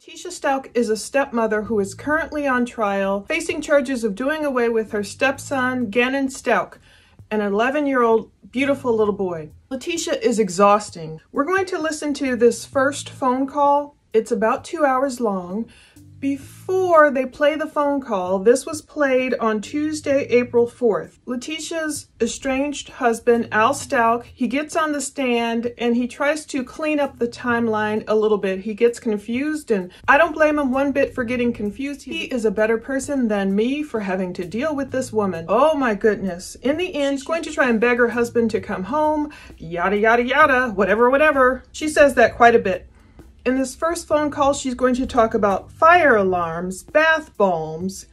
Letitia Stalk is a stepmother who is currently on trial, facing charges of doing away with her stepson, Gannon Stalk, an 11-year-old beautiful little boy. Letitia is exhausting. We're going to listen to this first phone call. It's about two hours long, before they play the phone call, this was played on Tuesday, April 4th. Letitia's estranged husband, Al Stalk, he gets on the stand and he tries to clean up the timeline a little bit. He gets confused and I don't blame him one bit for getting confused. He is a better person than me for having to deal with this woman. Oh my goodness. In the end, she's going to try and beg her husband to come home, yada, yada, yada, whatever, whatever. She says that quite a bit. In this first phone call, she's going to talk about fire alarms, bath bombs.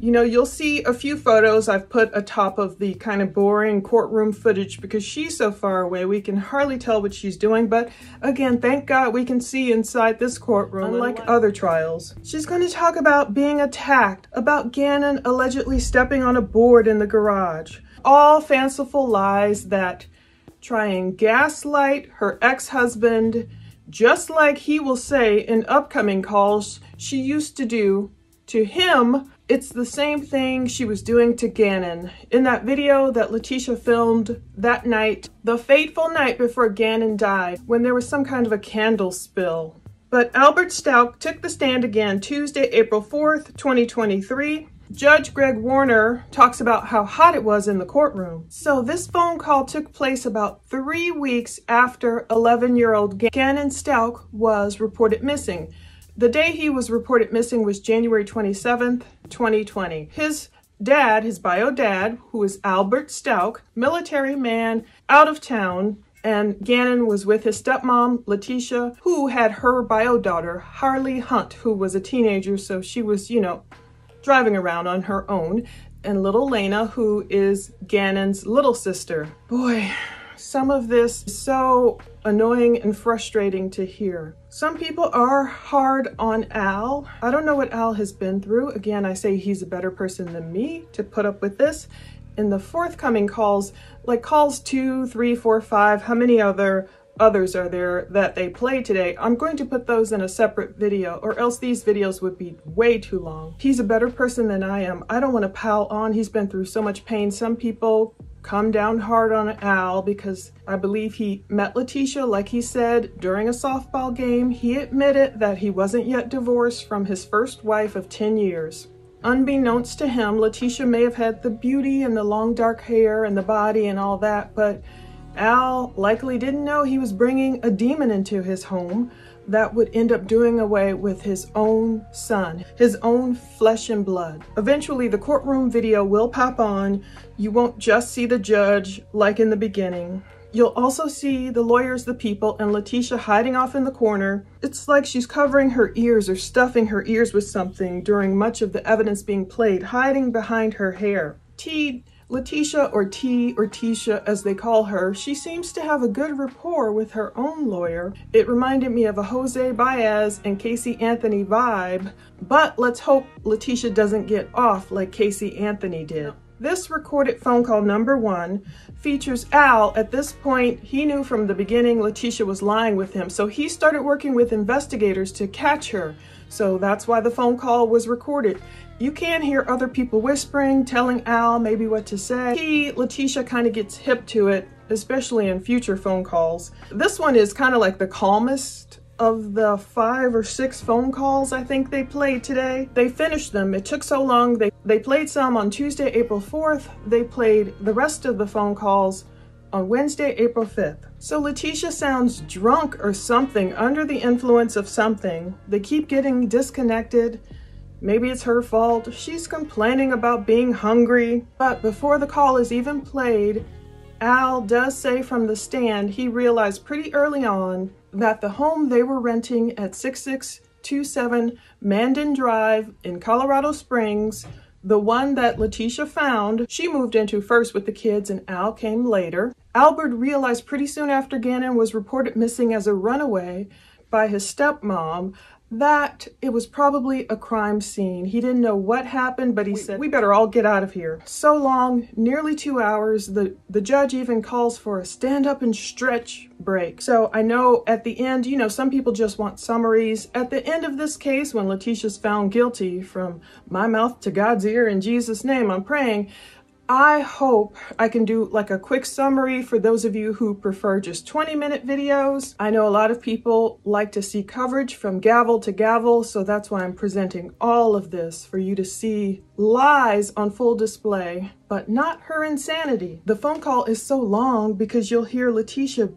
You know, you'll see a few photos I've put atop of the kind of boring courtroom footage because she's so far away, we can hardly tell what she's doing. But again, thank God we can see inside this courtroom, unlike other trials. She's going to talk about being attacked, about Gannon allegedly stepping on a board in the garage. All fanciful lies that try and gaslight her ex-husband, just like he will say in upcoming calls she used to do to him, it's the same thing she was doing to Gannon. In that video that Letitia filmed that night, the fateful night before Gannon died, when there was some kind of a candle spill. But Albert Stout took the stand again Tuesday, April 4th, 2023, Judge Greg Warner talks about how hot it was in the courtroom. So this phone call took place about three weeks after 11-year-old Gannon Stalk was reported missing. The day he was reported missing was January 27th, 2020. His dad, his bio dad, who is Albert Stalk, military man out of town, and Gannon was with his stepmom, Letitia, who had her bio daughter, Harley Hunt, who was a teenager, so she was, you know, driving around on her own, and little Lena, who is Ganon's little sister. Boy, some of this is so annoying and frustrating to hear. Some people are hard on Al. I don't know what Al has been through. Again, I say he's a better person than me to put up with this. In the forthcoming calls, like calls two, three, four, five, how many other others are there that they play today. I'm going to put those in a separate video or else these videos would be way too long. He's a better person than I am. I don't want to pile on. He's been through so much pain. Some people come down hard on Al because I believe he met Letitia, like he said, during a softball game. He admitted that he wasn't yet divorced from his first wife of 10 years. Unbeknownst to him, Letitia may have had the beauty and the long dark hair and the body and all that, but Al likely didn't know he was bringing a demon into his home that would end up doing away with his own son, his own flesh and blood. Eventually, the courtroom video will pop on. You won't just see the judge like in the beginning. You'll also see the lawyers, the people, and Letitia hiding off in the corner. It's like she's covering her ears or stuffing her ears with something during much of the evidence being played, hiding behind her hair. T Letitia, or T, or Tisha as they call her, she seems to have a good rapport with her own lawyer. It reminded me of a Jose Baez and Casey Anthony vibe, but let's hope Letitia doesn't get off like Casey Anthony did. This recorded phone call number one features Al. At this point, he knew from the beginning Letitia was lying with him, so he started working with investigators to catch her. So that's why the phone call was recorded. You can hear other people whispering, telling Al maybe what to say. He, Letitia, kind of gets hip to it, especially in future phone calls. This one is kind of like the calmest of the five or six phone calls I think they played today. They finished them. It took so long. They, they played some on Tuesday, April 4th. They played the rest of the phone calls on Wednesday, April 5th. So Letitia sounds drunk or something, under the influence of something. They keep getting disconnected. Maybe it's her fault. She's complaining about being hungry. But before the call is even played, Al does say from the stand he realized pretty early on that the home they were renting at 6627 Mandan Drive in Colorado Springs, the one that Letitia found, she moved into first with the kids and Al came later. Albert realized pretty soon after Gannon was reported missing as a runaway by his stepmom that it was probably a crime scene. He didn't know what happened, but he we, said, we better all get out of here. So long, nearly two hours, the, the judge even calls for a stand up and stretch break. So I know at the end, you know, some people just want summaries. At the end of this case, when Letitia's found guilty from my mouth to God's ear in Jesus' name, I'm praying, I hope I can do like a quick summary for those of you who prefer just 20 minute videos. I know a lot of people like to see coverage from gavel to gavel, so that's why I'm presenting all of this for you to see lies on full display, but not her insanity. The phone call is so long because you'll hear Letitia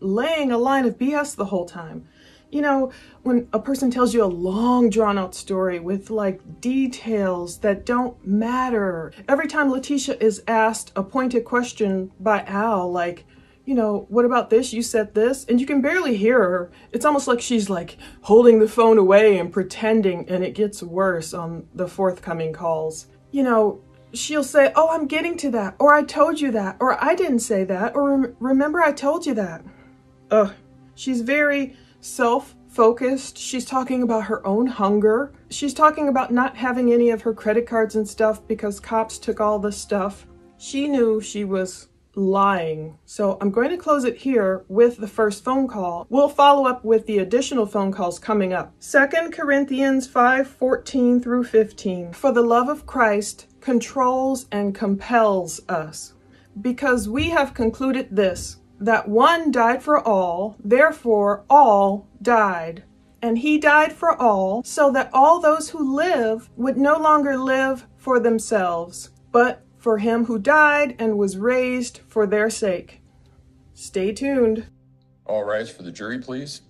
laying a line of BS the whole time you know, when a person tells you a long drawn out story with like details that don't matter. Every time Letitia is asked a pointed question by Al, like, you know, what about this? You said this? And you can barely hear her. It's almost like she's like holding the phone away and pretending, and it gets worse on the forthcoming calls. You know, she'll say, Oh, I'm getting to that, or I told you that, or I didn't say that, or remember I told you that. Ugh. She's very self focused. She's talking about her own hunger. She's talking about not having any of her credit cards and stuff because cops took all the stuff. She knew she was lying. So I'm going to close it here with the first phone call. We'll follow up with the additional phone calls coming up. 2 Corinthians 5 14 through 15. For the love of Christ controls and compels us, because we have concluded this that one died for all, therefore all died. And he died for all, so that all those who live would no longer live for themselves, but for him who died and was raised for their sake. Stay tuned. All rise for the jury, please.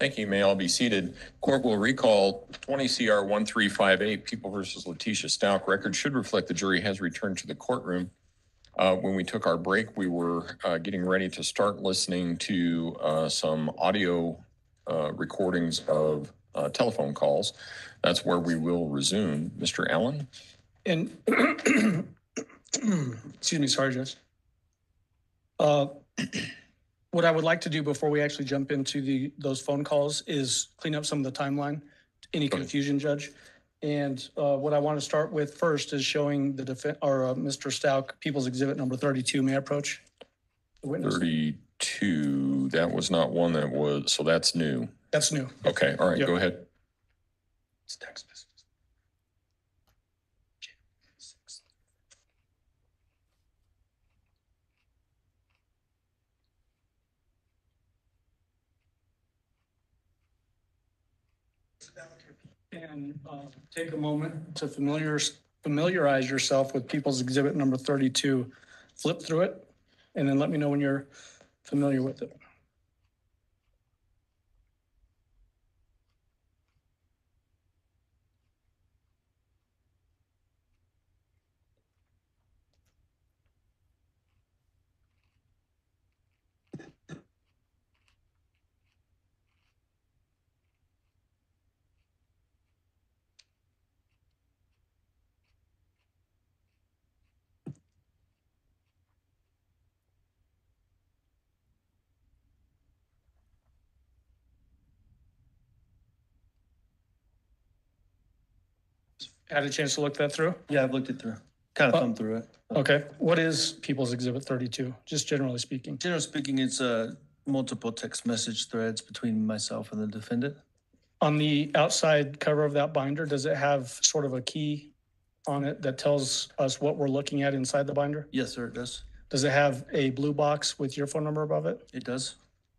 Thank you. may all be seated. Court will recall 20 CR 1358, People versus Letitia Stout. Record should reflect the jury has returned to the courtroom. Uh, when we took our break, we were uh, getting ready to start listening to uh, some audio uh, recordings of uh, telephone calls. That's where we will resume. Mr. Allen? And excuse me, sorry, Jess. Uh, what I would like to do before we actually jump into the those phone calls is clean up some of the timeline. Any confusion, Judge? And uh, what I want to start with first is showing the defense or uh, Mr. Stout People's Exhibit number 32. May I approach the witness? 32. That was not one that was, so that's new. That's new. Okay. All right. Yep. Go ahead. It's text. and uh, take a moment to familiar, familiarize yourself with People's Exhibit Number 32. Flip through it, and then let me know when you're familiar with it. had a chance to look that through? Yeah, I've looked it through, kind of thumbed through it. Okay, what is People's Exhibit 32, just generally speaking? Generally speaking, it's uh, multiple text message threads between myself and the defendant. On the outside cover of that binder, does it have sort of a key on it that tells us what we're looking at inside the binder? Yes, sir, it does. Does it have a blue box with your phone number above it? It does.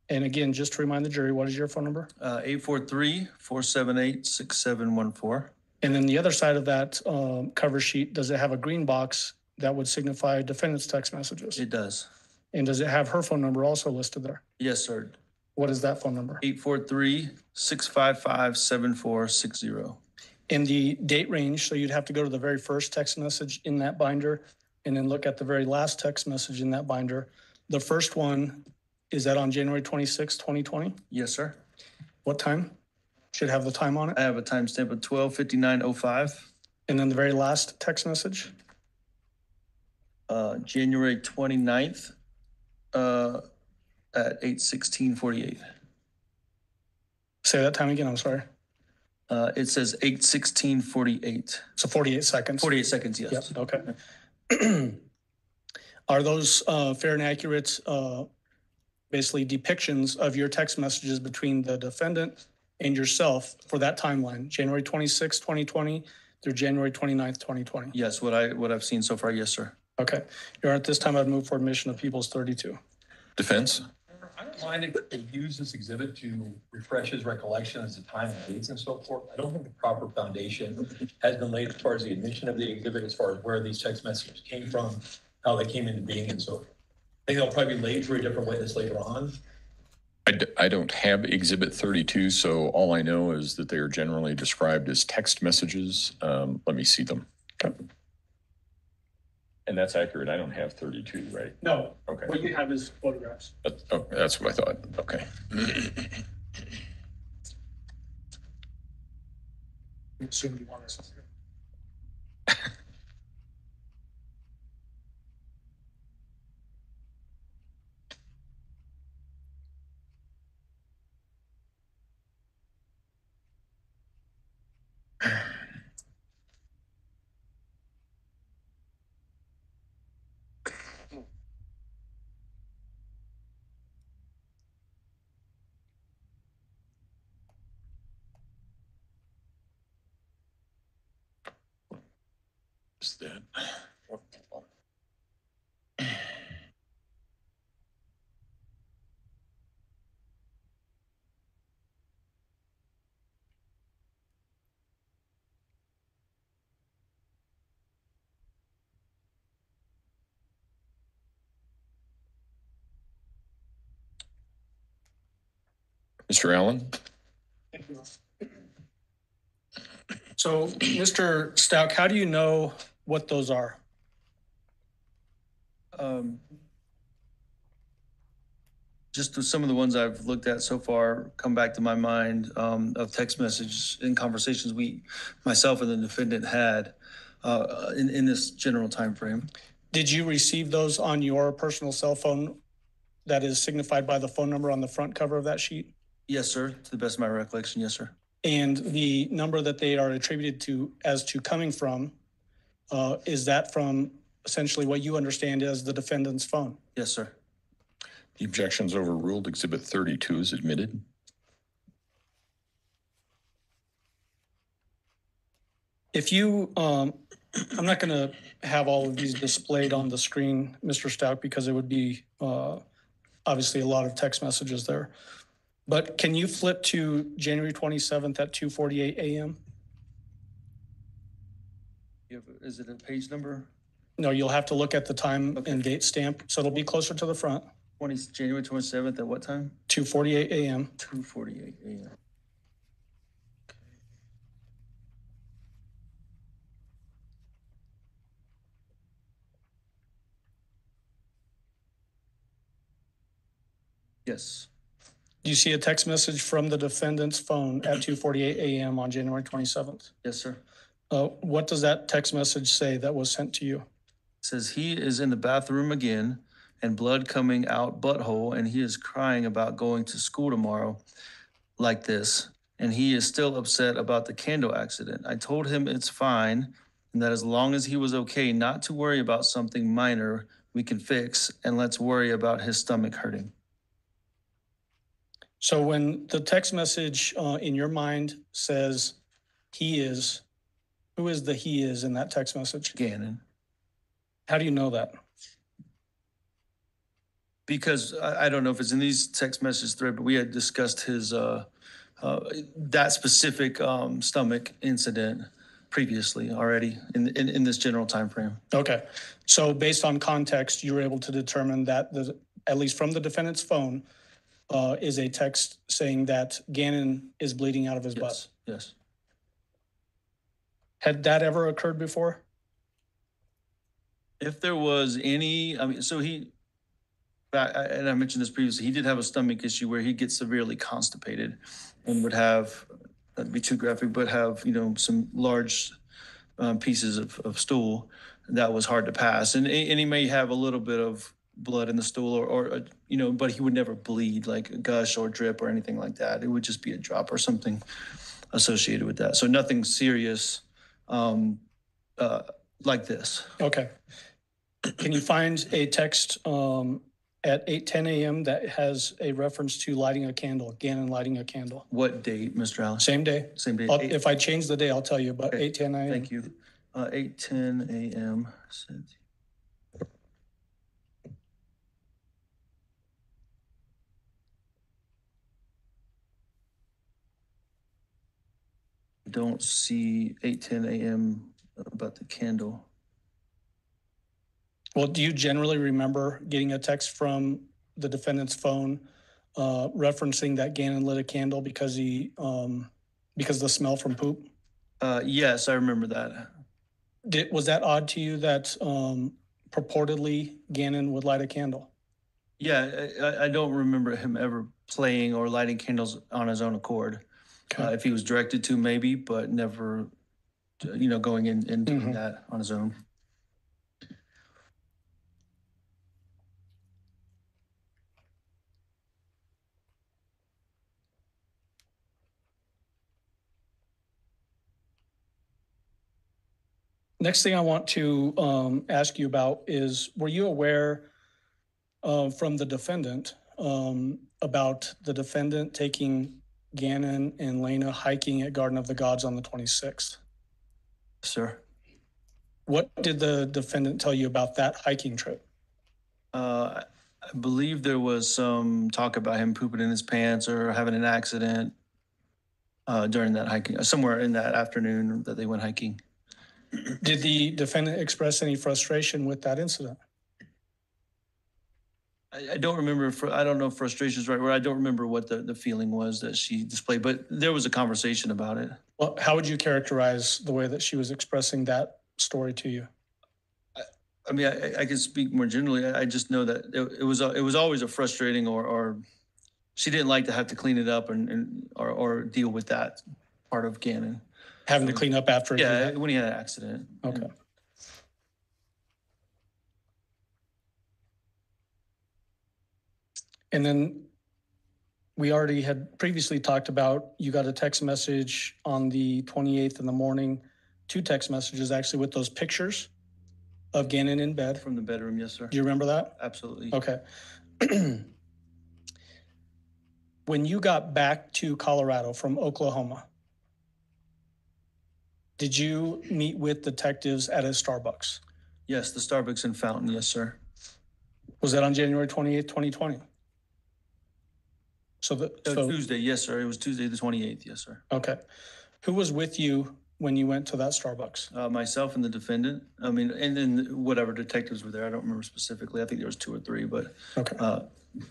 And again, just to remind the jury, what is your phone number? 843-478-6714. Uh, and then the other side of that um, cover sheet, does it have a green box that would signify defendant's text messages? It does. And does it have her phone number also listed there? Yes, sir. What is that phone number? 843-655-7460. In the date range, so you'd have to go to the very first text message in that binder and then look at the very last text message in that binder. The first one, is that on January 26, 2020? Yes, sir. What time? Should have the time on it. I have a timestamp of twelve fifty-nine oh five, And then the very last text message. uh, January twenty-ninth, uh, at eight sixteen forty-eight. Say that time again. I'm sorry. Uh, it says eight sixteen forty-eight. So 48 seconds. Forty-eight seconds, yes. Yep, okay. Are those uh, fair and accurate, uh, basically depictions of your text messages between the defendant and yourself for that timeline, January 26, 2020 through January 29th, 2020? Yes, what I, what I've seen so far, yes, sir. Okay. Your Honor, at this time, I'd move for admission of Peoples 32. Defense? I don't mind if they use this exhibit to refresh his recollection as to time and dates and so forth. I don't think the proper foundation has been laid as far as the admission of the exhibit, as far as where these text messages came from, how they came into being and so forth. I think they'll probably be laid for a different witness later on. I d- I don't have Exhibit 32, so all I know is that they are generally described as text messages. Um, let me see them. And that's accurate. I don't have 32, right? No, Okay. what you have is photographs. That- oh, that's what I thought. Okay. Assume you want us. Mr. Allen? So, Mr. Stout, how do you know what those are. Um, just some of the ones I've looked at so far come back to my mind um, of text messages and conversations we, myself and the defendant had uh, in, in this general time frame. Did you receive those on your personal cell phone that is signified by the phone number on the front cover of that sheet? Yes, sir. To the best of my recollection, yes, sir. And the number that they are attributed to as to coming from uh, Is that from essentially what you understand as the defendant's phone? Yes, sir. The objection's overruled. Exhibit 32 is admitted. If you, um, I'm not going to have all of these displayed on the screen, Mr. Stout, because it would be uh, obviously a lot of text messages there. But can you flip to January 27th at 2:48 a.m.? is it a page number? No, you'll have to look at the time Okay. and date stamp, so it'll be closer to the front, Twenty, January twenty-seventh, at what time? two forty-eight AM. Two forty-eight AM. Yes, You see a text message from the defendant's phone at two forty-eight AM on January twenty-seventh. yes, sir. Uh, what does that text message say that was sent to you? It says he is in the bathroom again and blood coming out butthole and he is crying about going to school tomorrow like this and he is still upset about the candle accident. I told him it's fine and that as long as he was okay not to worry about something minor we can fix and let's worry about his stomach hurting. So when the text message uh, in your mind says he is who is the he is in that text message? Gannon. How do you know that? Because I, I don't know if it's in these text message thread, but we had discussed his, uh, uh, that specific, um, stomach incident previously already in, in, in this general time frame. Okay. So based on context, you were able to determine that the, at least from the defendant's phone, uh, is a text saying that Gannon is bleeding out of his butt. yes. Had that ever occurred before? If there was any, I mean, so he, and I mentioned this previously, he did have a stomach issue where he'd get severely constipated and would have, that'd be too graphic, but have, you know, some large um, pieces of, of stool that was hard to pass. And, and he may have a little bit of blood in the stool or, or uh, you know, but he would never bleed like a gush or drip or anything like that. It would just be a drop or something associated with that. So nothing serious um, uh, like this. Okay. Can you find a text um, at 8:10 a.m. that has a reference to lighting a candle, Gannon lighting a candle? What date, Mr. Allen? Same day. Same day. eight- If I change the day, I'll tell you, but Okay. 8:10 a.m. Thank you. Uh, eight ten AM. Cynthia. don't see 8:10 a.m. about the candle. Well, do you generally remember getting a text from the defendant's phone uh, referencing that Gannon lit a candle because he um, because the smell from poop? Uh, yes, I remember that. Did, was that odd to you that um, purportedly Gannon would light a candle? Yeah, I, I, don't remember him ever playing or lighting candles on his own accord uh, if he was directed to, maybe, but never, uh, you know, going in and doing Mhm. that on his own. Next thing I want to um, ask you about is, were you aware uh, from the defendant um, about the defendant taking Gannon and Lena hiking at Garden of the Gods on the 26th. Sir. What did the defendant tell you about that hiking trip? Uh, I believe there was some talk about him pooping in his pants or having an accident uh, during that hiking, uh, somewhere in that afternoon that they went hiking. Did the defendant express any frustration with that incident? I, don't remember, I don't know if frustration is right where. I don't remember what the, the feeling was that she displayed, but there was a conversation about it. Well, how would you characterize the way that she was expressing that story to you? I mean, I, I can speak more generally. I, I just know that it, it was a, it was always a frustrating or, or she didn't like to have to clean it up and, and or, or deal with that part of Gannon. Having to clean up after? Yeah, when he had an accident. Okay. And then we already had previously talked about you got a text message on the 28th in the morning, two text messages actually with those pictures of Gannon in bed. From the bedroom, yes, sir. Do you remember that? Absolutely. Okay. when you got back to Colorado from Oklahoma, did you meet with detectives at a Starbucks? Yes, the Starbucks in Fountain, yes, sir. Was that on January 28th, 2020? So the, uh, so, Tuesday, yes, sir. It was Tuesday, the twenty-eighth, yes, sir. okay. Who was with you when you went to that Starbucks? Uh, myself and the defendant, I mean, and then whatever detectives were there, I don't remember specifically. I think there was two or three, but Okay. uh,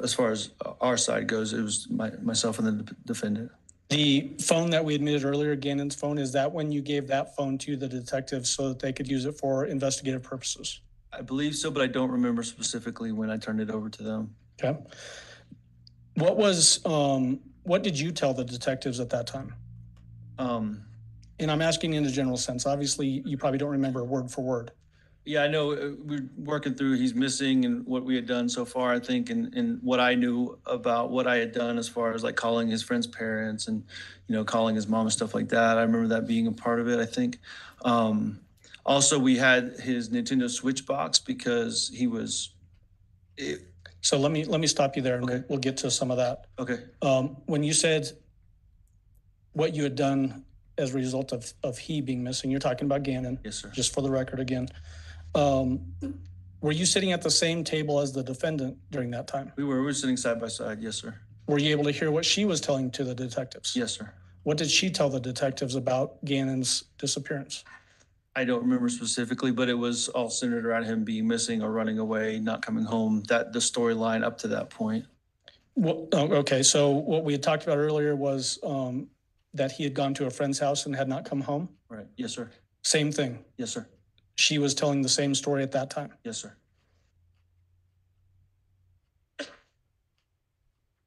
as far as our side goes, it was my, myself and the defendant. The phone that we admitted earlier, Gannon's phone, is that when you gave that phone to the detectives so that they could use it for investigative purposes? I believe so, but I don't remember specifically when I turned it over to them. Okay. What was um, what did you tell the detectives at that time? Um, and I'm asking in a general sense. Obviously, you probably don't remember word for word. Yeah, I know uh, we're working through he's missing and what we had done so far, I think, and, and what I knew about what I had done as far as like calling his friend's parents and, you know, calling his mom and stuff like that. I remember that being a part of it, I think. Um, also, we had his Nintendo Switch box because he was, it, so let me let me stop you there, and we'll, we'll get to some of that. Okay. Um, when you said what you had done as a result of of he being missing, you're talking about Gannon. Yes, sir. Just for the record, again, um, were you sitting at the same table as the defendant during that time? We were we were sitting side by side. Yes, sir. Were you able to hear what she was telling to the detectives? Yes, sir. What did she tell the detectives about Gannon's disappearance? I don't remember specifically, but it was all centered around him being missing or running away, not coming home. That the storyline up to that point. Well, oh, okay. So what we had talked about earlier was um, that he had gone to a friend's house and had not come home. Right. Yes, sir. Same thing. Yes, sir. She was telling the same story at that time. Yes, sir.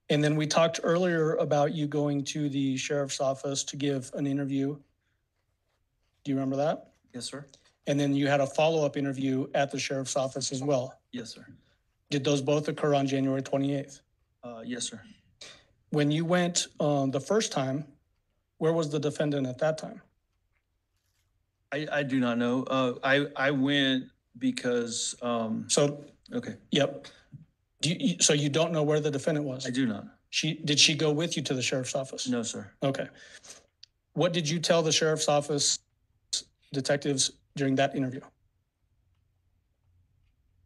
And then we talked earlier about you going to the sheriff's office to give an interview. Do you remember that? Yes, sir. And then you had a follow-up interview at the sheriff's office as well. Yes, sir. Did those both occur on January 28th? Uh, yes, sir. When you went um, the first time, where was the defendant at that time? I, I do not know. Uh, I, I went because, um, So, okay, yep. Do you- so you don't know where the defendant was? I do not. She, did she go with you to the sheriff's office? No, sir. Okay. What did you tell the sheriff's office detectives during that interview?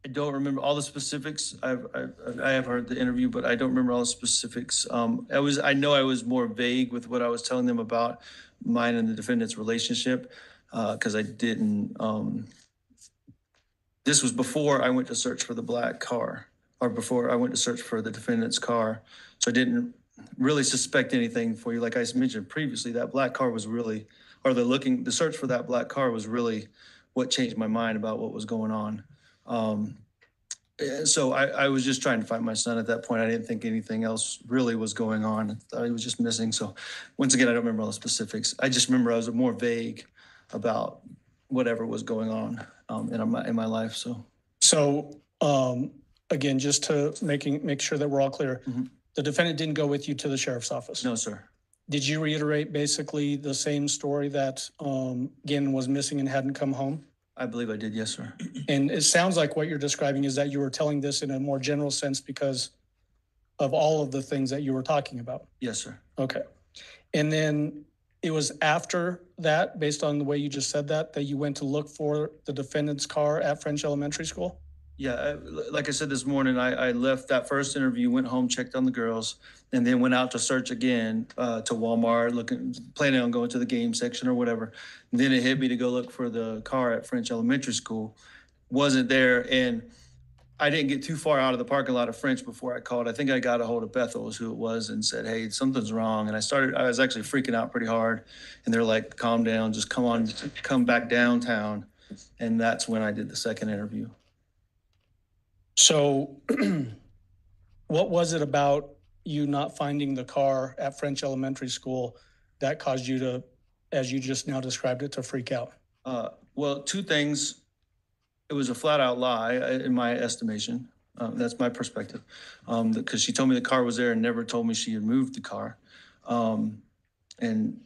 I don't remember all the specifics. I've, I've I have heard the interview, but I don't remember all the specifics. Um, I was I know I was more vague with what I was telling them about mine and the defendant's relationship because uh, I didn't. Um, this was before I went to search for the black car, or before I went to search for the defendant's car, so I didn't really suspect anything for you. Like I mentioned previously, that black car was really or the looking, the search for that black car was really what changed my mind about what was going on. Um, eh, so I, I, was just trying to find my son at that point. I didn't think anything else really was going on. I was just missing. So once again, I don't remember all the specifics. I just remember I was more vague about whatever was going on um, in my in my life. So so um, again, just to making make sure that we're all clear, mm-hmm. the defendant didn't go with you to the sheriff's office. No, sir. Did you reiterate basically the same story that um, was missing and hadn't come home? I believe I did, yes, sir. And it sounds like what you're describing is that you were telling this in a more general sense because of all of the things that you were talking about. Yes, sir. Okay. And then it was after that, based on the way you just said that, that you went to look for the defendant's car at French Elementary School? yeah, uh, I- like I said this morning, I, I left that first interview, went home, checked on the girls, and then went out to search again uh, to Walmart, looking, planning on going to the game section or whatever. And then it hit me to go look for the car at French Elementary School. Wasn't there, and I didn't get too far out of the parking lot of French before I called. I think I got a hold of Bethel, was who it was, and said, "Hey, something's wrong." And I started. I was actually freaking out pretty hard, and they're like, "Calm down, just come on, come back downtown." And that's when I did the second interview. So, what was it about you not finding the car at French Elementary School that caused you to, as you just now described it, to freak out? Uh, well, two things. It was a flat out lie, uh, in my estimation. Um, that's my perspective. Because um, she told me the car was there and never told me she had moved the car. Um, and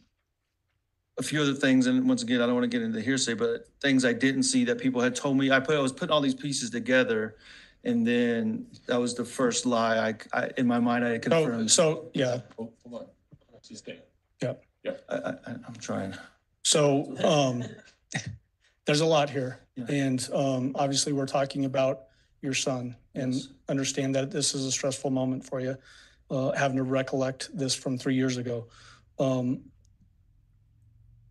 a few other things, and once again, I don't want to get into the hearsay, but things I didn't see that people had told me. I put I was putting all these pieces together, and then that was the first lie I, I, in my mind, I confirmed. Oh, confirmed. so, yeah, Oh, Hold on. It's his I, I, I- I'm trying. so, um, there's a lot here. Yeah. And, um, obviously we're talking about your son and Yes. understand that this is a stressful moment for you, uh, having to recollect this from three years ago. Um,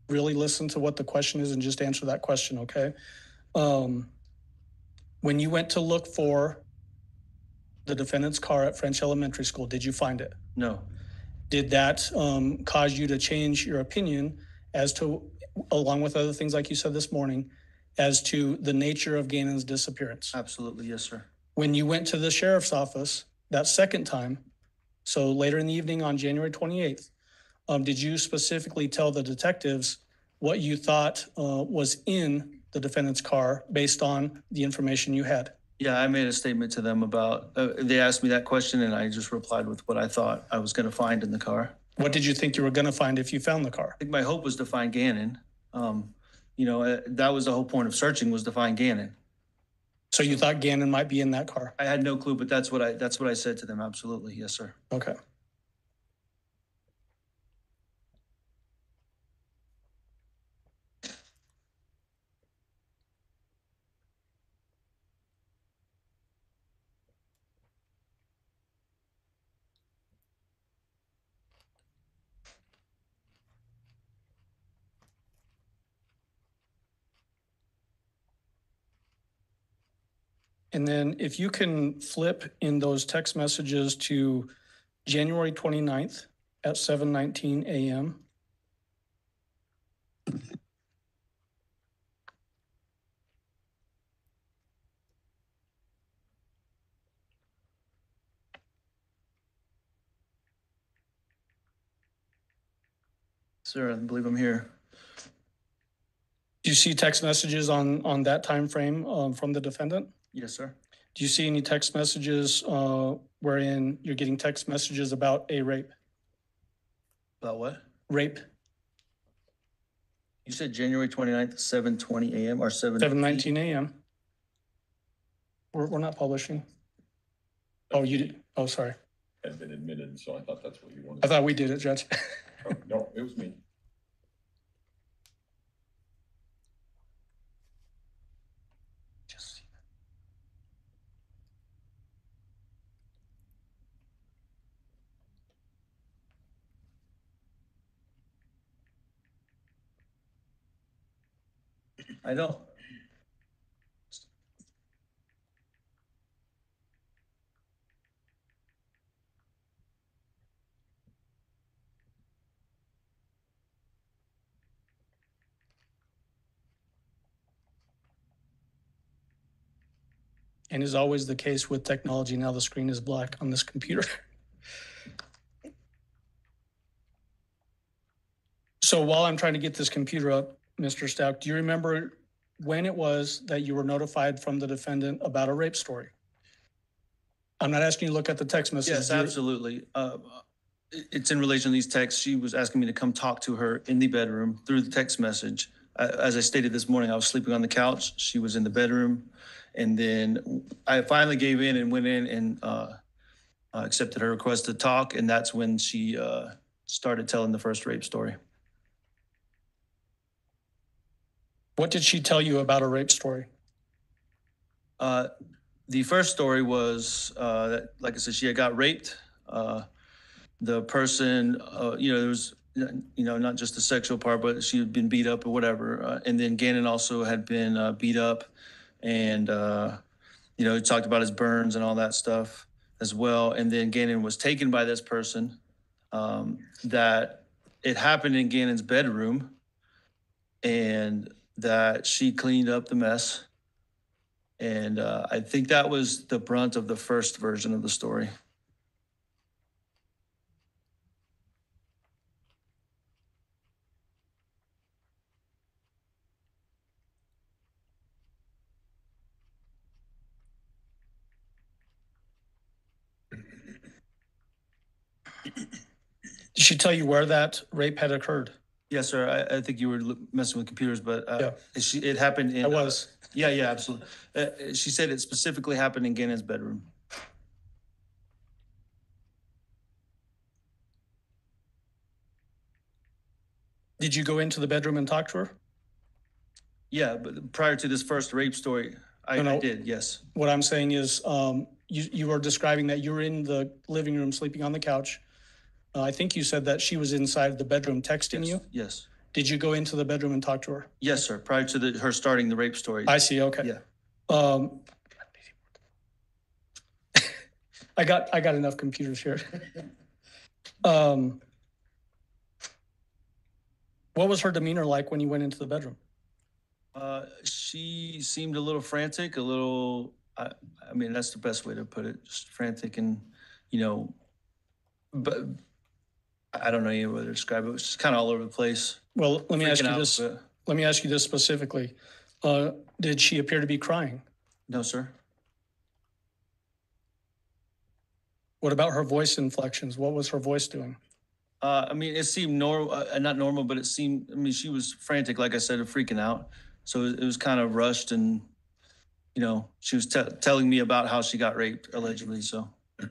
really listen to what the question is and just answer that question, okay? Um, when you went to look for the defendant's car at French Elementary School, did you find it? No. Did that um, cause you to change your opinion as to, along with other things like you said this morning, as to the nature of Gannon's disappearance? Absolutely, yes, sir. When you went to the sheriff's office that second time, so later in the evening on January 28th, um, did you specifically tell the detectives what you thought uh, was in the defendant's car based on the information you had? Yeah, I made a statement to them about, uh, they asked me that question and I just replied with what I thought I was going to find in the car. What did you think you were going to find if you found the car? I think my hope was to find Gannon. Um, you know, uh, that was the whole point of searching was to find Gannon. So you thought Gannon might be in that car? I had no clue, but that's what I, that's what I said to them. Absolutely. Yes, sir. Okay. And then if you can flip in those text messages to January 29th at 7:19 a.m. Sir, I believe I'm here. Do you see text messages on on that time frame um, from the defendant? Yes, sir. Do you see any text messages uh, wherein you're getting text messages about a rape? About what? Rape, You said January 29th, seven twenty AM or seven? 7:19 a.m. We're, we're not publishing. Oh, you did. Oh, sorry. has been admitted, so I thought that's what you wanted. I thought we did it, Judge. Oh, no, it was me. I don't. And as always the case with technology, now the screen is black on this computer. So while I'm trying to get this computer up, Mr. Stout, do you remember when it was that you were notified from the defendant about a rape story? I'm not asking you to look at the text message. Yes, absolutely. Uh, It's in relation to these texts. She was asking me to come talk to her in the bedroom through the text message. As I stated this morning, I was sleeping on the couch. She was in the bedroom. And then I finally gave in and went in and uh, uh accepted her request to talk. And that's when she uh, started telling the first rape story. What did she tell you about her rape story? Uh, the first story was uh, that, like I said, she had got raped. Uh, the person, uh, you know, there was, you know, not just the sexual part, but she had been beat up or whatever. Uh, and then Gannon also had been uh, beat up, and you know, he talked about his burns and all that stuff as well. And then Gannon was taken by this person. Um, that it happened in Gannon's bedroom, and that she cleaned up the mess. And uh, I think that was the brunt of the first version of the story. Did she tell you where that rape had occurred? Yes, sir. I, I think you were messing with computers, but uh, it- she, it happened in. I was. Uh, yeah, yeah, absolutely. uh, She said it specifically happened in Gannon's bedroom. Did you go into the bedroom and talk to her? Yeah, but prior to this first rape story, I No, no. I did, yes. What I'm saying is, um, you, you were describing that you were in the living room sleeping on the couch. Uh, I think you said that she was inside the bedroom texting you. Yes. Did you go into the bedroom and talk to her? Yes, sir. Prior to the, her starting the rape story. I see. Okay. Yeah. Um, I got I got enough computers here. um, what was her demeanor like when you went into the bedroom? Uh, she seemed a little frantic, a little. I, I mean, that's the best way to put it. Just frantic and, you know, but I don't know any way to describe it. It's was just kind of all over the place. Well, let me ask you out, this. but Let me ask you this specifically. Uh, did she appear to be crying? No, sir. What about her voice inflections? What was her voice doing? Uh, I mean, it seemed normal, uh, uh, not normal, but it seemed, I mean, she was frantic, like I said, freaking out. So it, it was kind of rushed and, you know, she was telling me about how she got raped allegedly. So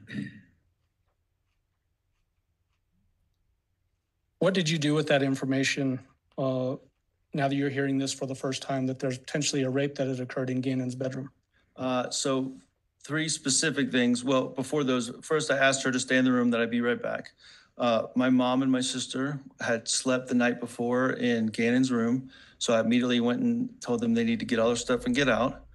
What did you do with that information uh, now that you're hearing this for the first time that there's potentially a rape that had occurred in Gannon's bedroom? Uh, so, three specific things. Well, before those, first I asked her to stay in the room that I'd be right back. Uh, my mom and my sister had slept the night before in Gannon's room, so I immediately went and told them they need to get all their stuff and get out.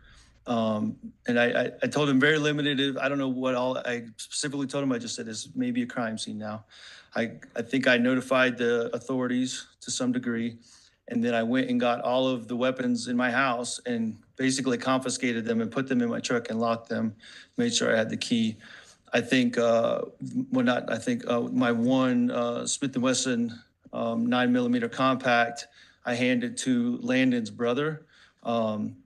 Um, and I, I, I, told him very limited. I don't know what all I specifically told him. I just said may maybe a crime scene now. I, I think I notified the authorities to some degree. And then I went and got all of the weapons in my house and basically confiscated them and put them in my truck and locked them, made sure I had the key. I think, uh, well, not, I think uh, my one uh, Smith & Wesson um, nine millimeter compact, I handed to Landon's brother um,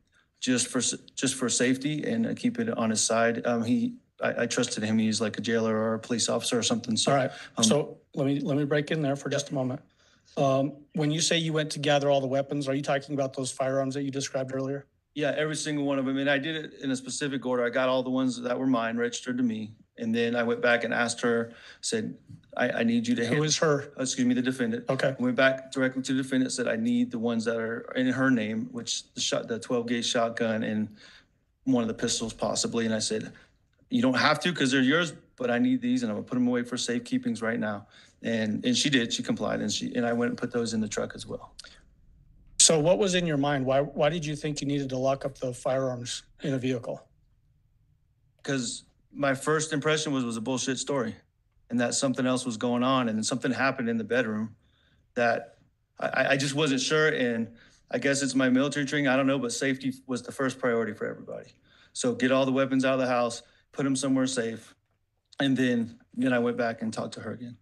just for just for safety and keep it on his side. Um, he I, I trusted him. He's like a jailer or a police officer or something. So, All right. um, So let me, let me break in there for just a moment. Um, when you say you went to gather all the weapons, are you talking about those firearms that you described earlier? yeah, every single one of them. And I did it in a specific order. I got all the ones that were mine registered to me. And then I went back and asked her, said, I, I need you to help. hit, her? excuse me, the defendant. Okay. Went back directly to the defendant, said, I need the ones that are in her name, which the shot, the 12 gauge shotgun and one of the pistols possibly. And I said, you don't have to because they're yours, but I need these and I'm gonna put them away for safe keepings right now. And and she did. She complied and she and I went and put those in the truck as well. So what was in your mind? Why why did you think you needed to lock up the firearms in a vehicle? Because my first impression was was a bullshit story, and that something else was going on, and then something happened in the bedroom that I, I just wasn't sure. And I guess it's my military training. I don't know, but safety was the first priority for everybody. So get all the weapons out of the house put him somewhere safe, and then then I went back and talked to her again.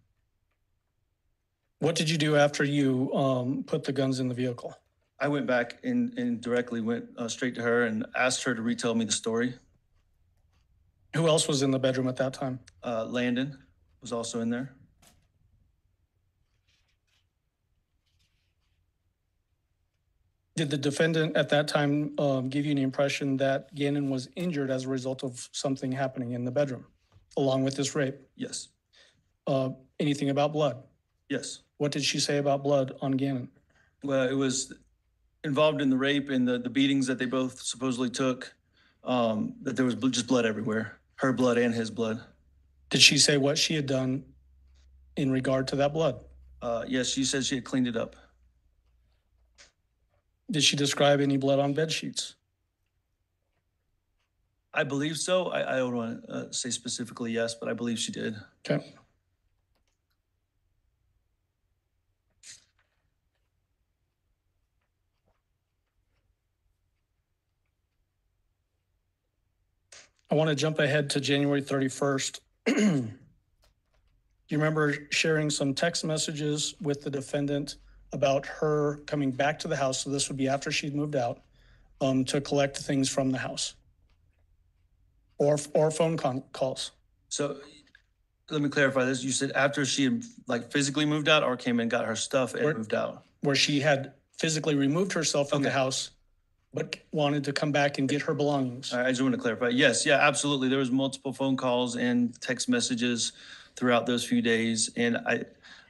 What did you do after you um, put the guns in the vehicle? I went back and, and directly went uh, straight to her and asked her to retell me the story. Who else was in the bedroom at that time? Uh, Landon was also in there. Did the defendant at that time um, give you the impression that Gannon was injured as a result of something happening in the bedroom, along with this rape? Yes. Uh, anything about blood? Yes. What did she say about blood on Gannon? Well, it was involved in the rape and the, the beatings that they both supposedly took, um, that there was just blood everywhere, her blood and his blood. Did she say what she had done in regard to that blood? Uh, yes, she said she had cleaned it up. Did she describe any blood on bed sheets? I believe so. I, I don't want to uh, say specifically yes, but I believe she did. Okay. I want to jump ahead to January 31st. you remember sharing some text messages with the defendant about her coming back to the house. So this would be after she'd moved out um, to collect things from the house or or phone con- calls. So let me clarify this. You said after she had, like physically moved out or came and got her stuff and Where- moved out. where she had physically removed herself from the house, but wanted to come back and get her belongings. I just want to clarify. Yes, yeah, absolutely. There was multiple phone calls and text messages throughout those few days. And I,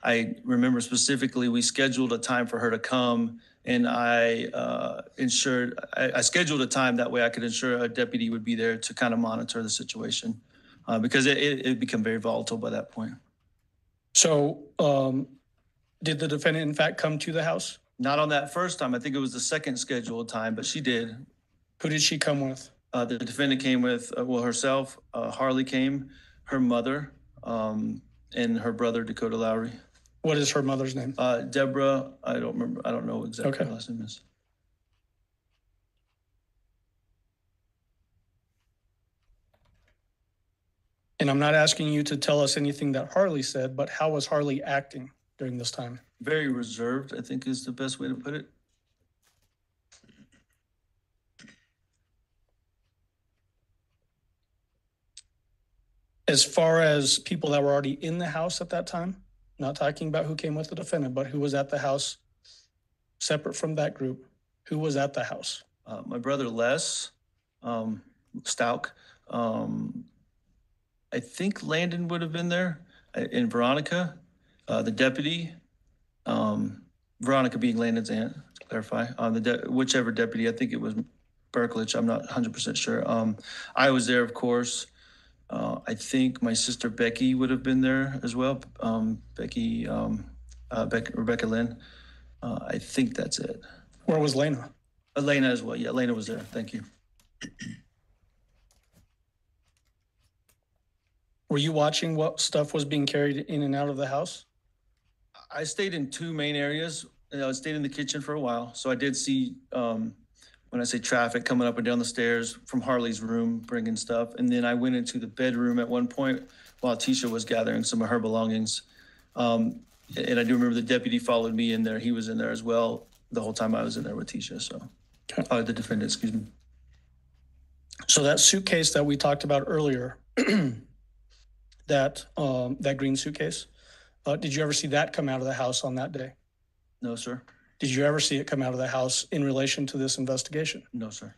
I remember specifically we scheduled a time for her to come and I uh, ensured, I, I, scheduled a time that way I could ensure a deputy would be there to kind of monitor the situation uh, because it, it, it, became very volatile by that point. So um, did the defendant in fact come to the house? Not on that first time. I think it was the second scheduled time, but she did. Who did she come with? Uh, the defendant came with, uh, well, herself, uh, Harley came, her mother, um, and her brother, Dakota Lowry. What is her mother's name? Uh, Deborah, I don't remember, I don't know exactly what Okay. her last name is. And I'm not asking you to tell us anything that Harley said, but how was Harley acting during this time? Very reserved, I think is the best way to put it. As far as people that were already in the house at that time? not talking about who came with the defendant, but who was at the house separate from that group, who was at the house. Uh, my brother Les um, Stauk. Um, I think Landon would have been there, In uh, Veronica, uh, the deputy. Um, Veronica being Landon's aunt, to clarify, uh, the de- whichever deputy, I think it was Berklich, I'm not 100% sure. Um, I was there, of course. Uh, I think my sister Becky would have been there as well. Um, Becky, um, uh, Rebecca Lynn. Uh, I think that's it. Where was Lena? Elena as well. Yeah, Elena was there. Thank you. Were you watching what stuff was being carried in and out of the house? I stayed in two main areas. I stayed in the kitchen for a while, so I did see um, when I say traffic coming up and down the stairs from Harley's room, bringing stuff. And then I went into the bedroom at one point while Tisha was gathering some of her belongings. Um, and I do remember the deputy followed me in there. He was in there as well the whole time I was in there with Tisha. So, uh, the defendant, excuse me. So that suitcase that we talked about earlier, that um, that green suitcase, uh, did you ever see that come out of the house on that day? No, sir. Did you ever see it come out of the house in relation to this investigation? No, sir.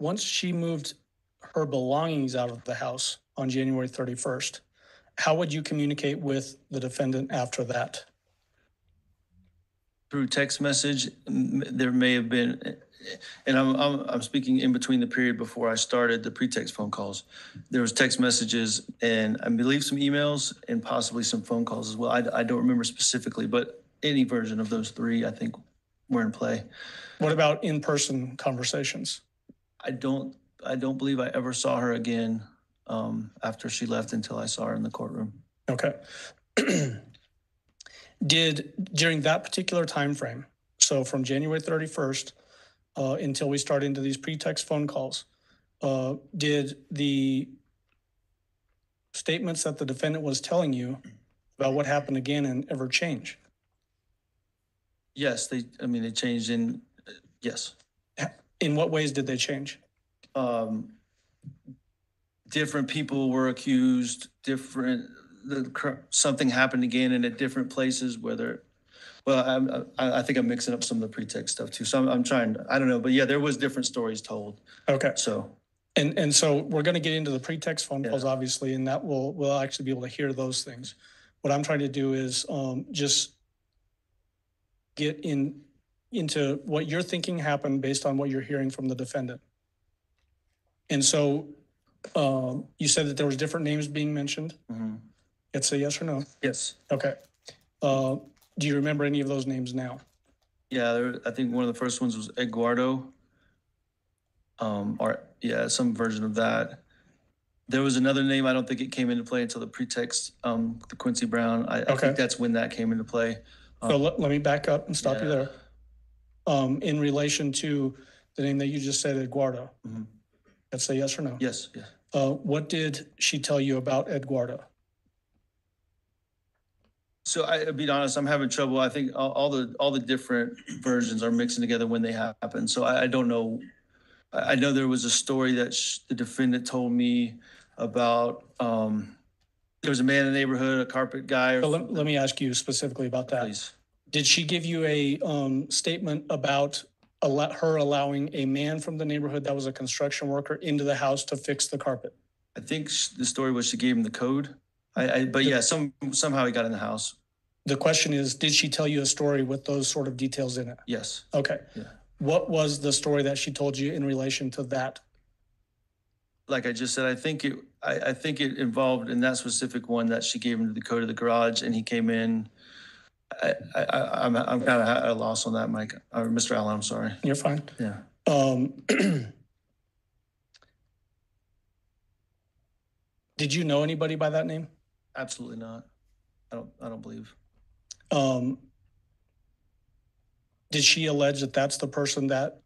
once she moved her belongings out of the house on January 31st, how would you communicate with the defendant after that? Through text message, there may have been, and I'm, I'm, I'm speaking in between the period before I started the pretext phone calls. There was text messages and I believe some emails and possibly some phone calls as well. I, I don't remember specifically, but any version of those three, I think, were in play. What about in-person conversations? I don't, I don't believe I ever saw her again um, after she left until I saw her in the courtroom. Okay. Did during that particular time frame, so from January 31st uh, until we start into these pretext phone calls, uh, did the statements that the defendant was telling you about what happened again and ever change? Yes, they. I mean, they changed in. Yes. In what ways did they change? Um, different people were accused, different, the, something happened again and at different places, whether, well, I'm- I, I think I'm mixing up some of the pretext stuff too. So I'm, I'm trying, I don't know, but yeah, there was different stories told. Okay. So, And, and so we're going to get into the pretext phone calls, obviously, and that will, we'll actually be able to hear those things. What I'm trying to do is um, just get in, into what you're thinking happened based on what you're hearing from the defendant. And so um, you said that there was different names being mentioned. Mhm. It's a yes or no. Yes. Okay. Uh, do you remember any of those names now? Yeah, there, I think one of the first ones was Eduardo. Um, or yeah, some version of that. There was another name. I don't think it came into play until the pretext, um, the Quincy Brown. I, I think that's when that came into play. So let, let me back up and stop you there um, in relation to the name that you just said, Eduardo? Mhm. That's a yes or no? Yes, yes. Uh, what did she tell you about Eduardo? So I, I'll be honest, I'm having trouble. I think all, all the, all the different versions are mixing together when they happen. So I, I don't know. I, I know there was a story that sh- the defendant told me about, um, there was a man in the neighborhood, a carpet guy. or- So let, let me ask you specifically about that. Please. Did she give you a um, statement about her allowing a man from the neighborhood that was a construction worker into the house to fix the carpet? I think the story was she gave him the code. I, I but yeah, some somehow he got in the house. The question is, did she tell you a story with those sort of details in it? Yes. Okay. Yeah. What was the story that she told you in relation to that? Like I just said, I think it I, I think it involved in that specific one that she gave him the code of the garage and he came in I, I, I'm, I'm kind of at a loss on that, Mike, or Mr. Allen, I'm sorry. You're fine. Yeah. Um, did you know anybody by that name? Absolutely not. I don't, I don't believe. Um, did she allege that that's the person that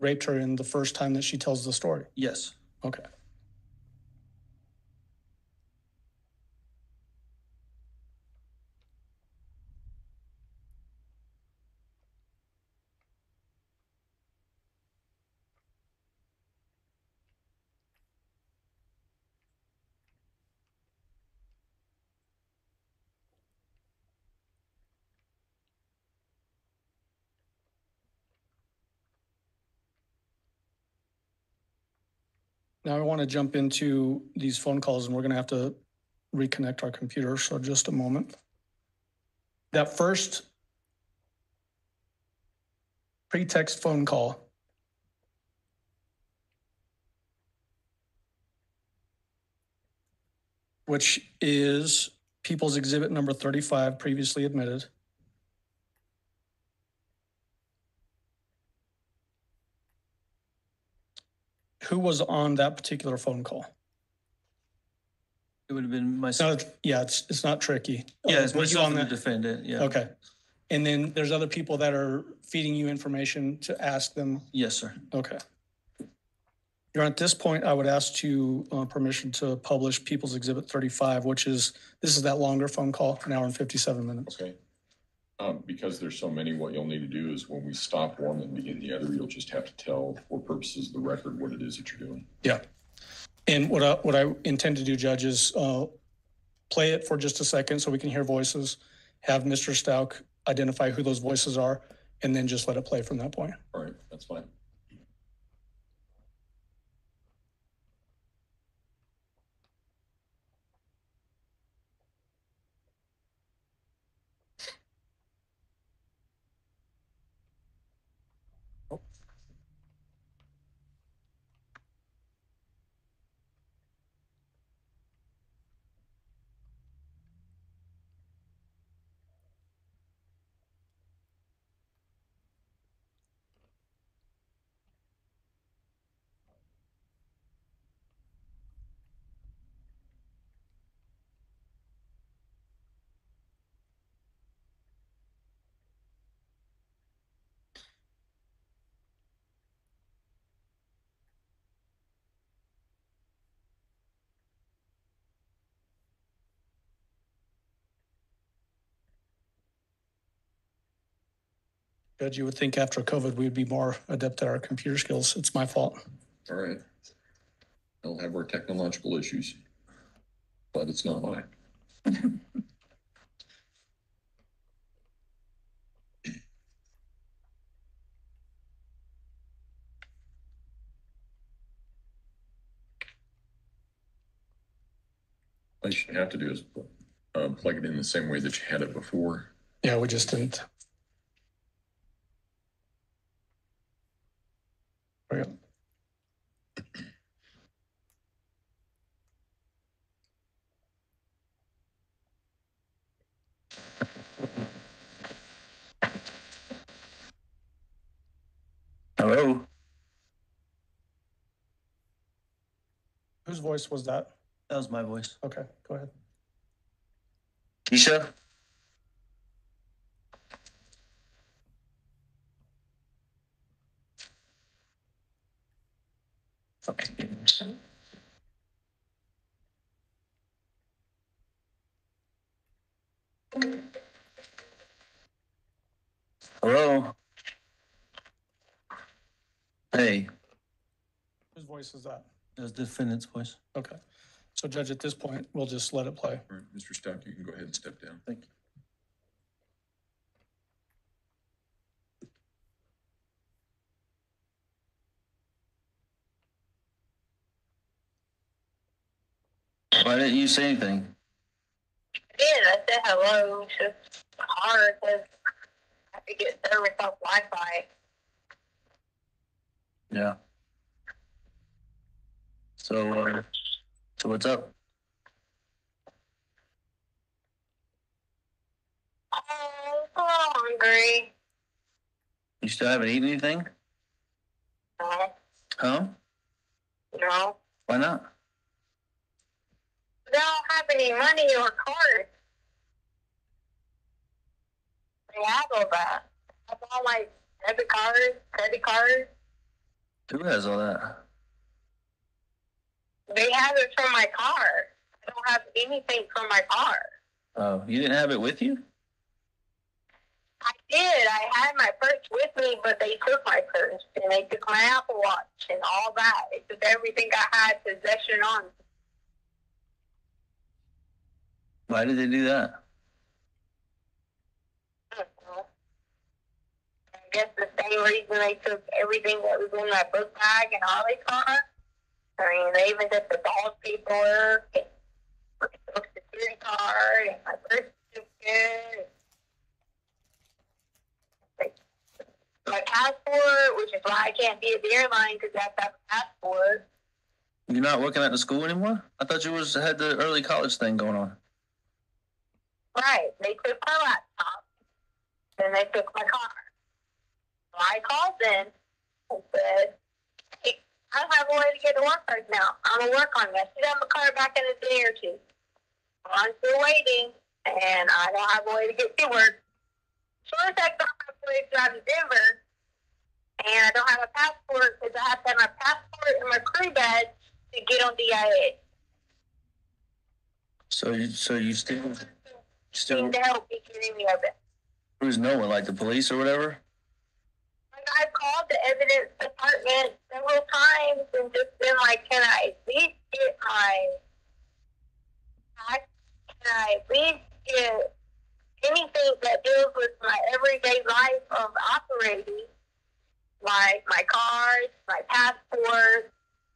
raped her in the first time that she tells the story? Yes. Okay. Now I want to jump into these phone calls and we're going to have to reconnect our computer. So just a moment. That first pretext phone call. Which is People's Exhibit number 35, previously admitted. who was on that particular phone call? It would have been myself. No, yeah, it's it's not tricky. Yeah, it's oh, myself on and the defendant. Yeah. Okay. And then there's other people that are feeding you information to ask them. Yes, sir. Okay. Your Honor, at this point, I would ask you uh, permission to publish People's Exhibit 35, which is this is that longer phone call, an hour and 57 minutes. Okay. Um, because there's so many, what you'll need to do is when we stop one and begin the other, you'll just have to tell for purposes of the record what it is that you're doing. Yeah. And what I, what I intend to do, Judge, is uh, play it for just a second so we can hear voices, have Mr. Stauk identify who those voices are, and then just let it play from that point. All right, that's fine. Judge, you would think after COVID, we'd be more adept at our computer skills. It's my fault. All right. I'll have our technological issues, but it's not mine. All you should have to do is uh, plug it in the same way that you had it before. Yeah, we just didn't. Hello. Whose voice was that? That was my voice. Okay, go ahead. Keisha? Hello. Hey, Whose voice is that? that's defendant's voice. Okay. So Judge, at this point, we'll just let it play. All right, Mr. Stock, you can go ahead and step down. Thank you. Why didn't you say anything? Yeah, I said hello. It's just hard because I have to get service off Wi Fi. Yeah. So, uh, so what's up? Oh, I'm hungry. You still haven't eaten anything? No. Huh? No. Why not? They don't have any money or cards. They have all that. all like debit cards, credit cards. Who has all that? They have it from my car. I don't have anything from my car. Oh, you didn't have it with you? I did. I had my purse with me, but they took my purse and they took my Apple Watch and all that. It took everything I had possession on why did they do that? I guess the same reason they took everything that was in that book bag and all they cars. I mean, they even took the bald paperwork and the security card and my birth certificate. My passport, which is why I can't be at the airline because I have to have a passport. You're not working at the school anymore? I thought you was had the early college thing going on. Right. They took my laptop. Then they took my car. So I called them and said, hey, I don't have a way to get to work right now. I'm going to work on this. Sit on the car back in a day or two. I'm still waiting, and I don't have a way to get to work. So I got my place drive to Denver, and I don't have a passport because I have to have my passport and my crew badge to get on DIA. So, so you still Still, need to help me of it. There no one, like the police or whatever. Like I called the evidence department several times and just been like, "Can I at least get my? Can I at least get anything that deals with my everyday life of operating, like my cards, my passport?"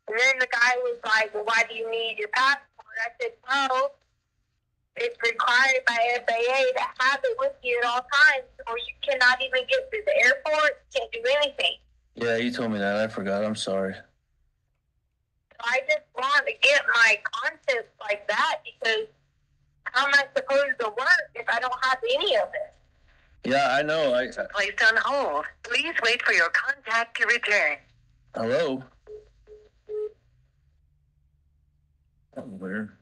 And then the guy was like, "Well, why do you need your passport?" I said, "Well." it's required by FAA to have it with you at all times, or you cannot even get to the airport. Can't do anything. Yeah, you told me that. I forgot. I'm sorry. I just want to get my concepts like that because how am I supposed to work if I don't have any of it? Yeah, I know. I, I placed on hold. Please wait for your contact to return. Hello. Where?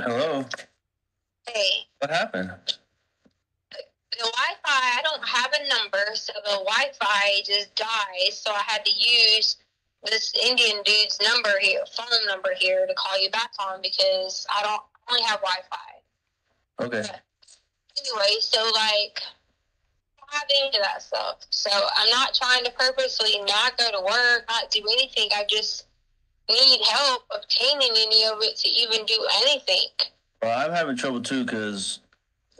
Hello. Hey. What happened? The Wi-Fi. I don't have a number, so the Wi-Fi just dies. So I had to use this Indian dude's number here, phone number here, to call you back on because I don't only have Wi-Fi. Okay. But anyway, so like I have any of that stuff. So I'm not trying to purposely not go to work, not do anything. I just need help obtaining any of it to even do anything. Well, I'm having trouble too because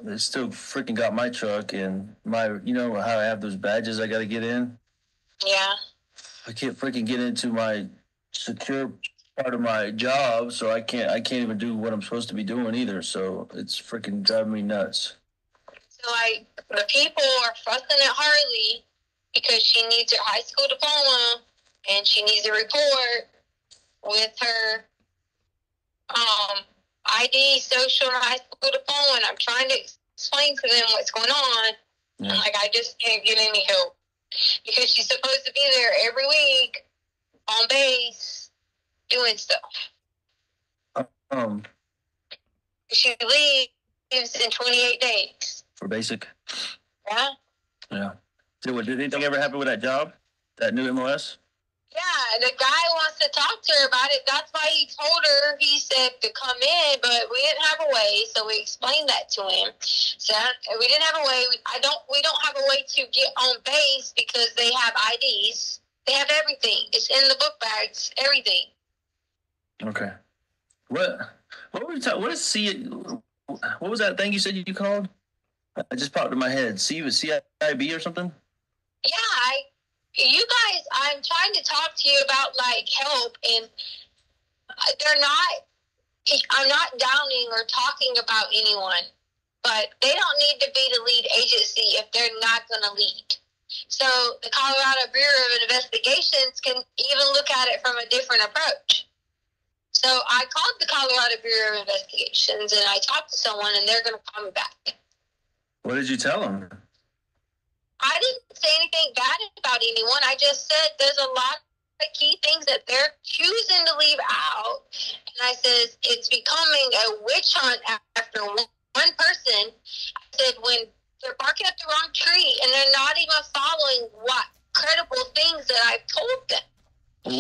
they still freaking got my truck and my, you know, how I have those badges I got to get in. Yeah. I can't freaking get into my secure part of my job, so I can't I can't even do what I'm supposed to be doing either. So it's freaking driving me nuts. So like the people are fussing at Harley because she needs her high school diploma and she needs a report with her um, ID, social, and high school diploma, and I'm trying to explain to them what's going on. Yeah. And, like, I just can't get any help because she's supposed to be there every week on base doing stuff. Uh, um, she leaves in 28 days for basic. Yeah. Yeah. Did, did anything ever happen with that job, that new MLS? Yeah, the guy wants to talk to her about it. That's why he told her, he said to come in, but we didn't have a way, so we explained that to him. So we didn't have a way. I don't. We don't have a way to get on base because they have IDs. They have everything. It's in the book bags. Everything. Okay. What? What were you talking? What is C? What was that thing you said you called? I just popped in my head. C was CIB or something. Yeah, I you guys, I'm trying to talk to you about like help, and they're not, I'm not downing or talking about anyone, but they don't need to be the lead agency if they're not going to lead. So the Colorado Bureau of Investigations can even look at it from a different approach. So I called the Colorado Bureau of Investigations and I talked to someone, and they're going to call me back. What did you tell them? I didn't say anything bad about anyone. I just said there's a lot of key things that they're choosing to leave out. And I says it's becoming a witch hunt after one person. I said when they're barking at the wrong tree and they're not even following what credible things that I've told them.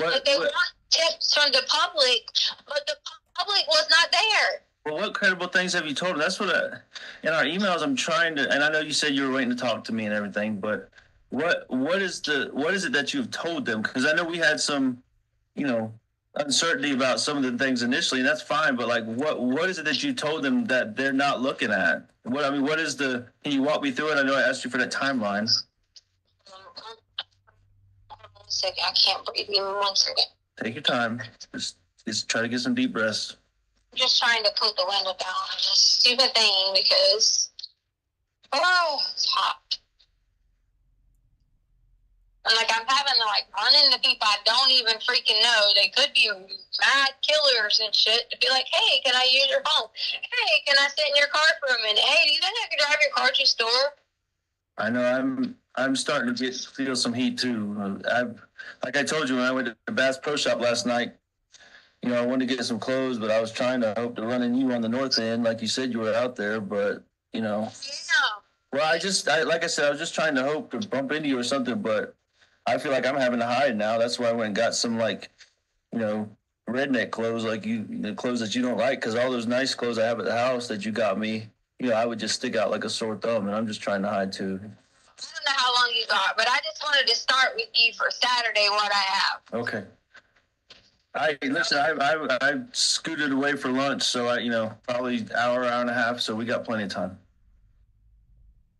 What, like they what? want tips from the public, but the public was not there. Well, what credible things have you told them? That's what I, in our emails I'm trying to. And I know you said you were waiting to talk to me and everything, but what what is the what is it that you've told them? Because I know we had some, you know, uncertainty about some of the things initially, and that's fine. But like, what what is it that you told them that they're not looking at? What I mean, what is the? Can you walk me through it? I know I asked you for that timeline. Um, one second, I can't breathe. Give me one second. Take your time. Just, just try to get some deep breaths just trying to put the window down on this stupid thing because, oh, it's hot. And like I'm having to like run into people I don't even freaking know. They could be mad killers and shit to be like, hey, can I use your phone? Hey, can I sit in your car for a minute? Hey, do you think I could drive your car to the store? I know I'm I'm starting to get feel some heat too. Uh, I like I told you when I went to the Bass Pro Shop last night, you know, I wanted to get some clothes, but I was trying to hope to run in you on the north end, like you said you were out there, but you know. Yeah. Well, I just, I, like I said, I was just trying to hope to bump into you or something, but I feel like I'm having to hide now. That's why I went and got some like, you know, redneck clothes, like you, the clothes that you don't like, because all those nice clothes I have at the house that you got me, you know, I would just stick out like a sore thumb, and I'm just trying to hide too. I don't know how long you got, but I just wanted to start with you for Saturday what I have. Okay. I listen. I, I I scooted away for lunch, so I you know probably hour hour and a half. So we got plenty of time.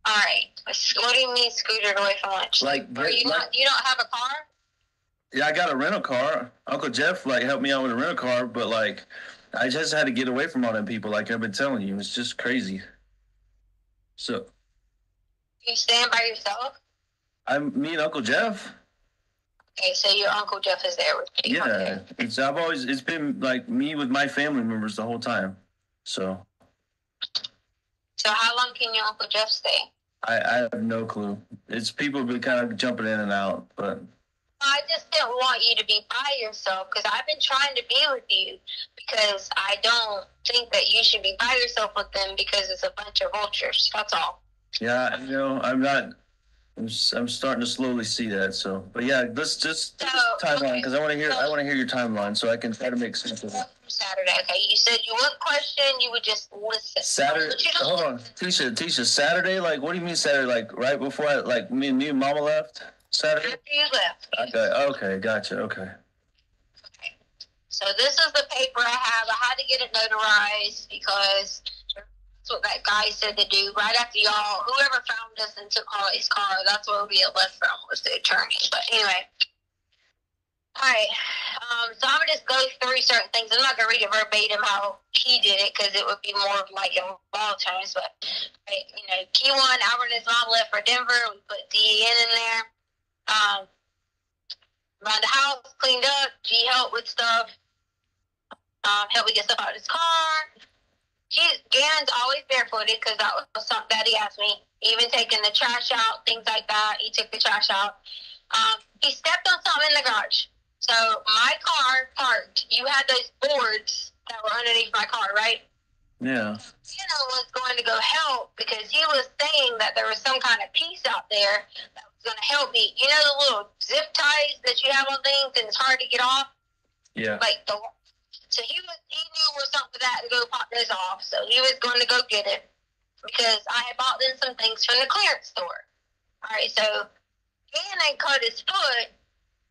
All right. What do you mean scooted away from lunch? Like, are you like, not, you don't have a car? Yeah, I got a rental car. Uncle Jeff like helped me out with a rental car, but like, I just had to get away from all them people. Like I've been telling you, it's just crazy. So. You stand by yourself. I'm me and Uncle Jeff. Okay, so your uncle Jeff is there with you. Yeah, it's I've always it's been like me with my family members the whole time. So. So how long can your uncle Jeff stay? I, I have no clue. It's people been kind of jumping in and out, but. I just didn't want you to be by yourself because I've been trying to be with you because I don't think that you should be by yourself with them because it's a bunch of vultures. That's all. Yeah, you know, I'm not. I'm, I'm starting to slowly see that. So, but yeah, let's just So, timeline okay, because I want to hear I want to hear your timeline so I can try to make sense of it. Saturday. Okay, you said you would question, you would just listen. Saturday, hold on, Tisha, Tisha, Saturday. Like, what do you mean Saturday? Like, right before I like me and me and Mama left Saturday. After you left. Okay, okay, gotcha. Okay, So this is the paper I have. I had to get it notarized because that's what that guy said to do right after y'all, whoever found us and took all his car, that's where we had left from was the attorney. But anyway. All right. Um, so I'm going to just go through certain things. I'm not going to read it verbatim how he did it because it would be more of like in law terms. But, you know, key one, Albert and his mom left for Denver. We put DEN in there. Um, around the house, cleaned up. G helped with stuff. Um, helped me get stuff out of his car he Gannon's always barefooted because that was something that he asked me. Even taking the trash out, things like that. He took the trash out. Um, he stepped on something in the garage. So my car parked. You had those boards that were underneath my car, right? Yeah. Gannon was going to go help because he was saying that there was some kind of piece out there that was going to help me. You know the little zip ties that you have on things and it's hard to get off. Yeah. Like the so he was he knew where something was that to go pop those off. So he was going to go get it because I had bought them some things from the clearance store. All right, so Dan had cut his foot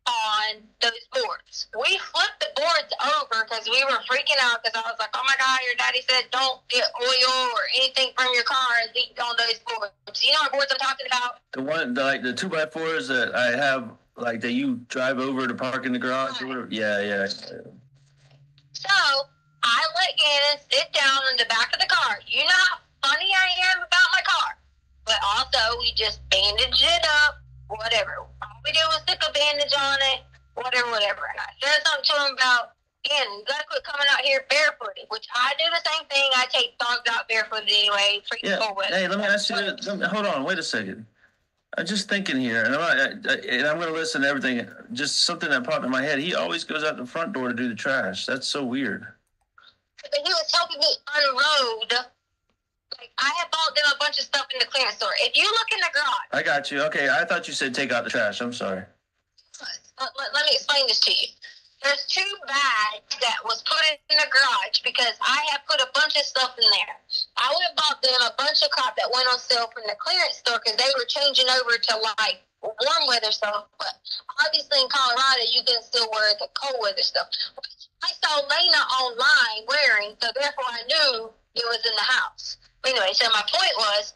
on those boards. We flipped the boards over because we were freaking out because I was like, oh my God, your daddy said don't get oil or anything from your car on those boards. You know what boards I'm talking about? The one, the, like the two by fours that I have, like that you drive over to park in the garage right. or whatever. Yeah, yeah. So I let Gannon sit down in the back of the car. You know how funny I am about my car. But also, we just bandaged it up, whatever. All we did was stick a bandage on it, whatever, whatever. And I said something to him about, Gannon, you gotta quit coming out here barefooted, which I do the same thing. I take dogs out barefooted anyway. Freaking yeah. Hey, let me ask you, hold on, wait a second. I'm just thinking here, and I'm, not, I, and I'm going to listen to everything. Just something that popped in my head. He always goes out the front door to do the trash. That's so weird. But he was helping me unload. Like I have bought them a bunch of stuff in the clearance store. If you look in the garage, I got you. Okay, I thought you said take out the trash. I'm sorry. Let, let, let me explain this to you. There's two bags that was put in the garage because I have put a bunch of stuff in there. I went and bought them a bunch of crop that went on sale from the clearance store because they were changing over to like warm weather stuff. But obviously in Colorado, you can still wear the cold weather stuff. I saw Lena online wearing, so therefore I knew it was in the house. Anyway, so my point was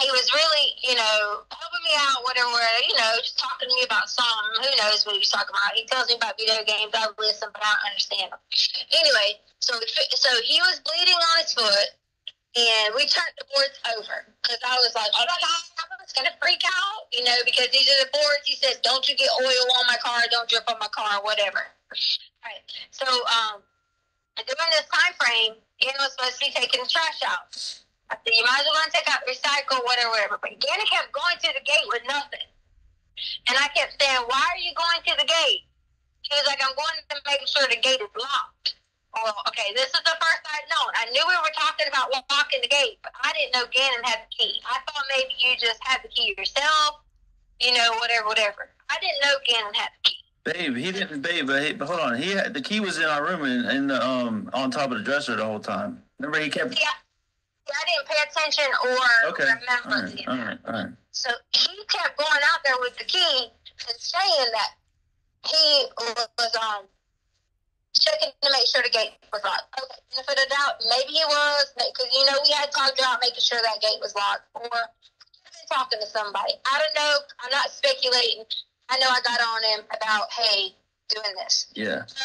he was really, you know, helping me out, whatever, you know, just talking to me about something. Who knows what he was talking about? He tells me about video games. I listen, but I don't understand Anyway, so so he was bleeding on his foot, and we turned the boards over because I was like, oh my god, I was gonna freak out, you know, because these are the boards. He says, don't you get oil on my car, don't drip on my car, whatever. Right. So um, during this time frame, Anna was supposed to be taking the trash out. I said, you might as well take out your cycle, whatever, whatever. But Gannon kept going to the gate with nothing. And I kept saying, why are you going to the gate? She was like, I'm going to make sure the gate is locked. Oh, okay, this is the first I'd known. I knew we were talking about locking the gate, but I didn't know Gannon had the key. I thought maybe you just had the key yourself, you know, whatever, whatever. I didn't know Gannon had the key. Babe, he didn't. Babe, he, but hold on. He had the key was in our room and, the um on top of the dresser the whole time. Remember, he kept. Yeah. I didn't pay attention or okay. remember. All right, all right, all right. So he kept going out there with the key and saying that he was um checking to make sure the gate was locked. Okay, benefit of doubt, maybe it was because you know we had talked about making sure that gate was locked or talking to somebody. I don't know. I'm not speculating. I know I got on him about hey doing this. Yeah. So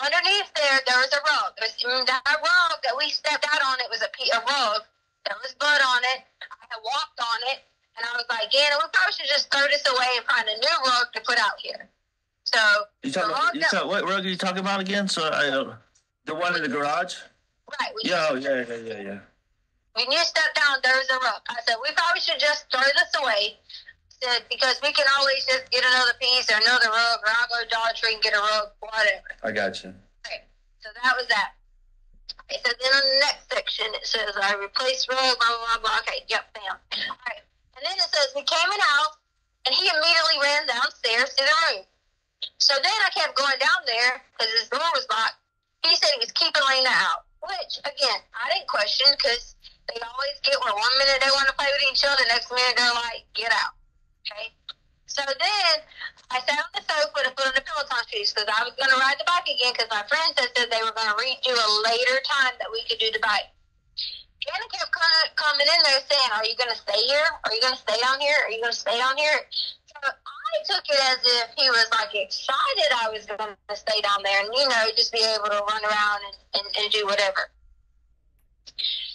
underneath there, there was a rug. It was, that rug that we stepped out on, it was a, a rug. There was blood on it. I had walked on it. And I was like, yeah, we probably should just throw this away and find a new rug to put out here. So, you talking, about, you talk, what rug are you talking about again? So, I, uh, the one in the garage? Right. Yeah, oh, yeah, yeah, yeah, yeah. When you stepped down, there was a rug. I said, we probably should just throw this away because we can always just get another piece or another rug, or I'll go to Dollar Tree and get a rug, whatever. I got you. Okay. So that was that. It says on the next section, it says I replaced rug, blah, blah, blah, blah. Okay, yep, bam. All right. And then it says we came in house, and he immediately ran downstairs to the room. So then I kept going down there because his door was locked. He said he was keeping Lena out, which, again, I didn't question because they always get where one minute they want to play with each other, the next minute they're like, get out. Okay. So then I sat on the sofa with a foot on the Peloton shoes because I was going to ride the bike again because my friends had said they were going to redo a later time that we could do the bike. Anna kept coming in there saying, Are you going to stay here? Are you going to stay down here? Are you going to stay down here? So I took it as if he was like excited I was going to stay down there and, you know, just be able to run around and, and, and do whatever.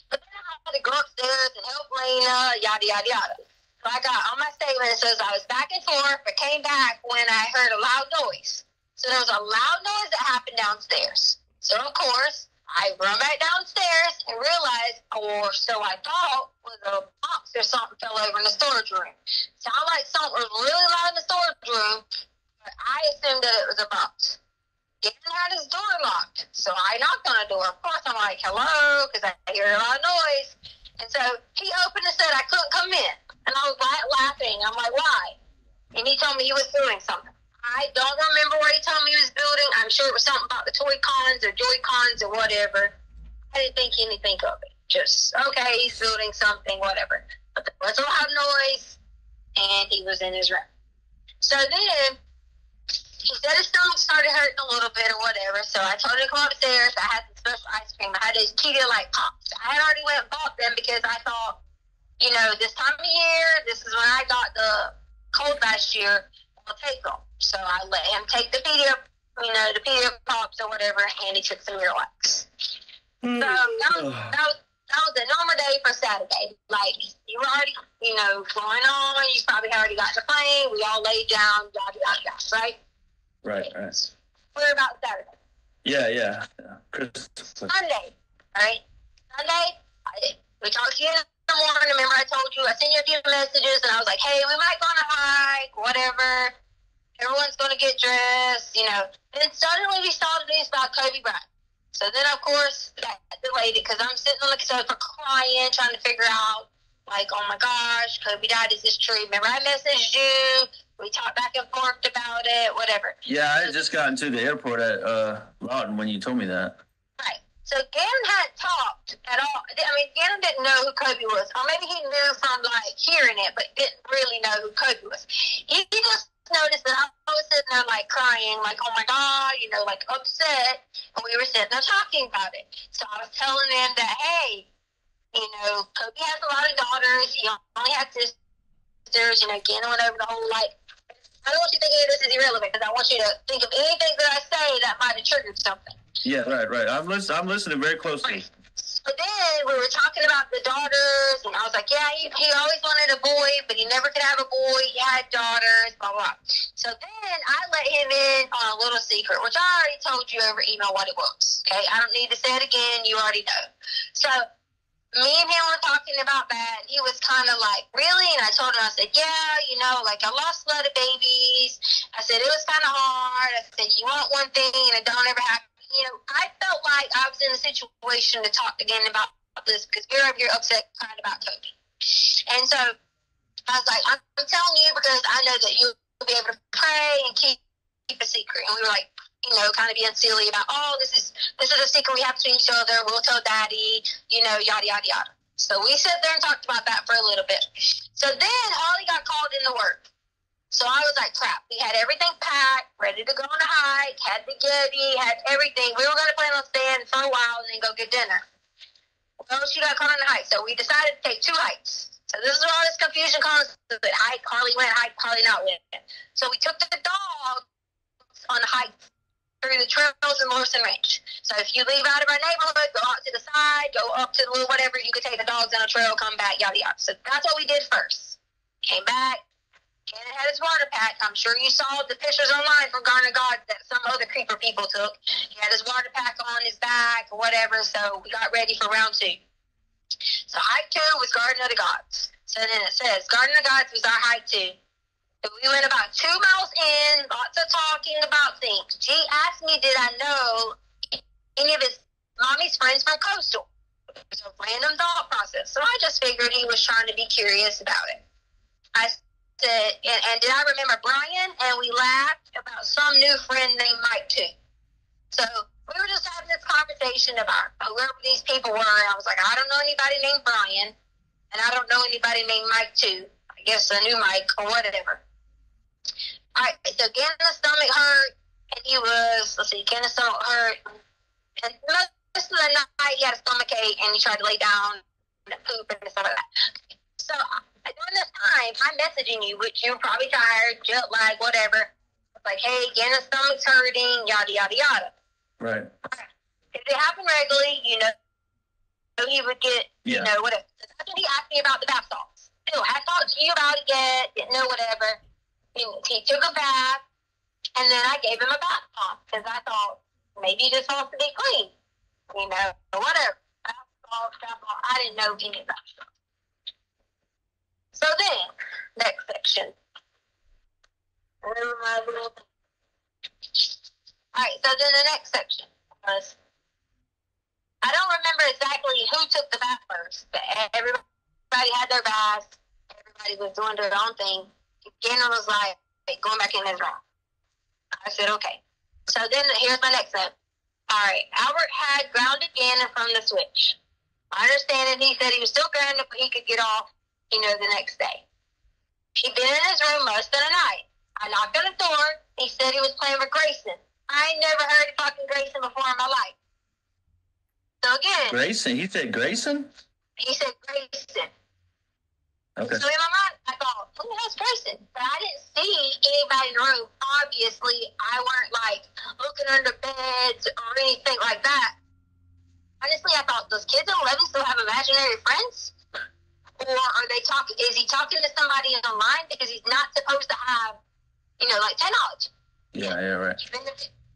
But then I had to go upstairs and help Lena, yada, yada, yada. So I got all my statements as I was back and forth, but came back when I heard a loud noise. So there was a loud noise that happened downstairs. So of course, I run right downstairs and realized, or so I thought, was a box or something fell over in the storage room. Sound like something was really loud in the storage room, but I assumed that it was a box. Gavin had his door locked, so I knocked on the door. Of course, I'm like, hello, because I hear a lot of noise. And so he opened and said I couldn't come in. And I was laughing. I'm like, why? And he told me he was doing something. I don't remember what he told me he was building. I'm sure it was something about the Toy Cons or Joy Cons or whatever. I didn't think anything of it. Just, okay, he's building something, whatever. But there was a of noise, and he was in his room. So then he said his stomach started hurting a little bit or whatever. So I told him to come upstairs. I had some special ice cream. I had his Cheeto Light pops. I had already went and bought them because I thought you know, this time of year, this is when I got the cold last year, I'll take them. So I let him take the video, you know, the video pops or whatever, and he took some Miralax. Mm. So that was, that, was, that was a normal day for Saturday. Like, you were already, you know, going on, you probably already got the plane, we all laid down, yada, yada, yada, right? Right, right. We're about Saturday. Yeah, yeah. yeah. Sunday, all right? Sunday, we talked to you the morning, remember I told you, I sent you a few messages and I was like, hey, we might go on a hike, whatever. Everyone's going to get dressed, you know. Then suddenly we saw the news about Kobe Bryant. So then, of course, that delayed it because I'm sitting on the sofa crying, trying to figure out, like, oh my gosh, Kobe died. Is this true? Remember, I messaged you. We talked back and forth about it, whatever. Yeah, I had just gotten to the airport at uh, Lawton when you told me that. So Gannon hadn't talked at all. I mean, Gannon didn't know who Kobe was, or maybe he knew from like hearing it, but didn't really know who Kobe was. He, he just noticed that I was sitting there like crying, like oh my god, you know, like upset, and we were sitting there talking about it. So I was telling him that hey, you know, Kobe has a lot of daughters. He only had sisters. You know, Gannon went over the whole like I don't want you thinking this is irrelevant because I want you to think of anything that I say that might have triggered something. Yeah, right, right. I'm listening. I'm listening very closely. So then we were talking about the daughters, and I was like, yeah, he, he always wanted a boy, but he never could have a boy. He had daughters, blah, blah. So then I let him in on a little secret, which I already told you over email what it was. Okay, I don't need to say it again. You already know. So me and him were talking about that. He was kind of like, really? And I told him, I said, yeah, you know, like I lost a lot of babies. I said, it was kind of hard. I said, you want one thing and it don't ever happen you know, I felt like I was in a situation to talk again about this because we're over here upset crying about Kobe. And so I was like, I'm, I'm telling you because I know that you'll be able to pray and keep, keep a secret. And we were like, you know, kind of being silly about, oh, this is this is a secret we have between each other. We'll tell daddy, you know, yada yada yada. So we sat there and talked about that for a little bit. So then Holly got called in to work, so I was like, crap. We had everything packed, ready to go on a hike, had the Getty, had everything. We were going to plan on staying for a while and then go get dinner. Well, she got caught on the hike, so we decided to take two hikes. So this is where all this confusion comes. But hike, Carly went, hike, Carly not went. So we took the dog on the hike through the trails in Morrison Ranch. So if you leave out of our neighborhood, go out to the side, go up to the little whatever, you could take the dogs on a trail, come back, yada yada. So that's what we did first. Came back, Cannon had his water pack. I'm sure you saw the pictures online from of God that some other creeper people took. He had his water pack on his back or whatever, so we got ready for round two. So hike two was Garden of the Gods. So then it says Garden of the Gods was our hike two. So we went about two miles in, lots of talking about things. G asked me, did I know any of his mommy's friends from Coastal? It was a random thought process. So I just figured he was trying to be curious about it. I laughed at, and, and did I remember Brian? And we laughed about some new friend named Mike too. So we were just having this conversation about where these people were. And I was like, I don't know anybody named Brian, and I don't know anybody named Mike too. I guess a new Mike or whatever. All right, so again, the stomach hurt, and he was let's see, again, the stomach hurt, and most of the night he had a stomach ache, and he tried to lay down and poop and stuff like that. So like, well, time, I'm messaging you, which you're probably tired, jet lag, whatever. It's like, hey, again, the stomach's hurting, yada, yada, yada. Right. If it happened regularly, you know, so he would get, yeah. you know, whatever. After he asked me about the bath salts. Still, I talked to you about it yet, didn't know whatever. And he took a bath, and then I gave him a bath salt because I thought maybe he just wants to be clean, you know, whatever. Bath salt, bath salt. I didn't know any of that stuff. So then, next section. All right, so then the next section was I don't remember exactly who took the bath first, but everybody had their baths. Everybody was doing their own thing. Gannon was like, hey, going back in his room. I said, okay. So then here's my next step. All right, Albert had grounded Gannon from the switch. understand that he said he was still grounded, but he could get off you know, the next day. He'd been in his room most of the night. I knocked on the door. He said he was playing with Grayson. I never heard of fucking Grayson before in my life. So again, Grayson. He said Grayson. He said Grayson. Okay. So in my mind, I thought, who the hell's Grayson? But I didn't see anybody in the room. Obviously, I weren't like looking under beds or anything like that. Honestly, I thought, those kids at 11 still have imaginary friends? or are they talking? Is he talking to somebody online because he's not supposed to have, you know, like technology? Yeah, yeah, right.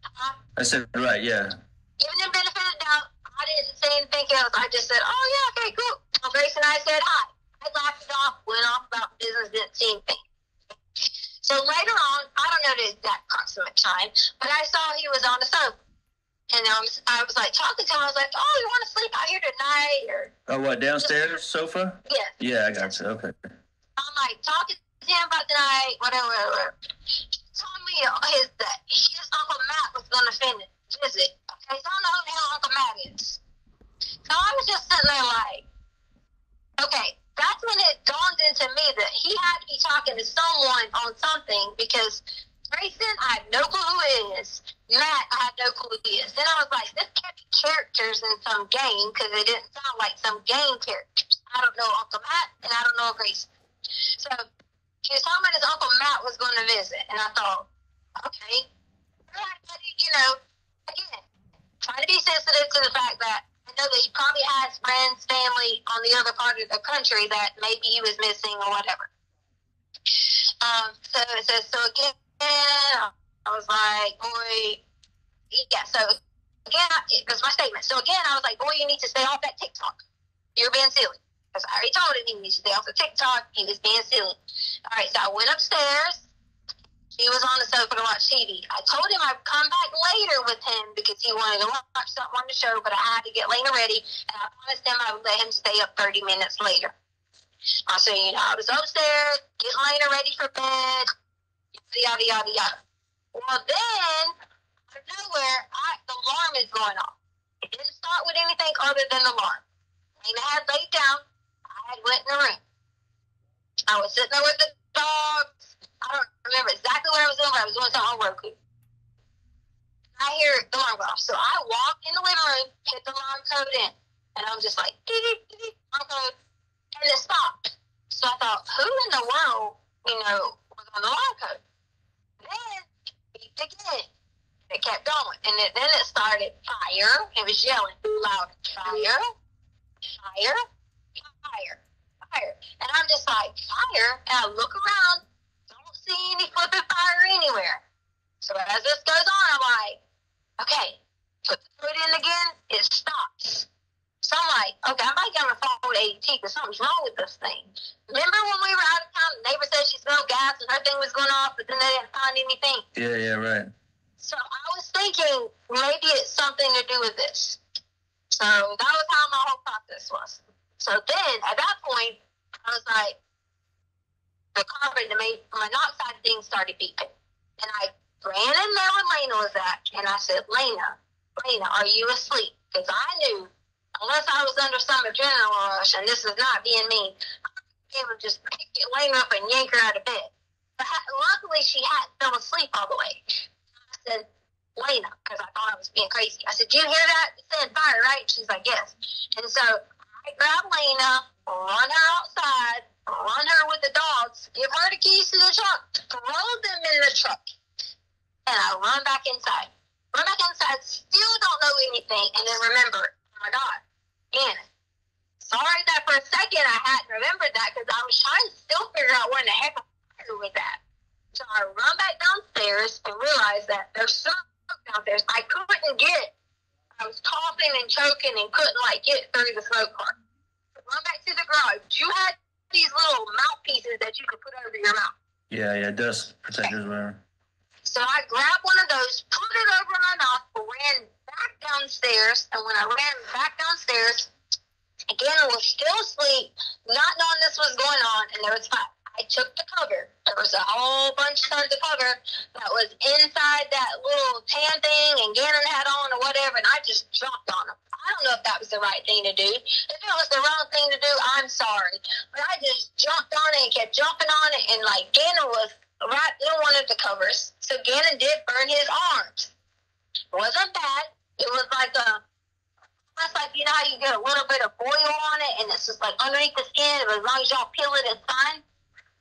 uh, I said right, yeah. Even the benefit of doubt, I didn't say anything else. I just said, oh yeah, okay, cool. Well, Grace and I said hi. I laughed it off, went off about business, didn't see anything. So later on, I don't know the exact proximate time, but I saw he was on the phone. And I was, I was like talking to him. I was like, "Oh, you want to sleep out here tonight?" Or oh, what downstairs sofa? Yeah. Yeah, I got you. Okay. I'm like talking to him about tonight, whatever, whatever. He told me his that his uncle Matt was gonna visit. Okay, so I don't know who the hell Uncle Matt is. So I was just sitting there like, okay. That's when it dawned into me that he had to be talking to someone on something because Grayson, I have no clue who is. Matt, I have no clue who is. Then I was like, this can't be characters in some game because it didn't sound like some game characters. I don't know Uncle Matt and I don't know Grayson. So he was talking about his Uncle Matt was going to visit, and I thought, okay, you know, again, trying to be sensitive to the fact that I know that he probably has friends, family on the other part of the country that maybe he was missing or whatever. Um, so it says, so again, yeah. I was like, boy, yeah. So again, because my statement. So again, I was like, boy, you need to stay off that TikTok. You're being silly. Because I already told him he needs to stay off the TikTok. He was being silly. All right, so I went upstairs. He was on the sofa to watch TV. I told him I'd come back later with him because he wanted to watch something on the show, but I had to get Lena ready. And I promised him I would let him stay up 30 minutes later. I said, you know, I was upstairs, getting Lena ready for bed yada, yada, yada. Well, then, out of nowhere, I, the alarm is going off. It didn't start with anything other than the alarm. Lena had laid down. I had went in the room. I was sitting there with the dogs. I don't remember exactly what I was doing, but I was doing something on Roku. I hear the alarm go off. So I walk in the living room, hit the alarm code in, and I'm just like, alarm code, and it stopped. So I thought, who in the world, you know, on the line coach. Then it beeped again. It kept going. And it, then it started fire. It was yelling loud fire, fire, fire, fire. And I'm just like, fire? And I look around, don't see any flipping fire anywhere. So as this goes on, I'm like, okay, put the foot in again, it stops. So I'm like, okay, I might get on the phone with ADT because something's wrong with this thing. Remember when we were out of town, the neighbor said she smelled gas and her thing was going off, but then they didn't find anything. Yeah, yeah, right. So I was thinking maybe it's something to do with this. So that was how my whole process was. So then at that point, I was like, the carbon, the monoxide thing started beeping. And I ran in there with Lena was at, and I said, Lena, Lena, are you asleep? Because I knew unless I was under some adrenaline rush, and this is not being mean, I would just pick it up and yank her out of bed. But luckily, she hadn't fell asleep all the way. I said, Lena, because I thought I was being crazy. I said, you hear that? It said fire, right? She's like, yes. And so I grabbed Lena, run her outside, run her with the dogs, give her the keys to the truck, throw them in the truck, and I run back inside. Run back inside, still don't know anything, and then remember, oh my God, again. Sorry that for a second I hadn't remembered that because I was trying to still figure out where in the heck I was that. So I run back downstairs and realize that there's smoke downstairs. I couldn't get. I was coughing and choking and couldn't like get through the smoke cart. Run back to the garage. You had these little mouthpieces that you could put over your mouth. Yeah, yeah, dust protectors, okay. whatever. So I grabbed one of those, put it over my mouth, ran back downstairs, and when I ran back downstairs, again, I was still asleep, not knowing this was going on, and there was fire. I took the cover. There was a whole bunch of tons of cover that was inside that little tan thing and Gannon had on or whatever, and I just dropped on them. I don't know if that was the right thing to do. If it was the wrong thing to do, I'm sorry. But I just jumped on it and kept jumping on it, and like Gannon was right in one of the covers, so Gannon did burn his arms. wasn't bad. It was like uh, a it's like you know how you get a little bit of oil on it and it's just like underneath the skin. But as long as y'all peel it, it's fine.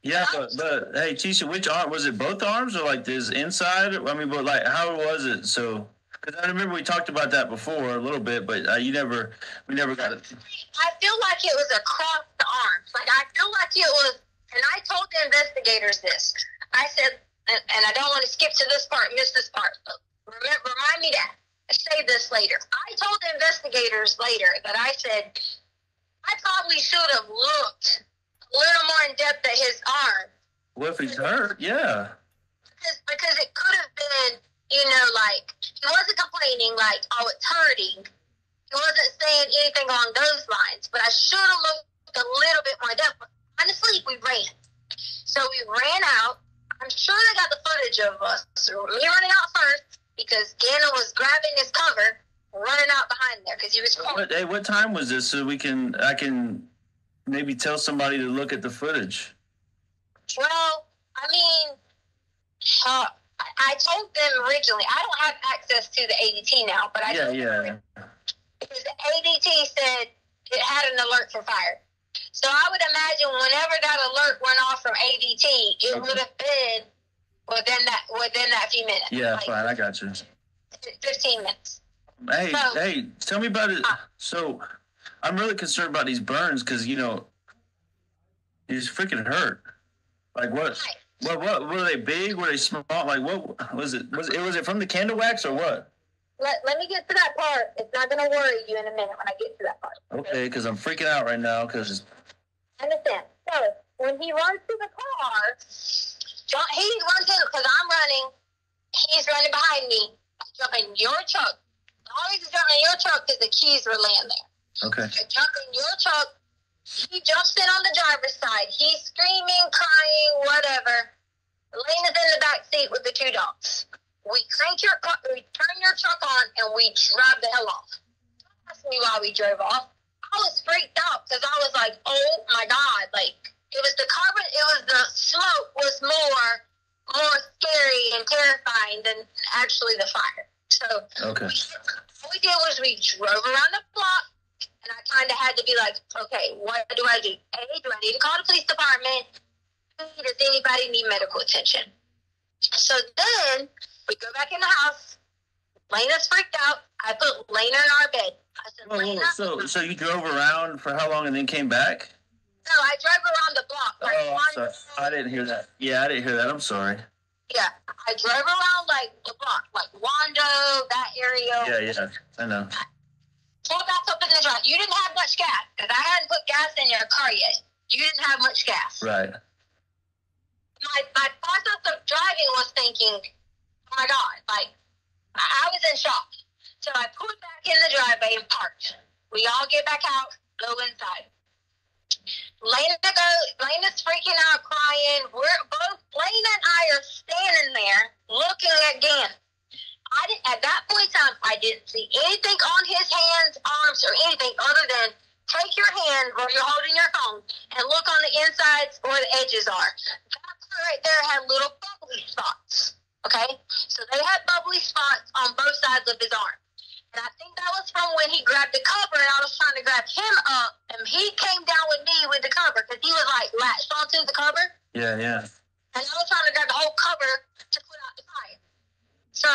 Yeah, but, but hey, Tisha, which arm was it? Both arms or like this inside? I mean, but like how was it? So because I remember we talked about that before a little bit, but uh, you never, we never got it. I feel like it was across the arms. Like I feel like it was, and I told the investigators this. I said, and, and I don't want to skip to this part, miss this part. But remember, remind me that say this later. I told the investigators later that I said, I probably should have looked a little more in depth at his arm. Well, if he's hurt, yeah. Because, because it could have been, you know, like, he wasn't complaining, like, oh, it's hurting. He wasn't saying anything along those lines, but I should have looked a little bit more in depth. Honestly, we ran. So we ran out. I'm sure they got the footage of us. So we out first because Gannon was grabbing his cover, running out behind there because he was. What, hey, what time was this? So we can I can maybe tell somebody to look at the footage. Well, I mean, uh, I told them originally I don't have access to the ADT now, but I yeah yeah. Because the ADT said it had an alert for fire. So I would imagine whenever that alert went off from ADT, it okay. would have been within that within that few minutes. Yeah, like, fine, I got you. Fifteen minutes. Hey, so, hey, tell me about it. Uh, so, I'm really concerned about these burns because you know, these freaking hurt. Like what? Right. What, what were they big? Were they small? Like what was it? Was it was it from the candle wax or what? Let, let me get to that part. It's not gonna worry you in a minute when I get to that part. Okay, because I'm freaking out right now. Because understand. So when he runs to the car, Jump, he runs because I'm running. He's running behind me. I jump in your truck. All reason in your truck because the keys were laying there. Okay. I jump in your truck. He jumps in on the driver's side. He's screaming, crying, whatever. Elena's in the back seat with the two dogs. We crank your car, we turn your truck on, and we drive the hell off. Ask me why we drove off. I was freaked out because I was like, oh my god, like it was the carbon. It was the smoke was more more scary and terrifying than actually the fire. So okay. all we did was we drove around the block, and I kind of had to be like, okay, what do I do? A, do I need to call the police department? B, does anybody need medical attention? So then we go back in the house. Lena's freaked out. I put Lena in our bed. I said, whoa, oh, whoa, so, so you drove around for how long and then came back? No, I drove around the block. Like oh, i sorry. I didn't hear that. Yeah, I didn't hear that. I'm sorry. Yeah, I drove around like the block, like Wando, that area. Yeah, yeah, I know. Pull back up in the drive. You didn't have much gas because I hadn't put gas in your car yet. You didn't have much gas. Right. My my process of driving was thinking, oh my god, like I was in shock. So I pulled back in the driveway and parked. We all get back out, go inside. Lena goes, Lena's freaking out, crying. We're both, Lena and I are standing there looking at Dan. I didn't, at that point in time, I didn't see anything on his hands, arms, or anything other than take your hand where you're holding your phone and look on the insides where the edges are. That part right there had little bubbly spots. Okay? So they had bubbly spots on both sides of his arm. And I think that was from when he grabbed the cover and I was trying to grab him up. And he came down with me with the cover because he was like latched onto the cover. Yeah, yeah. And I was trying to grab the whole cover to put out the fire. So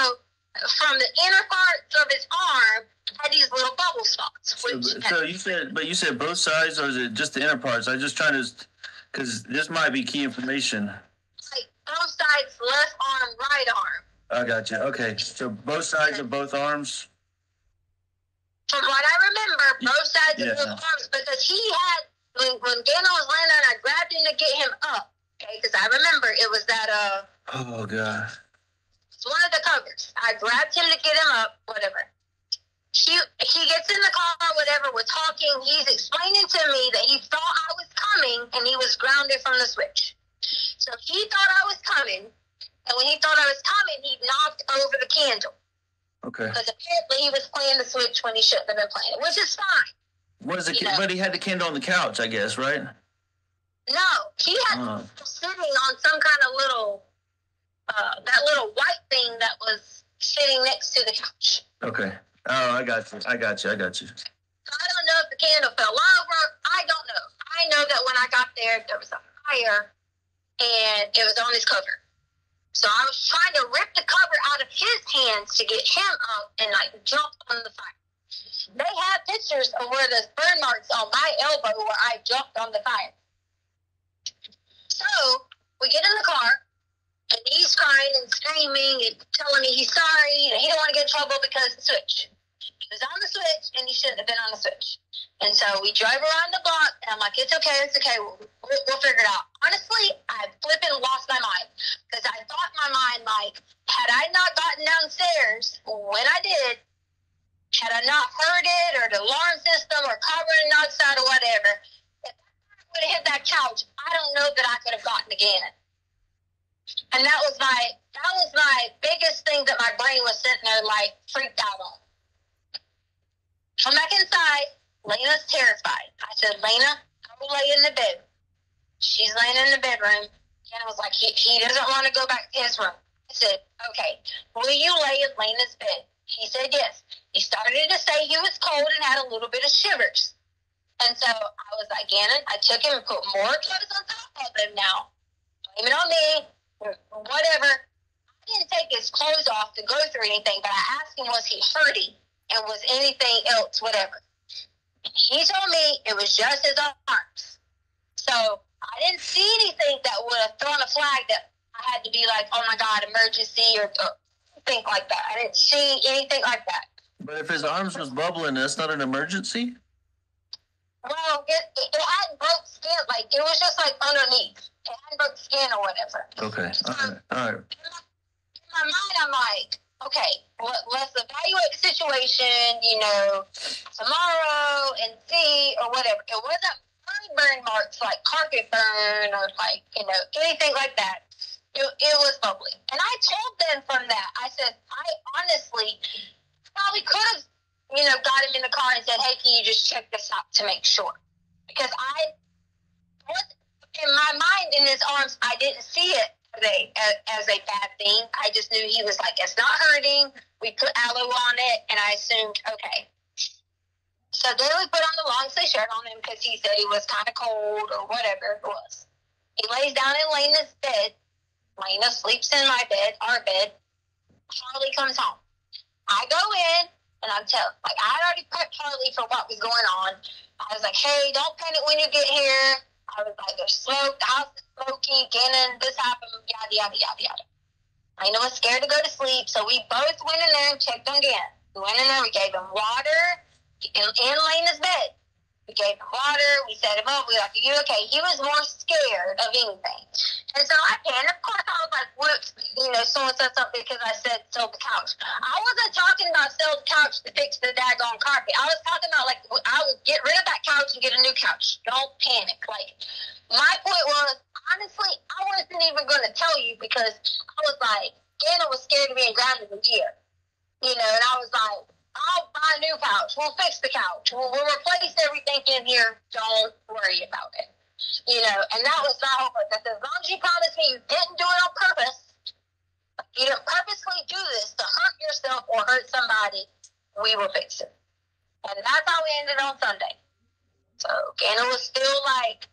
from the inner parts of his arm had these little bubble spots. So, so you said, but you said both sides or is it just the inner parts? I am just trying to, because this might be key information. Like both sides, left arm, right arm. I got you. Okay. So both sides of both arms? from what I remember, both sides yeah. of his arms because he had when when Gano was laying down, I grabbed him to get him up. Okay, because I remember it was that uh oh god, it's one of the covers. I grabbed him to get him up, whatever. He he gets in the car, whatever. We're talking. He's explaining to me that he thought I was coming and he was grounded from the switch. So he thought I was coming, and when he thought I was coming, he knocked over the candle. Okay. Because apparently he was playing the Switch when he shouldn't have been playing it, which is fine. Was it? know? But he had the candle on the couch, I guess, right? No, he had uh. sitting on some kind of little uh, that little white thing that was sitting next to the couch. Okay. Oh, I got you. I got you. I got you. I don't know if the candle fell over. I don't know. I know that when I got there, there was a fire, and it was on his cover. So I was trying to rip the cover out of his hands to get him up and like jump on the fire. They have pictures of where the burn marks on my elbow where I jumped on the fire. So we get in the car and he's crying and screaming and telling me he's sorry and he don't want to get in trouble because of the switch was on the switch and you shouldn't have been on the switch. And so we drove around the block, and I'm like, it's okay, it's okay, we'll, we'll figure it out. Honestly, I flipping lost my mind because I thought in my mind, like, had I not gotten downstairs when I did, had I not heard it or the alarm system or covering outside or whatever, if I would have hit that couch, I don't know that I could have gotten again. And that was my that was my biggest thing that my brain was sitting there like freaked out on. Come back inside. Lena's terrified. I said, Lena, go lay in the bed. She's laying in the bedroom. Ken was like, he, he doesn't want to go back to his room. I said, okay, will you lay in Lena's bed? He said yes. He started to say he was cold and had a little bit of shivers. And so I was like, Gannon, I took him and put more clothes on top of him now. Blame it on me, whatever. I didn't take his clothes off to go through anything, but I asked him, was he hurting? and was anything else, whatever. He told me it was just his arms. So I didn't see anything that would have thrown a flag that I had to be like, oh my God, emergency or, or like that. I didn't see anything like that. But if his arms was bubbling, that's not an emergency? Well, it, it, it had broke skin. Like, it was just like underneath. It had broke skin or whatever. Okay. So, All right. in my mind, I'm like, okay, let's evaluate the situation, you know, tomorrow and see or whatever. It wasn't burn marks like carpet burn or like, you know, anything like that. It, it was bubbly. And I told them from that, I said, I honestly probably could have, you know, got him in the car and said, hey, can you just check this out to make sure? Because I was in my mind in his arms, I didn't see it as a, as a bad thing. I just knew he was like, it's not hurting. We put aloe on it, and I assumed, okay. So then we put on the long sleeve shirt on him because he said he was kind of cold or whatever it was. He lays down in Lena's bed. Lena sleeps in my bed, our bed. Charlie comes home. I go in and I'm telling, like, I had already prepped Charlie for what was going on. I was like, hey, don't panic when you get here. I was like, there's smoke, the house is smoky, Gannon, this happened, yada, yada, yada, yada. I know was scared to go to sleep, so we both went in there and checked on Gannon. We went in there, we gave him water in, in Lena's bed. We gave him water. We set him up. We were like, "Are you okay?" He was more scared of anything, and so I panicked. of course I was like, "Whoops," you know, someone said something because I said sell the couch. I wasn't talking about sell the couch to fix the daggone carpet. I was talking about like I would get rid of that couch and get a new couch. Don't panic. Like my point was, honestly, I wasn't even going to tell you because I was like, Gana was scared of being grounded a year, you know, and I was like I'll buy a new couch. We'll fix the couch. We'll, we'll replace everything in here. Don't worry about it. You know, and that was my whole thing. As long as you promise me you didn't do it on purpose, you do not purposely do this to hurt yourself or hurt somebody, we will fix it. And that's how we ended on Sunday. So Gannon was still like,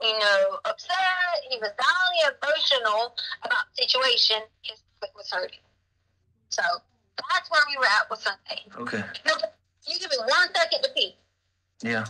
you know, upset. He was not only emotional about the situation, his foot was hurting. So that's where we were at with Sunday. Okay. You give me one second to pee. Yeah.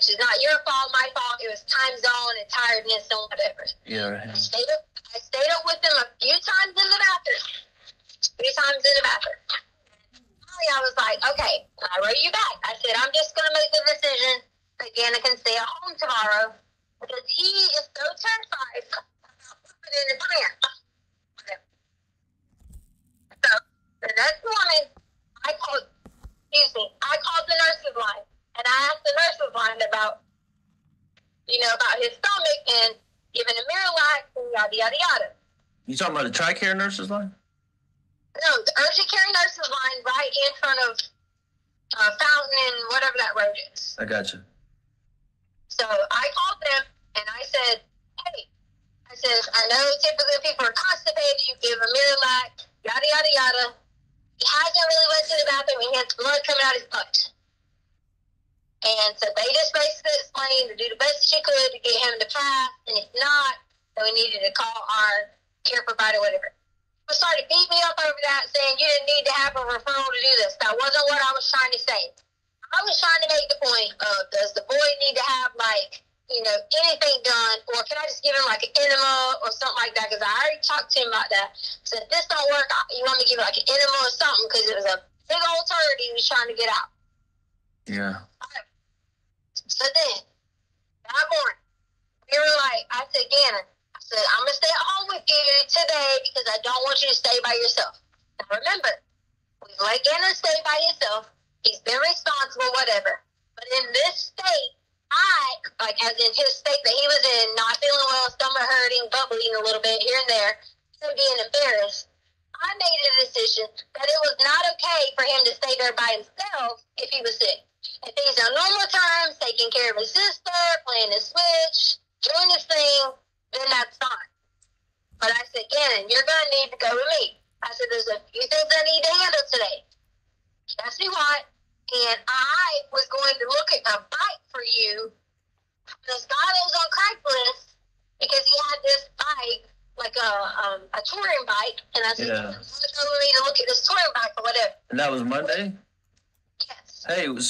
which is not your fault, my fault. It was time zone and tiredness and whatever. Yeah. care nurses line?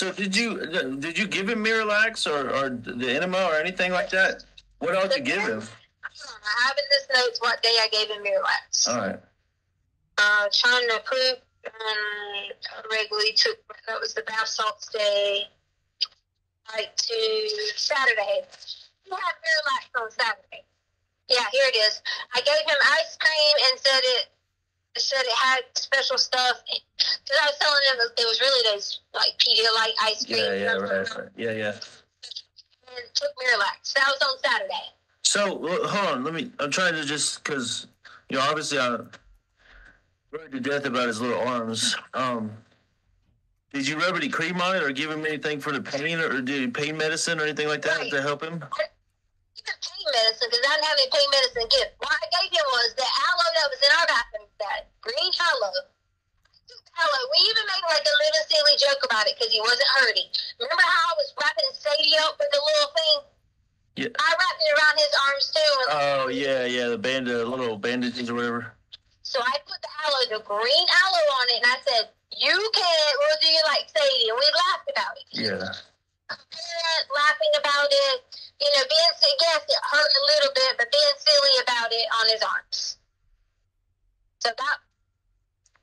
so did you did you give him Miralax or, or the enema or anything like that? What else did you give him? I have in this notes what day I gave him Miralax. All right. Uh, trying to poop regularly took that was the bath salts day, like to Saturday. Yeah, Miralax on Saturday. Yeah, here it is. I gave him ice cream and said it said it had special stuff because I was telling him it was really those like Pedialyte ice cream. Yeah, yeah, right, right. yeah, yeah. And took relax. That was on Saturday. So hold on, let me. I'm trying to just because you know obviously I worried to death about his little arms. Um, did you rub any cream on it or give him anything for the pain or, or did pain medicine or anything like that right. to help him? pain medicine because I didn't have any pain medicine gift. What I gave him was the aloe that was in our bathroom that green aloe. Aloe. We even made like a little silly joke about it because he wasn't hurting. Remember how I was wrapping Sadie up with the little thing? Yeah. I wrapped it around his arms too. Oh yeah, yeah, the band, the little bandages or whatever. So I put the aloe, the green aloe on it, and I said, "You can't. We'll do you like Sadie." And we laughed about it. Yeah. Laughing about it you know, being yes, it hurt a little bit, but being silly about it on his arms. So that.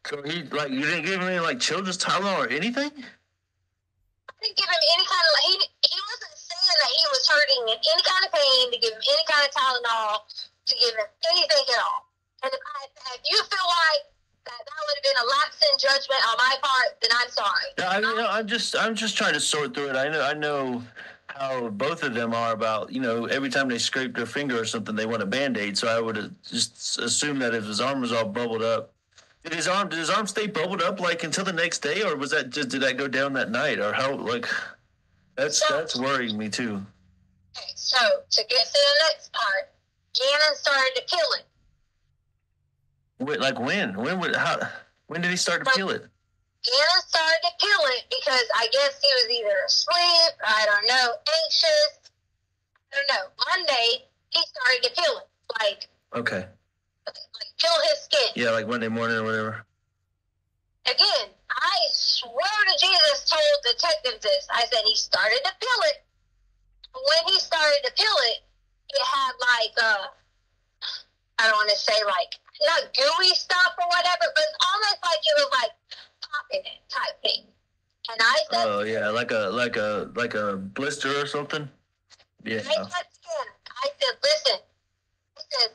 So he like you didn't give him any like children's Tylenol or anything. I didn't give him any kind of he he wasn't saying that he was hurting in any kind of pain to give him any kind of Tylenol to give him anything at all. And if, I, if you feel like that, would have been a lapse in judgment on my part, then I'm sorry. No, I mean, i I'm just I'm just trying to sort through it. I know I know how both of them are about you know every time they scrape their finger or something they want a band-aid so i would just assume that if his arm was all bubbled up did his arm did his arm stay bubbled up like until the next day or was that just did that go down that night or how like that's so, that's worrying me too okay so to get to the next part gannon started to peel it Wait, like when when would how when did he start to like, peel it he started to kill it because I guess he was either asleep, I don't know, anxious. I don't know. Monday, he started to peel it. Like, okay. Like, peel his skin. Yeah, like Monday morning or whatever. Again, I swear to Jesus told detectives this. I said he started to peel it. When he started to peel it, it had like, uh, I don't want to say like, not gooey stuff or whatever, but it's almost like it was like it type thing. And I said, oh yeah, like a like a like a blister or something. Yeah. I said, I said listen,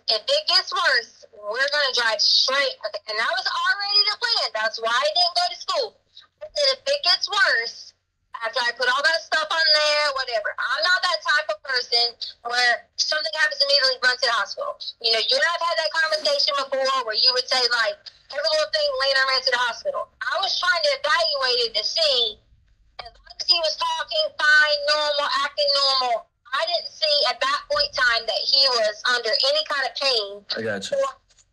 if it gets worse, we're gonna drive straight. And I was already the plan. That's why I didn't go to school. I said, if it gets worse, after I put all that stuff on there, whatever. I'm not that type of person where something happens immediately, run to the hospital. You know, you and I have had that conversation before where you would say, like, every little thing, Lena ran to the hospital. I was trying to evaluate it to see as long as he was talking fine, normal, acting normal. I didn't see at that point in time that he was under any kind of pain. I got you.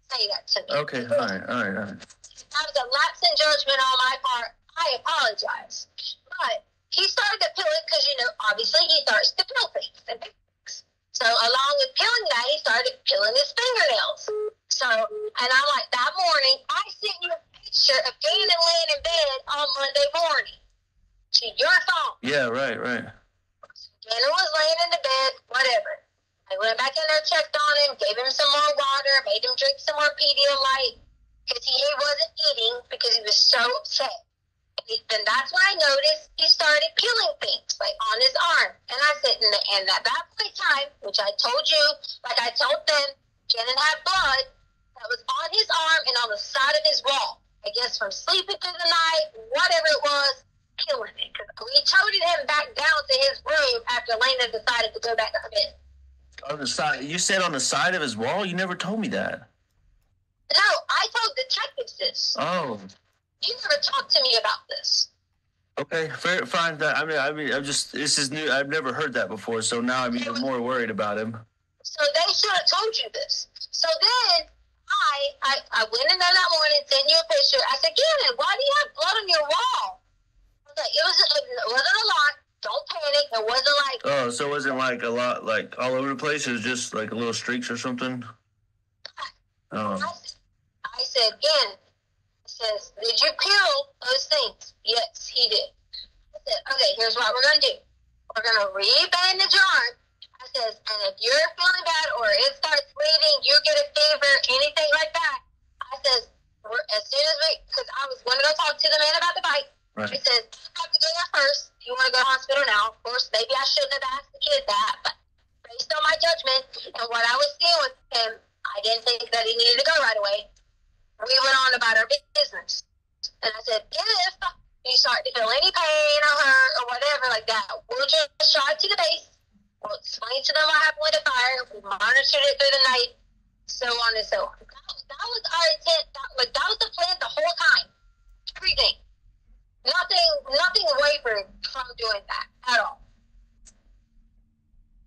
Say that to me. Okay, all right, all right, all right. That was a lapse in judgment on my part. I apologize. But he started it because, you know, obviously he starts to peel things and things. So along with peeling that, he started peeling his fingernails. So, and I'm like, that morning, I sent you a picture of Gannon laying in bed on Monday morning to your phone. Yeah, right, right. Gannon was laying in the bed, whatever. I went back in there, checked on him, gave him some more water, made him drink some more Pedialyte because he wasn't eating because he was so upset and that's when I noticed he started peeling things like on his arm. And I said, and, and at that point in time, which I told you, like I told them, Janet had blood that was on his arm and on the side of his wall. I guess from sleeping through the night, whatever it was, killing it. Because we toted him back down to his room after Lena decided to go back to bed. On the side, you said on the side of his wall. You never told me that. No, I told detectives this. Oh you never talked to me about this. Okay, fair, fine. That, I mean, I mean, I'm just this is new. I've never heard that before, so now I'm even more worried about him. So they should have told you this. So then I, I, I went in there that morning, sent you a picture. I said, Gannon, why do you have blood on your wall? I was like, it was it wasn't a lot. Don't panic. It wasn't like oh, so it wasn't like a lot, like all over the place. It was just like a little streaks or something. Oh. I, I said, Gannon says, Did you kill those things? Yes, he did. I said, Okay, here's what we're going to do. We're going to rebandage the jar. I says, And if you're feeling bad or it starts bleeding, you get a fever, anything like that, I says, As soon as we, because I was going to go talk to the man about the bike. Right. He says, I have to go there first. You want to go to hospital now? Of course, maybe I shouldn't have asked the kid that, but based on my judgment and what I was seeing with him, I didn't think that he needed to go right away we went on about our business. And I said, if you start to feel any pain or hurt or whatever like that, we'll just drive to the base. We'll explain to them what happened with the fire. We monitored it through the night, so on and so on. That, that was our intent. That, like, that was the plan the whole time. Everything. Nothing, nothing wavered from doing that at all.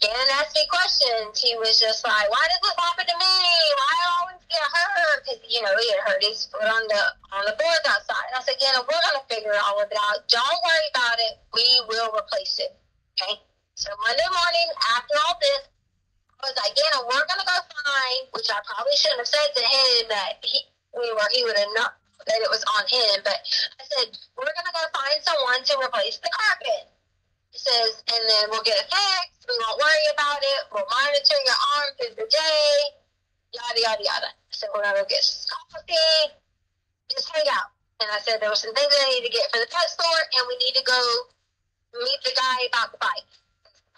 And ask me questions. He was just like, "Why does this happen to me? Why do I always get hurt?" Because you know he had hurt his foot on the on the boards outside. And I said, "Again, we're gonna figure all of it out. Don't worry about it. We will replace it." Okay. So Monday morning, after all this, I was like, "Gana, we're gonna go find," which I probably shouldn't have said to him that he we were he would have known that it was on him. But I said, "We're gonna go find someone to replace the carpet." He says, "And then we'll get it fixed." We won't worry about it. We'll monitor your arm through the day. Yada yada yada. I said we're gonna go get coffee. Just hang out. And I said there were some things I need to get for the pet store, and we need to go meet the guy about the bike.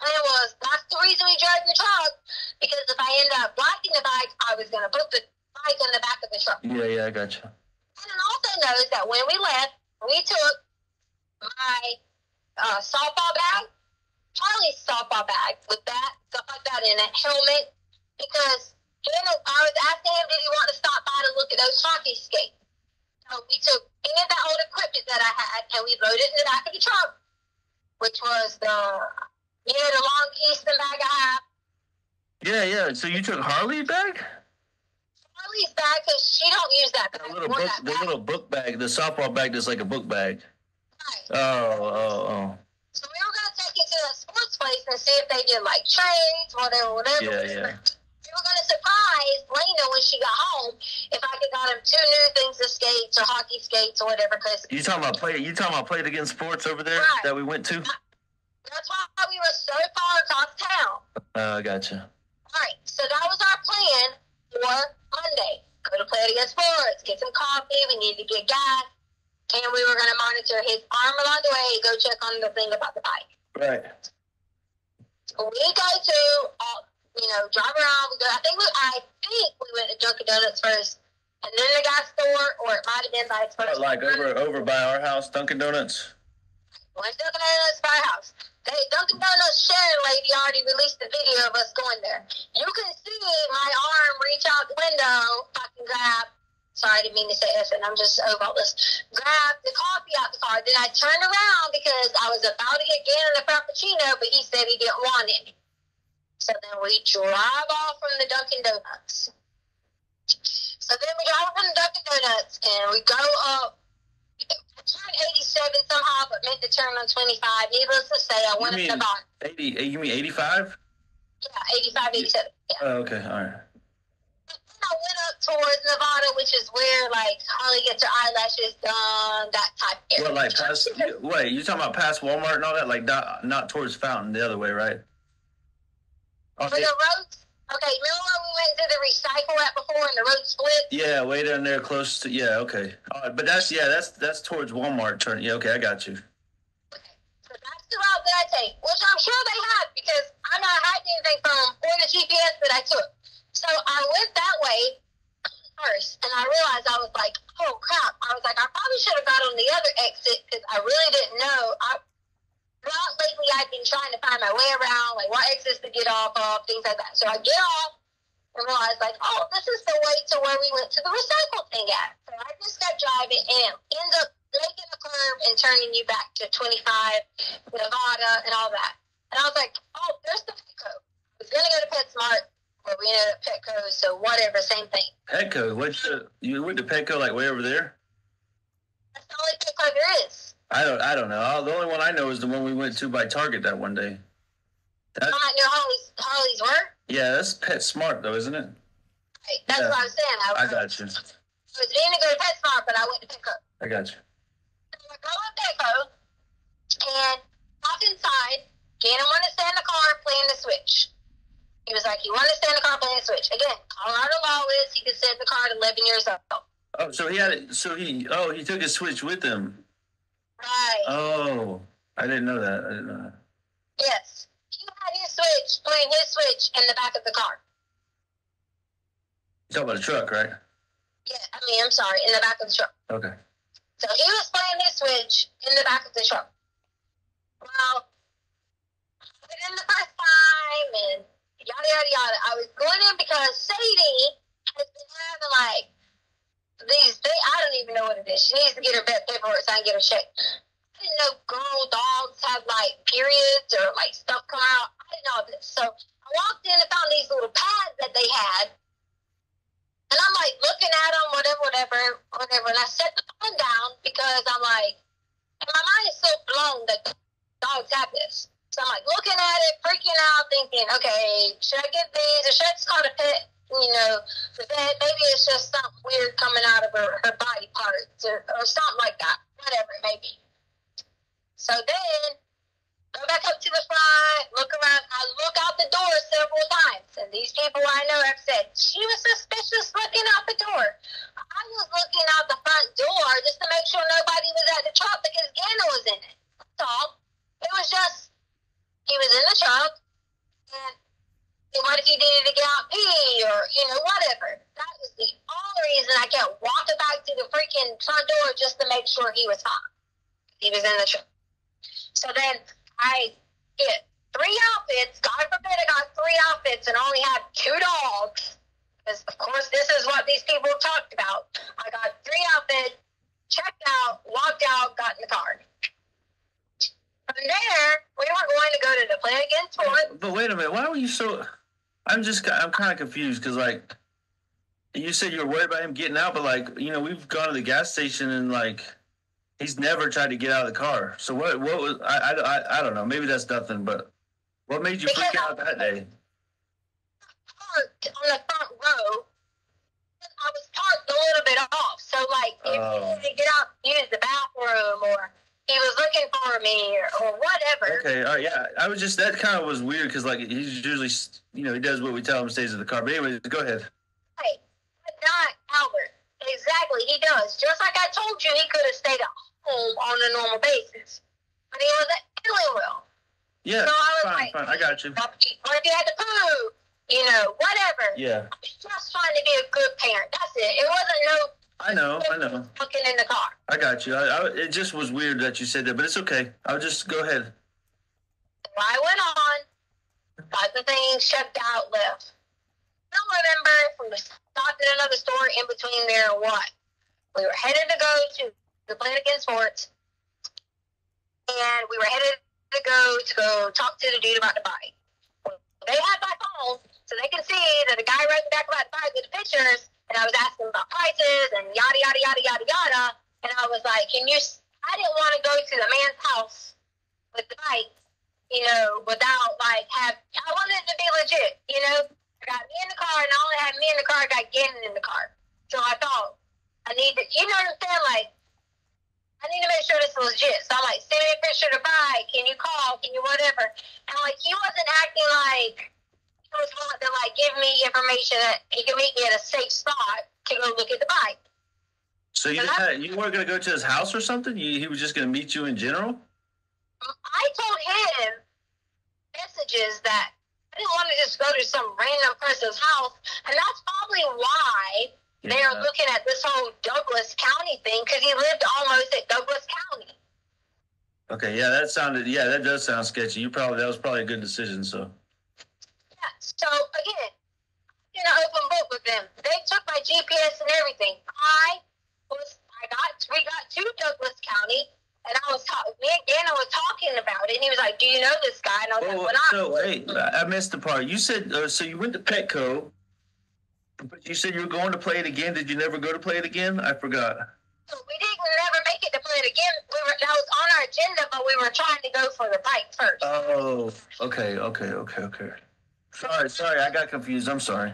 And it was that's the reason we drove the truck because if I ended up blocking the bike, I was gonna put the bike in the back of the truck. Yeah, yeah, I gotcha. And also knows that when we left, we took my uh, softball bag Charlie's softball bag with that stuff like that in it, helmet, because I was asking him, did he want to stop by to look at those hockey skates? So we took any of that old equipment that I had and we loaded it in the back of the truck, which was the you know the long Eastern bag I have. Yeah, yeah. So you took Harley's bag. Harley's bag, cause she don't use that bag. The little book, the little book bag, the softball bag, that's like a book bag. Right. Oh, oh, oh to a sports place and see if they did like chains, whatever, whatever. Yeah, yeah. We were going to surprise Lena when she got home if I could got him two new things to skates or hockey skates or whatever. Cause you talking about play? You talking about played against sports over there right. that we went to? That's why we were so far across town. Oh, uh, gotcha. All right, so that was our plan for Monday. Go to play against sports, get some coffee. We need to get gas and we were going to monitor his arm along the way, go check on the thing about the bike. Right. We go to, all, uh, you know, drive around. We go. I think we, I think we went to Dunkin' Donuts first, and then the gas store, or it might have been by its first. Oh, like over over by our house, Dunkin' Donuts. Went to Dunkin' Donuts by our house. They Dunkin' Donuts share lady already released the video of us going there. You can see my arm reach out the window, fucking grab didn't mean to say this, and I'm just over all this. Grabbed the coffee out the car. Then I turned around because I was about to get Gannon a frappuccino, but he said he didn't want any. So then we drive off from the Dunkin' Donuts. So then we drive from the Dunkin' Donuts and we go up. I turned 87 somehow, but meant to turn on 25. Needless to say, I wanted to buy. 80, you mean 85? Yeah, 85, 87. Yeah. Oh, okay, all right towards Nevada, which is where like Holly gets her eyelashes done, that type area. What, like past? wait, you talking about past Walmart and all that? Like not not towards Fountain, the other way, right? Okay. For the road, okay. Remember when we went to the recycle at before and the road split? Yeah, way down there, close to. Yeah, okay. Uh, but that's yeah, that's that's towards Walmart turn. Yeah, okay, I got you the route that I take, which I'm sure they have because I'm not hiding anything from or the GPS that I took. So I went that way, first, and I realized I was like, oh crap! I was like, I probably should have got on the other exit because I really didn't know. I, well, lately I've been trying to find my way around, like what exits to get off of, things like that. So I get off and realize, like, oh, this is the way to where we went to the recycle thing at. So I just kept driving and it ends up making a curve and turning you back to 25, Nevada, and all that. And I was like, oh, there's the Petco. I was going to go to PetSmart but we ended up Petco, so whatever, same thing. Petco, what's the you went to Petco like way over there? That's the only Petco there is. I don't I don't know. The only one I know is the one we went to by Target that one day. That's, I know Holly's Holly's work. Yeah, that's Pet Smart though, isn't it? Right, that's yeah. what I was saying. I, was, I got you. I was going to go to Pet Smart, but I went to Petco. I got you. So we to Petco and walk inside, Gannon him to the stand in the car, playing the Switch. He was like, you want to stay in the car playing switch. Again, Colorado law is he could sit in the car at 11 years old. Oh, so he had it. So he, oh, he took his switch with him. Right. Oh, I didn't know that. I didn't know that. Yes. He had his switch, playing his switch in the back of the car. you talking about a truck, right? Yeah, I mean, I'm sorry, in the back of the truck. Okay. So he was playing his switch in the back of the truck. Well, within the first time and yada yada yada. I was going in because Sadie has been having like these They, I don't even know what it is. She needs to get her vet paperwork so I can get her checked. I didn't know girl dogs have like periods or like stuff come out. I didn't know this. So I walked in and found these little pads that they had. And I'm like looking at them, whatever, whatever, whatever. And I set the phone down because I'm like, my mind is so blown that dogs have this. So I'm like looking at it, freaking out, thinking, okay, should I get these? Or should I just call pet, you know, the vet? Maybe it's just something weird coming out of her, her body parts or, or something like that, whatever it may be. So then go back up to the front, look around. I look out the door several times, and these people I know have said she was suspicious looking out the door. I was looking out the front door just to make sure nobody was at the top because Gana was in it. That's all. It was just he was in the truck and what if he needed to get out pee or, you know, whatever. That was the only reason I kept walking back to the freaking front door just to make sure he was fine. He was in the truck. So then I get three outfits. God forbid I got three outfits and only had two dogs. Because, of course, this is what these people talked about. I got three outfits, checked out, walked out, got in the car. From there, we were going to go to the play against one. But wait a minute, why were you so? I'm just I'm kind of confused because like you said you were worried about him getting out, but like you know we've gone to the gas station and like he's never tried to get out of the car. So what? What was I? I, I, don't know. Maybe that's nothing. But what made you because freak out that day? Parked on the front row. I was parked a little bit off, so like if oh. you need to get out, use the bathroom or he was looking for me or whatever. Okay, all uh, right, yeah. I was just that kind of was weird because like he's usually you know he does what we tell him stays in the car. But anyway, go ahead. Hey, but not Albert. Exactly, he does. Just like I told you, he could have stayed at home on a normal basis, but he was feeling well. Yeah, so I was fine, like, fine. I got you. Or if you had to poo, you know, whatever. Yeah. I was just trying to be a good parent. That's it. It wasn't no I know, I know. Fucking in the car. I got you. I, I, it just was weird that you said that, but it's okay. I'll just go ahead. I went on, got the thing checked out, left. I don't remember if we stopped at another store in between there or what. We were headed to go to the Planet Against Sports, and we were headed to go to go talk to the dude about the bike. They had my phone, so they can see that the guy riding back about the bike with the pictures and I was asking about prices and yada yada yada yada yada. And I was like, "Can you?" I didn't want to go to the man's house with the bike, you know, without like have. I wanted it to be legit, you know. I got me in the car, and I only had me in the car. I got Gannon in the car, so I thought I need to. You know what I'm saying? Like, I need to make sure this is legit. So I'm like, send me a picture of the bike. Can you call? Can you whatever? And like, he wasn't acting like was willing to like give me information that he could meet me at a safe spot to go look at the bike. So you you weren't going to go to his house or something? You, he was just going to meet you in general. I told him messages that I didn't want to just go to some random person's house, and that's probably why yeah. they are looking at this whole Douglas County thing because he lived almost at Douglas County. Okay, yeah, that sounded yeah, that does sound sketchy. You probably that was probably a good decision. So so again, in an open book with them. They took my GPS and everything. I was I got we got to Douglas County and I was talking me and Dana was talking about it and he was like, Do you know this guy? And I was well, like, well, So wait, I missed the part. You said uh, so you went to Petco but you said you were going to play it again. Did you never go to play it again? I forgot. We didn't never make it to play it again. We were that was on our agenda, but we were trying to go for the bike first. Oh, okay, okay, okay, okay. Sorry, sorry, I got confused. I'm sorry.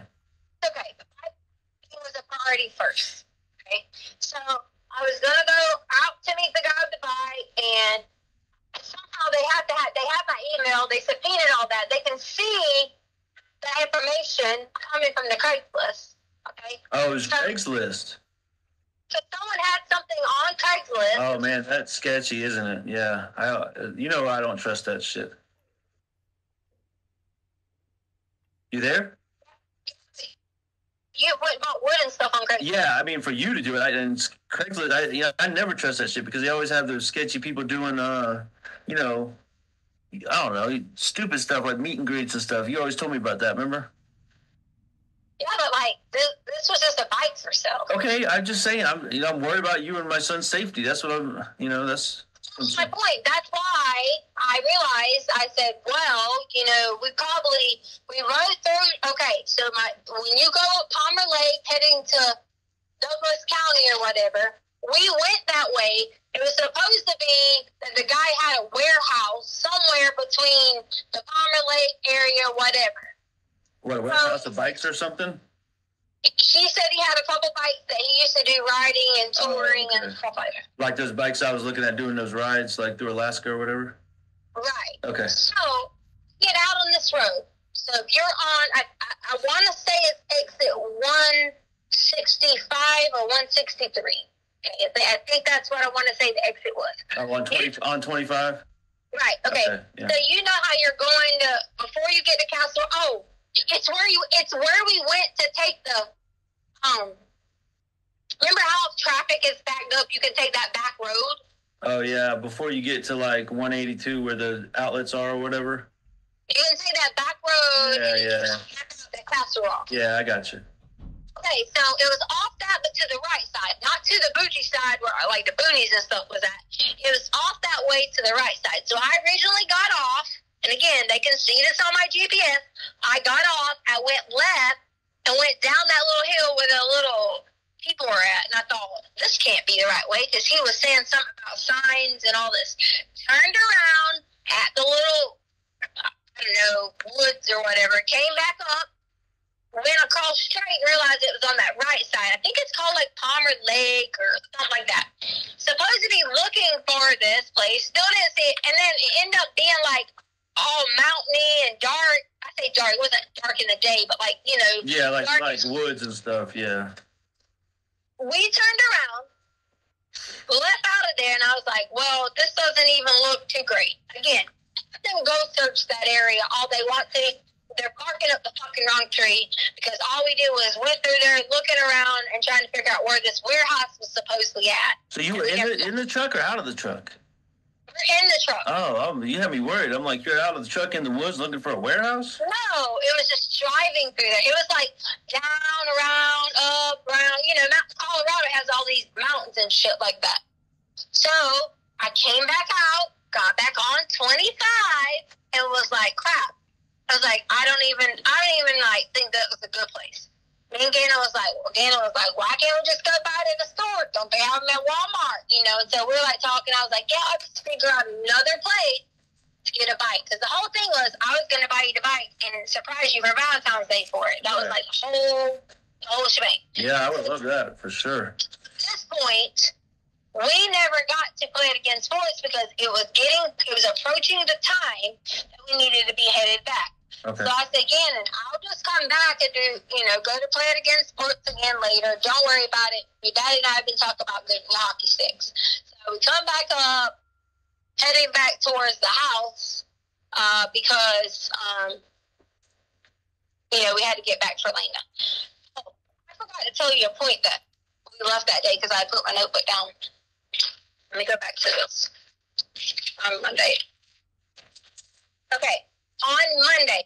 Okay, it was a priority first. Okay, so I was gonna go out to meet the guy with the bike, and somehow they have to have, they have my email. They subpoenaed all that. They can see the information coming from the Craigslist. Okay. Oh, it was so, Craigslist. So someone had something on Craigslist. Oh man, that's sketchy, isn't it? Yeah, I you know I don't trust that shit. You there? You what about wood and stuff on Craigslist? Yeah, I mean for you to do it, I, and Craigslist, I you know, I never trust that shit because they always have those sketchy people doing, uh, you know, I don't know, stupid stuff like meet and greets and stuff. You always told me about that, remember? Yeah, but like this, this was just a bike for sale. Okay, I'm just saying, I'm you know I'm worried about you and my son's safety. That's what I'm, you know, that's that's my point. That's why I realized I said, well, you know, we probably we rode through. Okay, so my when you go up Palmer Lake heading to Douglas County or whatever, we went that way. It was supposed to be that the guy had a warehouse somewhere between the Palmer Lake area, whatever. What a warehouse so, of bikes or something? he said he had a couple bikes that he used to do riding and oh, touring oh, okay. and stuff like that. Like those bikes I was looking at doing those rides, like through Alaska or whatever. Right. Okay. So get out on this road. So if you're on, I, I, I want to say it's exit 165 or 163. Okay, I think that's what I want to say the exit was. Uh, on, 25? Right, okay. okay yeah. So you know how you're going to, before you get to Castle, oh, it's where you it's where we went to take the um remember how traffic is backed up you can take that back road oh yeah before you get to like 182 where the outlets are or whatever you can take that back road yeah yeah the casserole. yeah i got you okay so it was off that but to the right side not to the bougie side where like the boonies and stuff was at it was off that way to the right side so i originally got off and again, they can see this on my GPS. I got off, I went left, and went down that little hill where the little people were at. And I thought, this can't be the right way because he was saying something about signs and all this. Turned around at the little, I don't know, woods or whatever, came back up, went across straight, realized it was on that right side. I think it's called like Palmer Lake or something like that. Supposed to be looking for this place, still didn't see it, and then it ended up being like all mountainy and dark. I say dark, it wasn't dark in the day, but like, you know. Yeah, like, dark. like woods and stuff, yeah. We turned around, left out of there, and I was like, well, this doesn't even look too great. Again, let them go search that area all they want to. They're barking up the fucking wrong tree because all we did was went through there looking around and trying to figure out where this warehouse was supposedly at. So you were in the, in the truck or out of the truck? in the truck. Oh, I'm, you had me worried. I'm like, you're out of the truck in the woods looking for a warehouse? No, it was just driving through there. It was like down, around, up, around. You know, Mount Colorado has all these mountains and shit like that. So I came back out, got back on 25, and was like, crap. I was like, I don't even, I don't even like think that was a good place and Gannon was like, well, Gannon was like, why can't we just go buy it at the store? Don't they have them at Walmart? You know, and so we were like talking. I was like, yeah, I'll just figure out another place to get a bike. Because the whole thing was I was going to buy you the bike and surprise you for Valentine's Day for it. That was like the whole, the whole shebang. Yeah, I would love that for sure. At this point, we never got to play it against Forest because it was getting, it was approaching the time that we needed to be headed back. Okay. So I said, Gannon, I'll just come back and do, you know, go to play it against sports again later. Don't worry about it. Your dad and I have been talking about getting hockey sticks. So we come back up, heading back towards the house uh, because, um, you know, we had to get back for Lena. Oh, I forgot to tell you a point that we left that day because I put my notebook down. Let me go back to this on Monday. Okay, on Monday,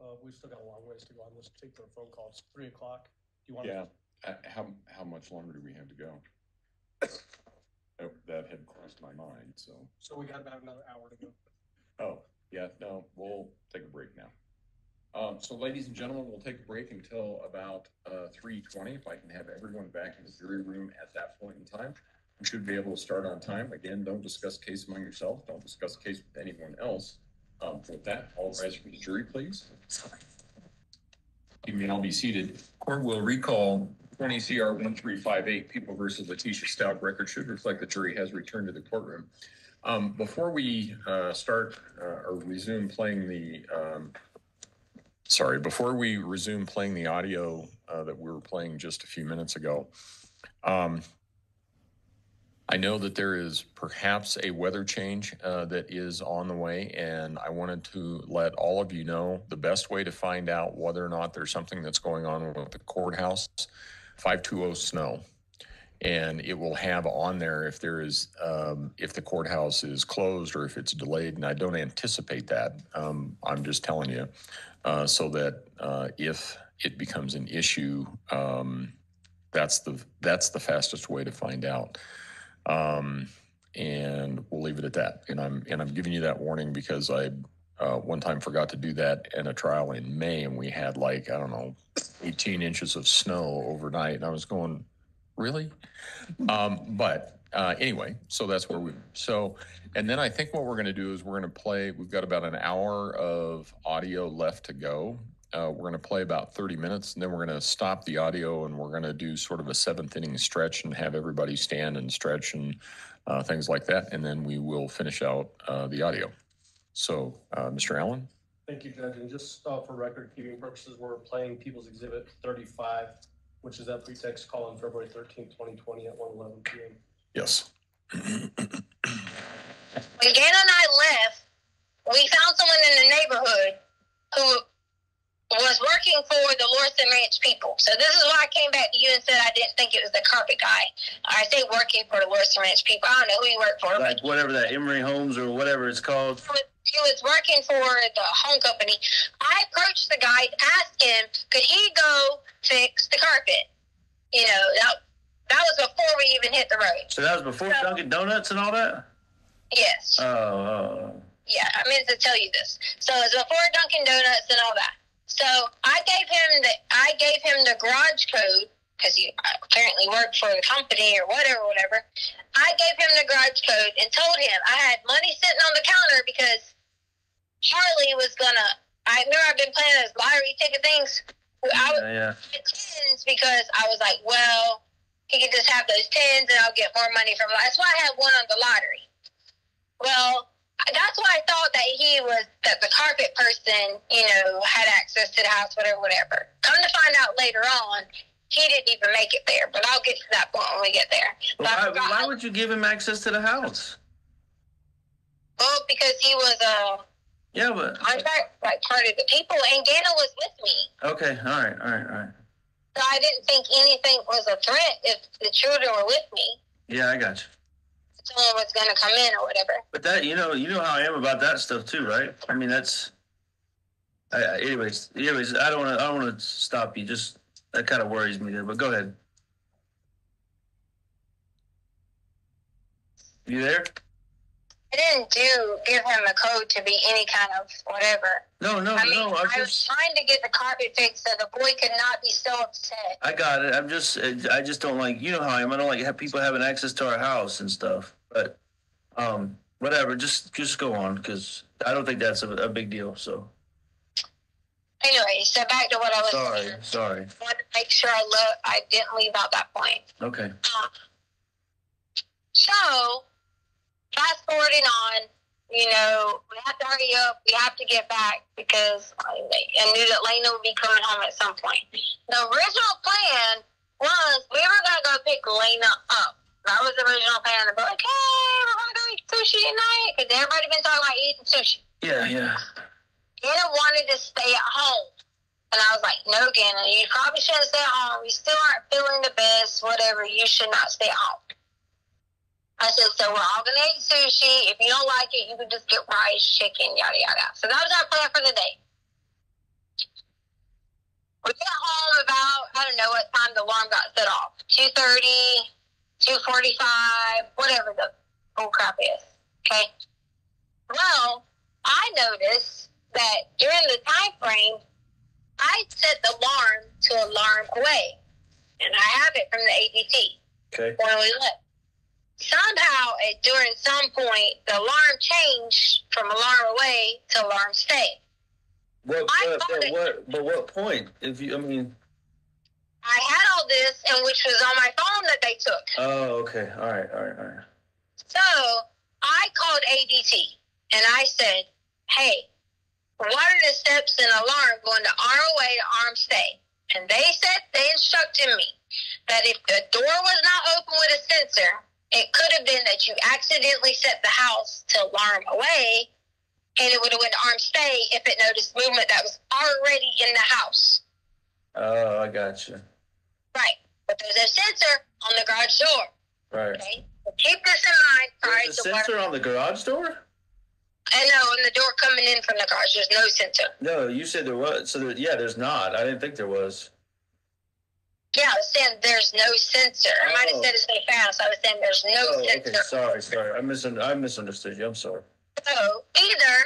Uh, we've still got a long ways to go on this particular phone call. It's three o'clock. Do you want Yeah, to? Uh, how, how much longer do we have to go? That- oh, That had crossed my mind, so, So we got about another hour to go. oh, yeah, no, we'll take a break now. Um, so ladies and gentlemen, we'll take a break until about, uh, three twenty, if I can have everyone back in the jury room at that point in time. We should be able to start on time. Again, don't discuss case among yourself, don't discuss case with anyone else. Um, with that, all rise for the jury, please. You may all be seated. Court will recall 20 CR 1358 People versus Letitia Stout. Record should reflect the jury has returned to the courtroom. Um, before we uh, start uh, or resume playing the, um, sorry, before we resume playing the audio uh, that we were playing just a few minutes ago, um, I know that there is perhaps a weather change uh, that is on the way, and I wanted to let all of you know the best way to find out whether or not there's something that's going on with the courthouse 520 snow. And it will have on there if there is um, if the courthouse is closed or if it's delayed, and I don't anticipate that. Um, I'm just telling you, uh, so that uh, if it becomes an issue, um, that's the that's the fastest way to find out. Um, and we'll leave it at that. And I'm and I'm giving you that warning because I uh, one time forgot to do that in a trial in May, and we had like I don't know, 18 inches of snow overnight, and I was going, really? Um, but uh, anyway, so that's where we. So, and then I think what we're going to do is we're going to play. We've got about an hour of audio left to go, uh, we're going to play about 30 minutes and then we're going to stop the audio and we're going to do sort of a seventh inning stretch and have everybody stand and stretch and uh, things like that. And then we will finish out uh, the audio. So, uh, Mr. Allen? Thank you, Judge. And just uh, for record keeping purposes, we're playing People's Exhibit 35, which is that pretext call on February 13, 2020 at 1:11 p.m. Yes. when Dan and I left, we found someone in the neighborhood who was working for the Lorton Ranch people. So this is why I came back to you and said I didn't think it was the carpet guy. I say working for the Lorton Ranch people. I don't know who he worked for. Like whatever that Emory Homes or whatever it's called. He was working for the home company. I approached the guy, asked him, could he go fix the carpet? You know, that, that was before we even hit the road. So that was before so, Dunkin' Donuts and all that? Yes. Oh, oh. oh. Yeah, I meant to tell you this. So it was before Dunkin' Donuts and all that. So I gave him the I gave him the garage code because he apparently worked for the company or whatever, whatever. I gave him the garage code and told him I had money sitting on the counter because Harley was gonna. I knew I've been playing those lottery ticket things. I was yeah, yeah. tens because I was like, well, he can just have those tens and I'll get more money from. That's why I had one on the lottery. Well, that's why I thought that he was that the carpet person, you know, had access to the house, whatever, whatever. Come to find out later on, he didn't even make it there. But I'll get to that point when we get there. Well, why, why would you give him access to the house? Well, because he was a uh, yeah, but contract, like part of the people, and Dana was with me. Okay, all right, all right, all right. So I didn't think anything was a threat if the children were with me. Yeah, I got you someone was going to come in or whatever. But that you know you know how I am about that stuff too, right? I mean that's. I, anyways, anyways, I don't want to. I don't want to stop you. Just that kind of worries me there. But go ahead. You there? I didn't do give him a code to be any kind of whatever. No, no, I mean, no. I'm I was trying to get the carpet fixed so the boy could not be so upset. I got it. I'm just, I just don't like. You know how I am. I don't like people having access to our house and stuff. But um, whatever, just just go on because I don't think that's a, a, big deal. So. Anyway, so back to what I was sorry, saying. Sorry, I to make sure I lo- I didn't leave out that point. Okay. Um, so, fast forwarding on, you know, we have to hurry up. We have to get back because I knew that Lena would be coming home at some point. The original plan was we were going to go pick Lena up I was the original fan to the book. Like, hey, we're going to go eat sushi tonight because everybody been talking about eating sushi. Yeah, yeah. Gannon wanted to stay at home. And I was like, no, Gannon, you probably shouldn't stay at home. You still aren't feeling the best, whatever. You should not stay at home. I said, so we're all going to eat sushi. If you don't like it, you can just get rice, chicken, yada, yada. So that was our plan for the day. We got home about, I don't know what time the alarm got set off, 2.30, 245, whatever the bull crap is. Okay. Well, I noticed that during the time frame, I set the alarm to alarm away, and I have it from the ADT. Okay. When we look, somehow at during some point the alarm changed from alarm away to alarm stay. What, but, what, but what point? If you, I mean, I had all this, and which was on my phone that they took. Oh, okay. All right, all right, all right. So I called ADT and I said, hey, what are the steps in alarm going to ROA to arm stay? And they said, they instructed me that if the door was not open with a sensor, it could have been that you accidentally set the house to alarm away and it would have went to arm stay if it noticed movement that was already in the house. Oh, I got you. Right. But there's a sensor on the garage door. Right. Okay. So keep this in mind prior there's a sensor on the garage door? I uh, know, on the door coming in from the garage. There's no sensor. No, you said there was. So, there, yeah, there's not. I didn't think there was. Yeah, I was saying there's no sensor. I might have oh. said it so fast. I was saying there's no oh, sensor. Okay. Sorry, sorry. I, misun- I misunderstood you. I'm sorry. So, either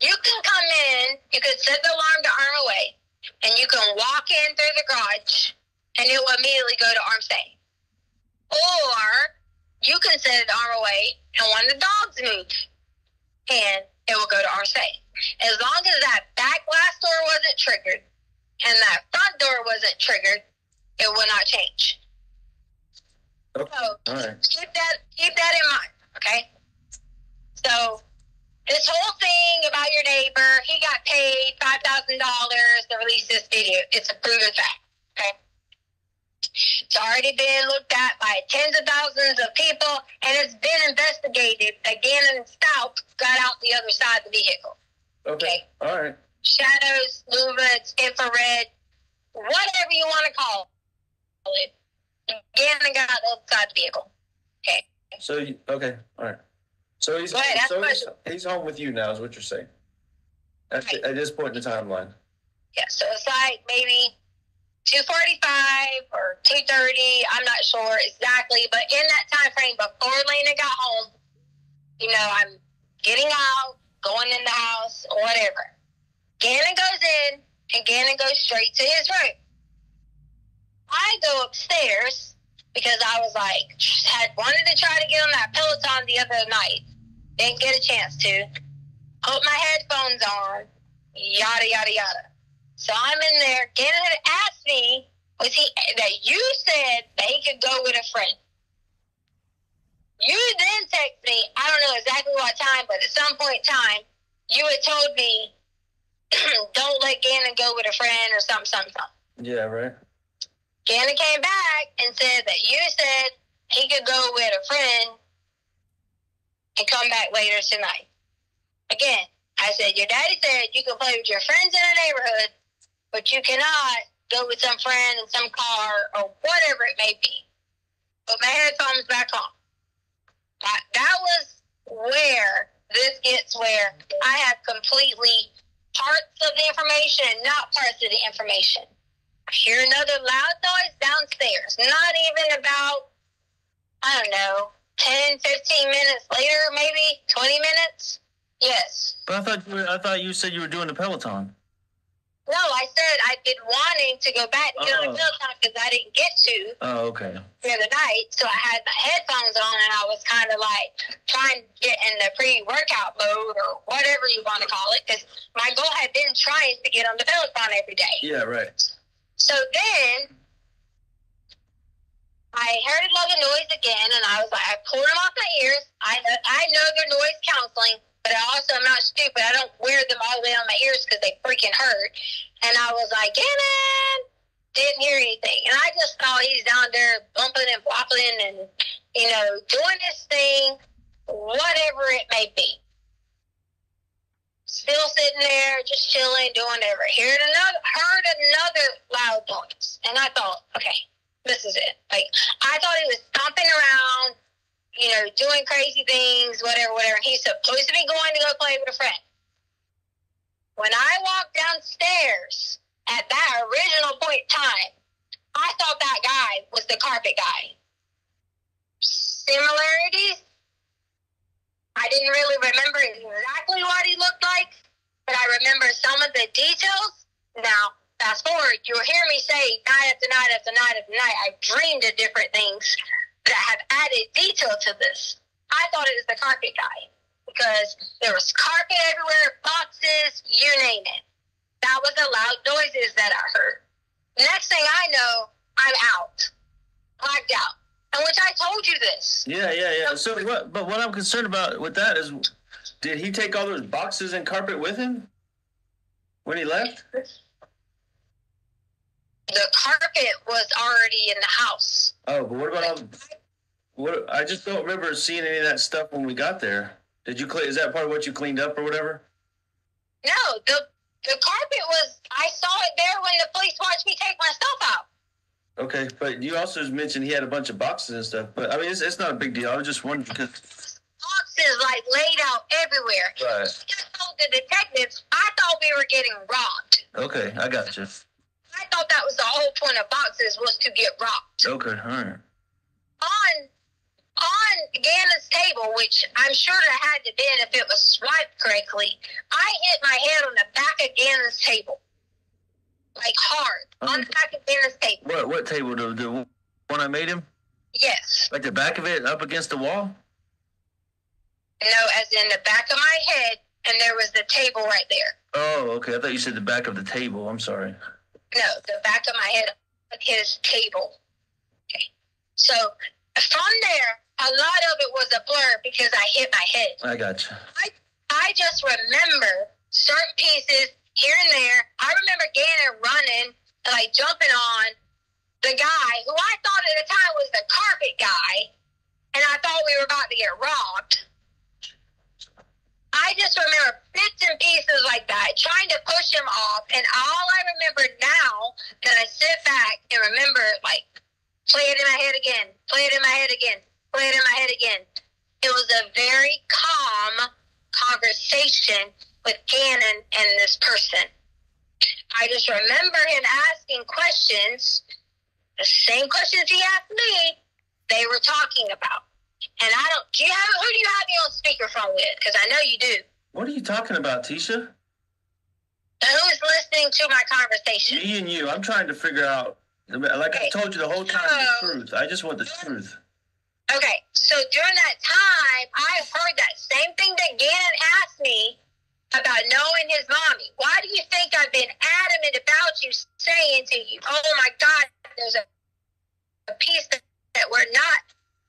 you can come in, you could set the alarm to arm away, and you can walk in through the garage and it will immediately go to arm stay. Or you can set it arm away and when the dogs move and it will go to arm stay. As long as that back glass door wasn't triggered and that front door wasn't triggered, it will not change. Okay. So keep that keep that in mind, okay? So this whole thing about your neighbor, he got paid five thousand dollars to release this video. It's a proven fact. Okay. It's already been looked at by tens of thousands of people and it's been investigated. Again and Stout got out the other side of the vehicle. Okay. okay. All right. Shadows, movements, infrared, whatever you want to call it. Again and got the other side of the vehicle. Okay. So you, okay, all right. So he's home, so he's, he's, home with you now, is what you're saying. At, right. at this point in the timeline. Yeah, so it's like maybe two forty-five or two thirty. I'm not sure exactly, but in that time frame before Lena got home, you know, I'm getting out, going in the house, or whatever. Gannon goes in, and Gannon goes straight to his room. I go upstairs because I was like had wanted to try to get on that Peloton the other night, didn't get a chance to. Put my headphones on. Yada yada yada. So I'm in there. Gannon had asked me, was he that you said that he could go with a friend. You then text me, I don't know exactly what time, but at some point in time, you had told me don't let Gannon go with a friend or something, something, something. Yeah, right. Gannon came back and said that you said he could go with a friend and come back later tonight. Again, I said, Your daddy said you can play with your friends in the neighborhood, but you cannot go with some friend in some car or whatever it may be. But Mayor comes back home. That, that was where this gets where I have completely parts of the information and not parts of the information. I hear another loud noise downstairs, not even about, I don't know, 10, 15 minutes later, maybe 20 minutes. Yes. But I thought I thought you said you were doing the Peloton. No, I said I've been wanting to go back to oh. the Peloton because I didn't get to. Oh, okay. The other night, so I had my headphones on and I was kind of like trying to get in the pre-workout mode or whatever you want to call it because my goal had been trying to get on the Peloton every day. Yeah, right. So then I heard a lot of noise again, and I was like, I pulled them off my ears. I know, I know they're noise counseling, but I also am not stupid. I don't wear them all the way on my ears because they freaking hurt. And I was like, Gannon, didn't hear anything. And I just thought he's down there bumping and wobbling and, you know, doing his thing, whatever it may be. Still sitting there, just chilling, doing whatever. Heard another, heard another loud noise, and I thought, okay, this is it. Like I thought he was stomping around, you know, doing crazy things, whatever, whatever. He's supposed to be going to go play with a friend. When I walked downstairs at that original point in time, I thought that guy was the carpet guy. Similarities. I didn't really remember exactly what he looked like, but I remember some of the details. Now, fast forward, you'll hear me say night after night after night after night, I dreamed of different things that have added detail to this. I thought it was the carpet guy because there was carpet everywhere, boxes, you name it. That was the loud noises that I heard. Next thing I know, I'm out, blacked out. and which I told you this. Yeah, yeah, yeah. So, so what, but what I'm concerned about with that is, did he take all those boxes and carpet with him when he left? the carpet was already in the house. Oh, but what about all? What I just don't remember seeing any of that stuff when we got there. Did you clean? Is that part of what you cleaned up or whatever? No, the the carpet was. I saw it there when the police watched me take my stuff out. Okay, but you also mentioned he had a bunch of boxes and stuff. But I mean, it's, it's not a big deal. I was just wondering because boxes like laid out everywhere. Right. Just told the detectives I thought we were getting robbed. Okay, I got you. I thought that was the whole point of boxes was to get rocked. Okay, all right. On on Gannon's table, which I'm sure there had to been if it was swiped correctly, I hit my head on the back of Gannon's table. Like hard. Um, on the back of Gannon's table. What what table? The, the one I made him? Yes. Like the back of it up against the wall? No, as in the back of my head and there was the table right there. Oh, okay. I thought you said the back of the table. I'm sorry. No, the back of my head of his table. Okay. So from there, a lot of it was a blur because I hit my head. I got you. I, I just remember certain pieces here and there. I remember Gannon running, like jumping on the guy who I thought at the time was the carpet guy, and I thought we were about to get robbed. I just remember bits and pieces like that, trying to push him off. And all I remember now that I sit back and remember, like, play it in my head again, play it in my head again, play it in my head again. It was a very calm conversation with Gannon and this person. I just remember him asking questions, the same questions he asked me, they were talking about. And I don't. Do you have who do you have me on speakerphone with? Because I know you do. What are you talking about, Tisha? Who is listening to my conversation? Me and you. I'm trying to figure out. Like okay. I told you the whole time, so, the truth. I just want the truth. Okay, so during that time, I heard that same thing that Gannon asked me about knowing his mommy. Why do you think I've been adamant about you saying to you, "Oh my God, there's a, a piece that, that we're not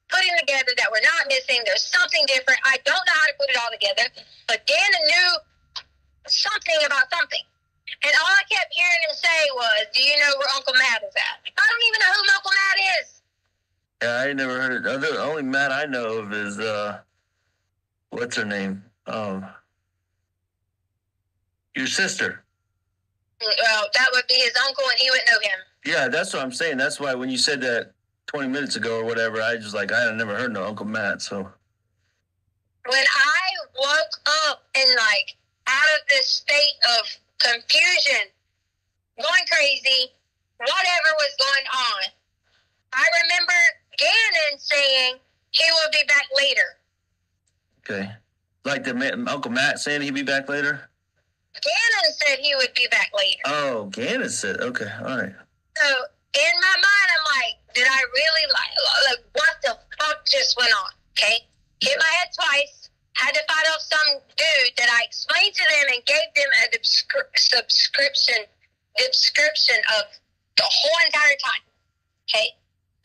putting together that we're not missing. There's something different. I don't know how to put it all together, but Dana knew something about something. And all I kept hearing him say was, Do you know where Uncle Matt is at? I don't even know who Uncle Matt is. Yeah, I never heard of the only Matt I know of is uh what's her name? Um your sister. Mm, well, that would be his uncle and he wouldn't know him. Yeah, that's what I'm saying. That's why when you said that 20 minutes ago or whatever, I just like, I had never heard no Uncle Matt. So when I woke up and like out of this state of confusion, going crazy, whatever was going on, I remember Gannon saying he will be back later. Okay. Like the Uncle Matt saying he'd be back later? Gannon said he would be back later. Oh, Gannon said, okay, all right. So in my mind, I'm like, did I really like, like what the fuck just went on? Okay, hit my head twice. Had to fight off some dude that I explained to them and gave them a subscri- subscription description of the whole entire time. Okay,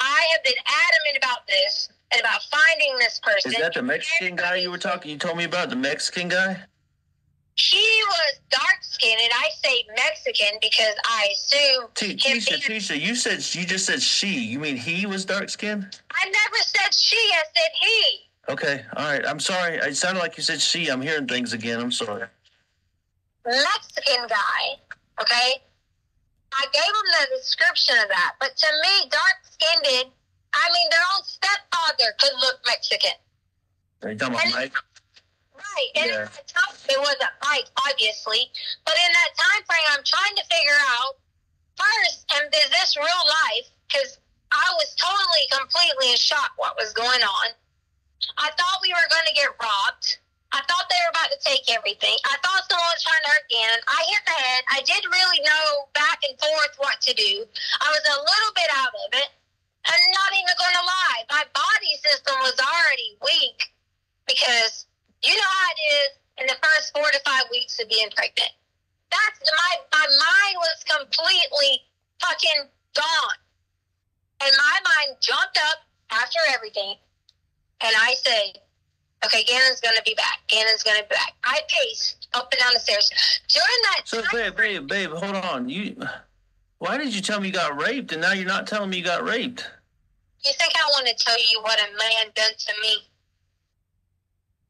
I have been adamant about this and about finding this person. Is that the Mexican guy you were talking? You told me about the Mexican guy. He was dark skinned, and I say Mexican because I assume. T- Tisha, being- Tisha, you said you just said she. You mean he was dark skinned? I never said she. I said he. Okay, all right. I'm sorry. It sounded like you said she. I'm hearing things again. I'm sorry. Mexican guy. Okay. I gave him the description of that, but to me, dark skinned. I mean, their own stepfather could look Mexican. Are you talking about and Mike? Right. And yeah. at the time, it was a fight, obviously. But in that time frame, I'm trying to figure out first, and is this real life? Because I was totally, completely in shock what was going on. I thought we were going to get robbed. I thought they were about to take everything. I thought someone was trying to hurt Dan. I hit the head. I did really know back and forth what to do. I was a little bit out of it. I'm not even going to lie. My body system was already weak because you know how it is in the first four to five weeks of being pregnant. That's my my mind was completely fucking gone. And my mind jumped up after everything and I said, Okay, Gannon's gonna be back. Gannon's gonna be back. I paced up and down the stairs. During that So time, babe, babe, babe, hold on. You why did you tell me you got raped and now you're not telling me you got raped? You think I wanna tell you what a man done to me?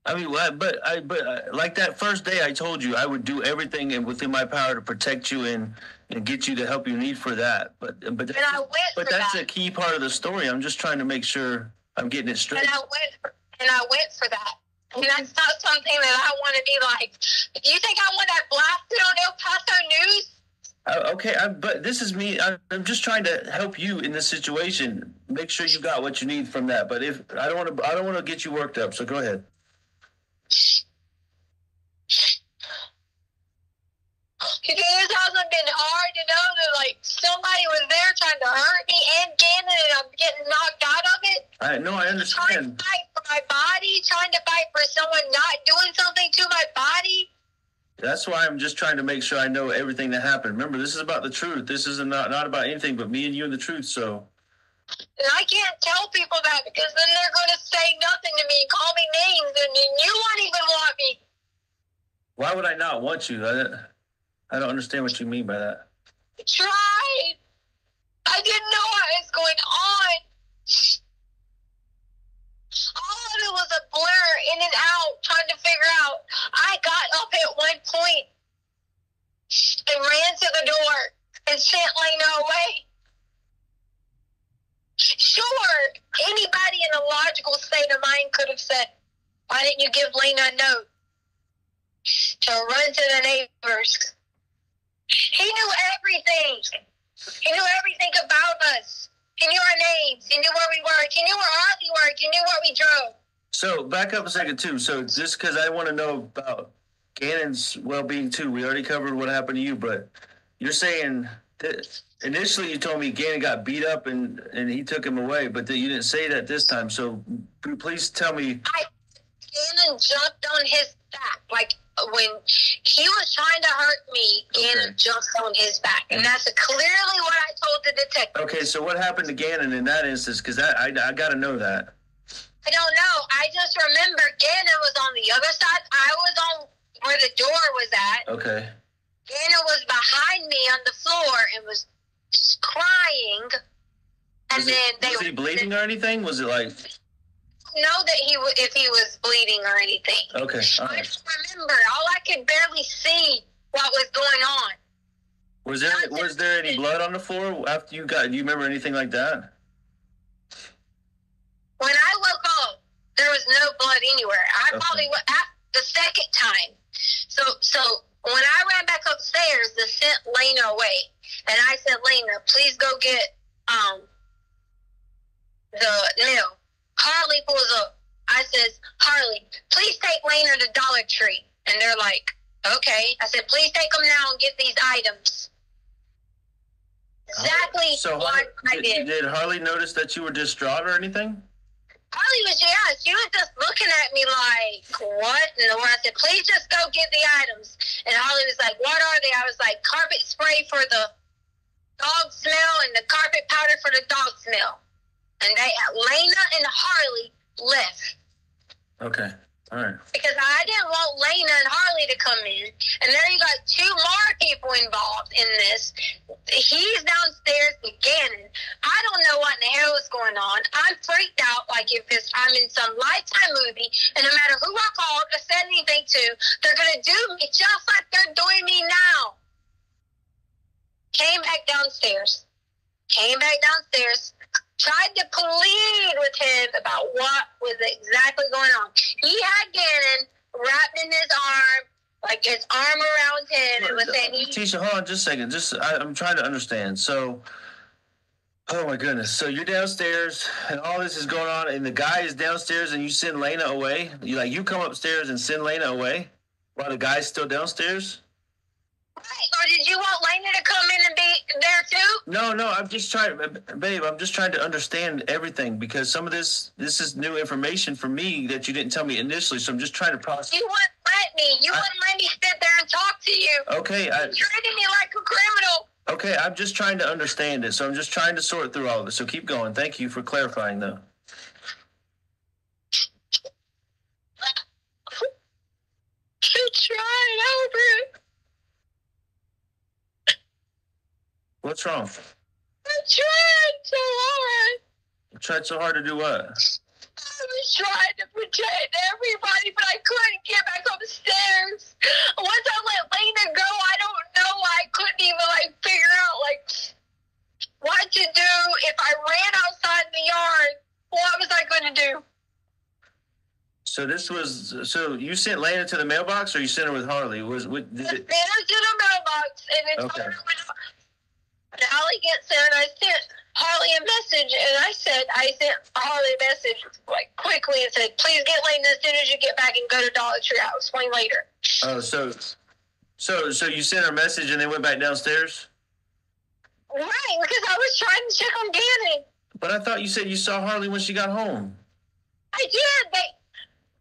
I mean, but I, but uh, like that first day, I told you I would do everything and within my power to protect you and and get you the help you need for that. But but that's, and I went but that's that. a key part of the story. I'm just trying to make sure I'm getting it straight. And I went and I went for that. And that's not something that I want to be like. You think I want that blasted on El Paso News? Uh, okay, I, but this is me. I, I'm just trying to help you in this situation. Make sure you got what you need from that. But if I don't want to, I don't want to get you worked up. So go ahead. It hasn't been hard, you know, that like somebody was there trying to hurt me and Gannon, and I'm getting knocked out of it. I know, I understand. Trying to fight for my body, trying to fight for someone not doing something to my body. That's why I'm just trying to make sure I know everything that happened. Remember, this is about the truth. This is not not about anything but me and you and the truth. So and I can't tell people that because then they're going to say nothing to me, call me names, and you won't even want me. Why would I not want you? I don't understand what you mean by that. I tried. I didn't know what was going on. All of it was a blur in and out, trying to figure out. I got up at one point and ran to the door and sent Lena away. Sure, anybody in a logical state of mind could have said, Why didn't you give Lena a note? to run to the neighbors. He knew everything. He knew everything about us. He knew our names. He knew where we worked. He knew where Ozzy worked. He knew where we drove. So back up a second too. So just because I want to know about Gannon's well-being too, we already covered what happened to you, but you're saying this initially you told me Gannon got beat up and and he took him away, but the, you didn't say that this time. So please tell me. I, Gannon jumped on his back like when he was trying to hurt me. Gannon okay. jumped on his back, and mm-hmm. that's clearly what I told the detective. Okay, so what happened to Gannon in that instance? Because I, I got to know that. I don't know. I just remember Gannon was on the other side. I was on where the door was at. Okay. Gannon was behind me on the floor and was crying, and was then they was he bleeding or anything? Was it like? Know that he w- if he was bleeding or anything. Okay. All right. I just remember all I could barely see what was going on. Was there Not was there any blood on the floor after you got? Do you remember anything like that? When I woke up, there was no blood anywhere. I okay. probably after the second time. So so when I ran back upstairs, the scent Lena away, and I said, "Lena, please go get um the nail." Harley pulls up. I says, "Harley, please take Lena to Dollar Tree." And they're like, "Okay." I said, "Please take them now and get these items." Exactly so what Harley, I did. Did Harley notice that you were distraught or anything? Holly was yeah, she was just looking at me like, what And the one I said, please just go get the items. And Holly was like, what are they? I was like, carpet spray for the dog smell and the carpet powder for the dog smell. And they, Lena and Harley left. Okay. Right. Because I didn't want Lena and Harley to come in, and there you got two more people involved in this. He's downstairs beginning. I don't know what in the hell is going on. I'm freaked out like if it's, I'm in some lifetime movie, and no matter who I called or said anything to, they're gonna do me just like they're doing me now. Came back downstairs. Came back downstairs tried to plead with him about what was exactly going on. He had Gannon wrapped in his arm, like his arm around him, Look, and was saying, he, "Tisha, hold on, just a second. Just I, I'm trying to understand." So. Oh my goodness! So you're downstairs, and all this is going on, and the guy is downstairs, and you send Lena away. You like you come upstairs and send Lena away, while the guy's still downstairs. So did you want Lainey to come in and be there too? No, no. I'm just trying, babe. I'm just trying to understand everything because some of this this is new information for me that you didn't tell me initially. So I'm just trying to process. You wouldn't let me. You I, wouldn't let me sit there and talk to you. Okay. I, You're treating me like a criminal. Okay, I'm just trying to understand it. So I'm just trying to sort through all of this. So keep going. Thank you for clarifying, though. Try tried, Albert. What's wrong? I tried so hard. tried so hard to do what? I was trying to protect everybody, but I couldn't get back upstairs. Once I let Lena go, I don't know. I couldn't even like figure out like what to do if I ran outside the yard. What was I going to do? So this was so you sent Lena to the mailbox, or you sent her with Harley? Was with, it... Lana to the mailbox, and it's okay. Harley and Holly gets there, and I sent Harley a message, and I said, I sent Harley a message like quickly and said, please get Layton as soon as you get back and go to Dollar Tree. I'll explain later. Oh, so, so, so you sent her a message and then went back downstairs? Right, because I was trying to check on Danny. But I thought you said you saw Harley when she got home. I did. They,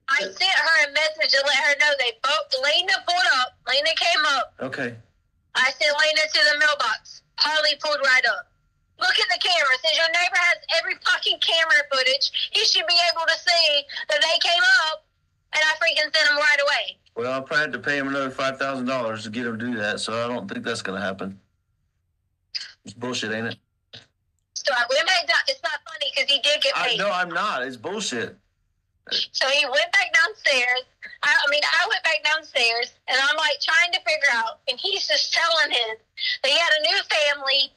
I sent her a message to let her know they both. Lena pulled up. Lena came up. Okay. I sent Lena to the mailbox. Holly pulled right up. Look in the camera. Since your neighbor has every fucking camera footage, he should be able to see that they came up and I freaking sent him right away. Well, I will have to pay him another five thousand dollars to get him to do that, so I don't think that's gonna happen. It's bullshit, ain't it? So I, it's not funny because he did get paid. I, no, I'm not. It's bullshit. So he went back downstairs. I, I, mean, I went back downstairs, and I'm like trying to figure out. And he's just telling him that he had a new family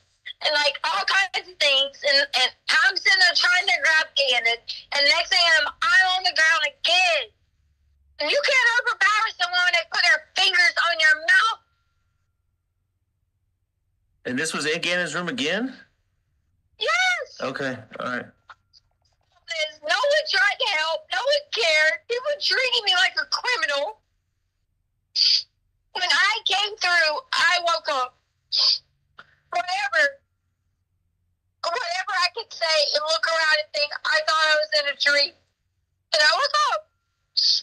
and like all kinds of things. And, and I'm sitting there trying to grab Gannon, and next thing I'm I'm on the ground again. And you can't overpower someone and put their fingers on your mouth. And this was in Gannon's room again. Yes. Okay. All right buses. No one tried to help. No one cared. People treating me like a criminal. When I came through, I woke up. Whatever, whatever I could say and look around and think, I thought I was in a dream. And I woke up.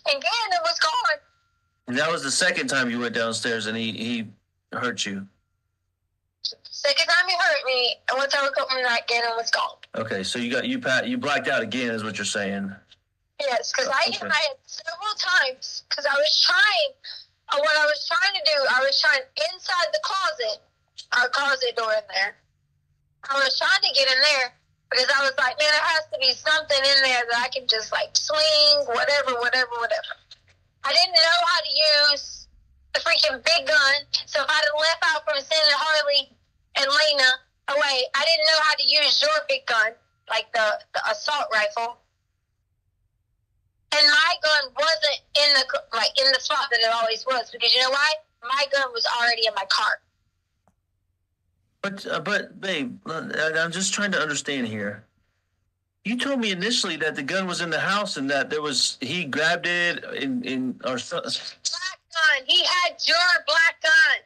And Gannon was gone. that was the second time you went downstairs and he, he hurt you. Second time he hurt me, and once I woke up from that, Gannon was gone. Okay, so you got you pat you blacked out again, is what you're saying. Yes, because I okay. tried several times because I was trying. Uh, what I was trying to do, I was trying inside the closet, our closet door in there. I was trying to get in there because I was like, man, there has to be something in there that I can just like swing, whatever, whatever, whatever. I didn't know how to use the freaking big gun, so if I'd have left out from sending Harley and Lena, Oh wait, I didn't know how to use your big gun, like the, the assault rifle. And my gun wasn't in the like in the spot that it always was because you know why? My gun was already in my car. But uh, but babe, I'm just trying to understand here. You told me initially that the gun was in the house and that there was he grabbed it in in our Black gun. He had your black gun.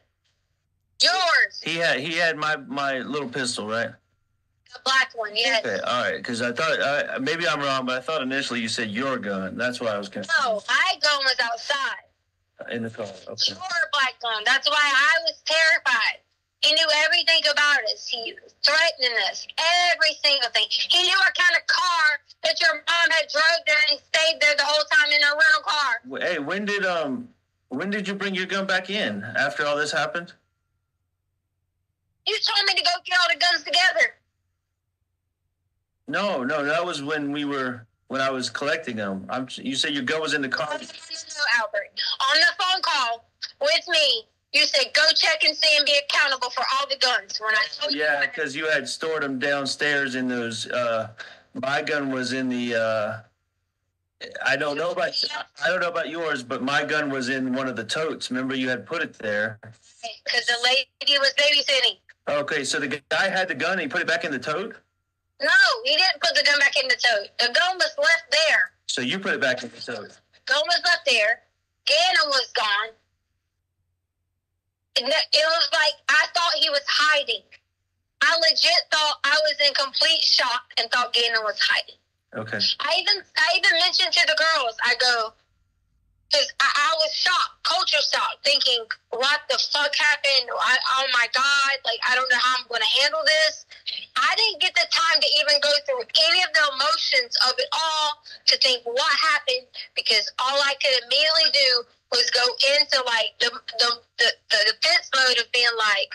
Yours. He had he had my my little pistol, right? The black one, yes. Okay, all right, because I thought maybe I'm wrong, but I thought initially you said your gun. That's why I was confused. No, my gun was outside. In the car. Okay. Your black gun. That's why I was terrified. He knew everything about us. He was threatening us, every single thing. He knew what kind of car that your mom had drove there and stayed there the whole time in a rental car. Hey, when did um, when did you bring your gun back in after all this happened? You told me to go get all the guns together. No, no, that was when we were when I was collecting them. I'm, you said your gun was in the car. No, no, no, Albert. On the phone call with me, you said go check and see and be accountable for all the guns. When I told yeah, because you had stored them downstairs in those. Uh, my gun was in the. Uh, I don't know about I don't know about yours, but my gun was in one of the totes. Remember, you had put it there. Because the lady was babysitting. Okay, so the guy had the gun and he put it back in the tote? No, he didn't put the gun back in the tote. The gun was left there. So you put it back in the tote? Gun was left there. Gannon was gone. It was like I thought he was hiding. I legit thought I was in complete shock and thought Gannon was hiding. Okay. I even I even mentioned to the girls, I go, Cause I, I, was shocked, culture shock, thinking, what the fuck happened? I, oh my god, like I don't know how I'm gonna handle this. I didn't get the time to even go through any of the emotions of it all to think what happened because all I could immediately do was go into like the the, the, the defense mode of being like,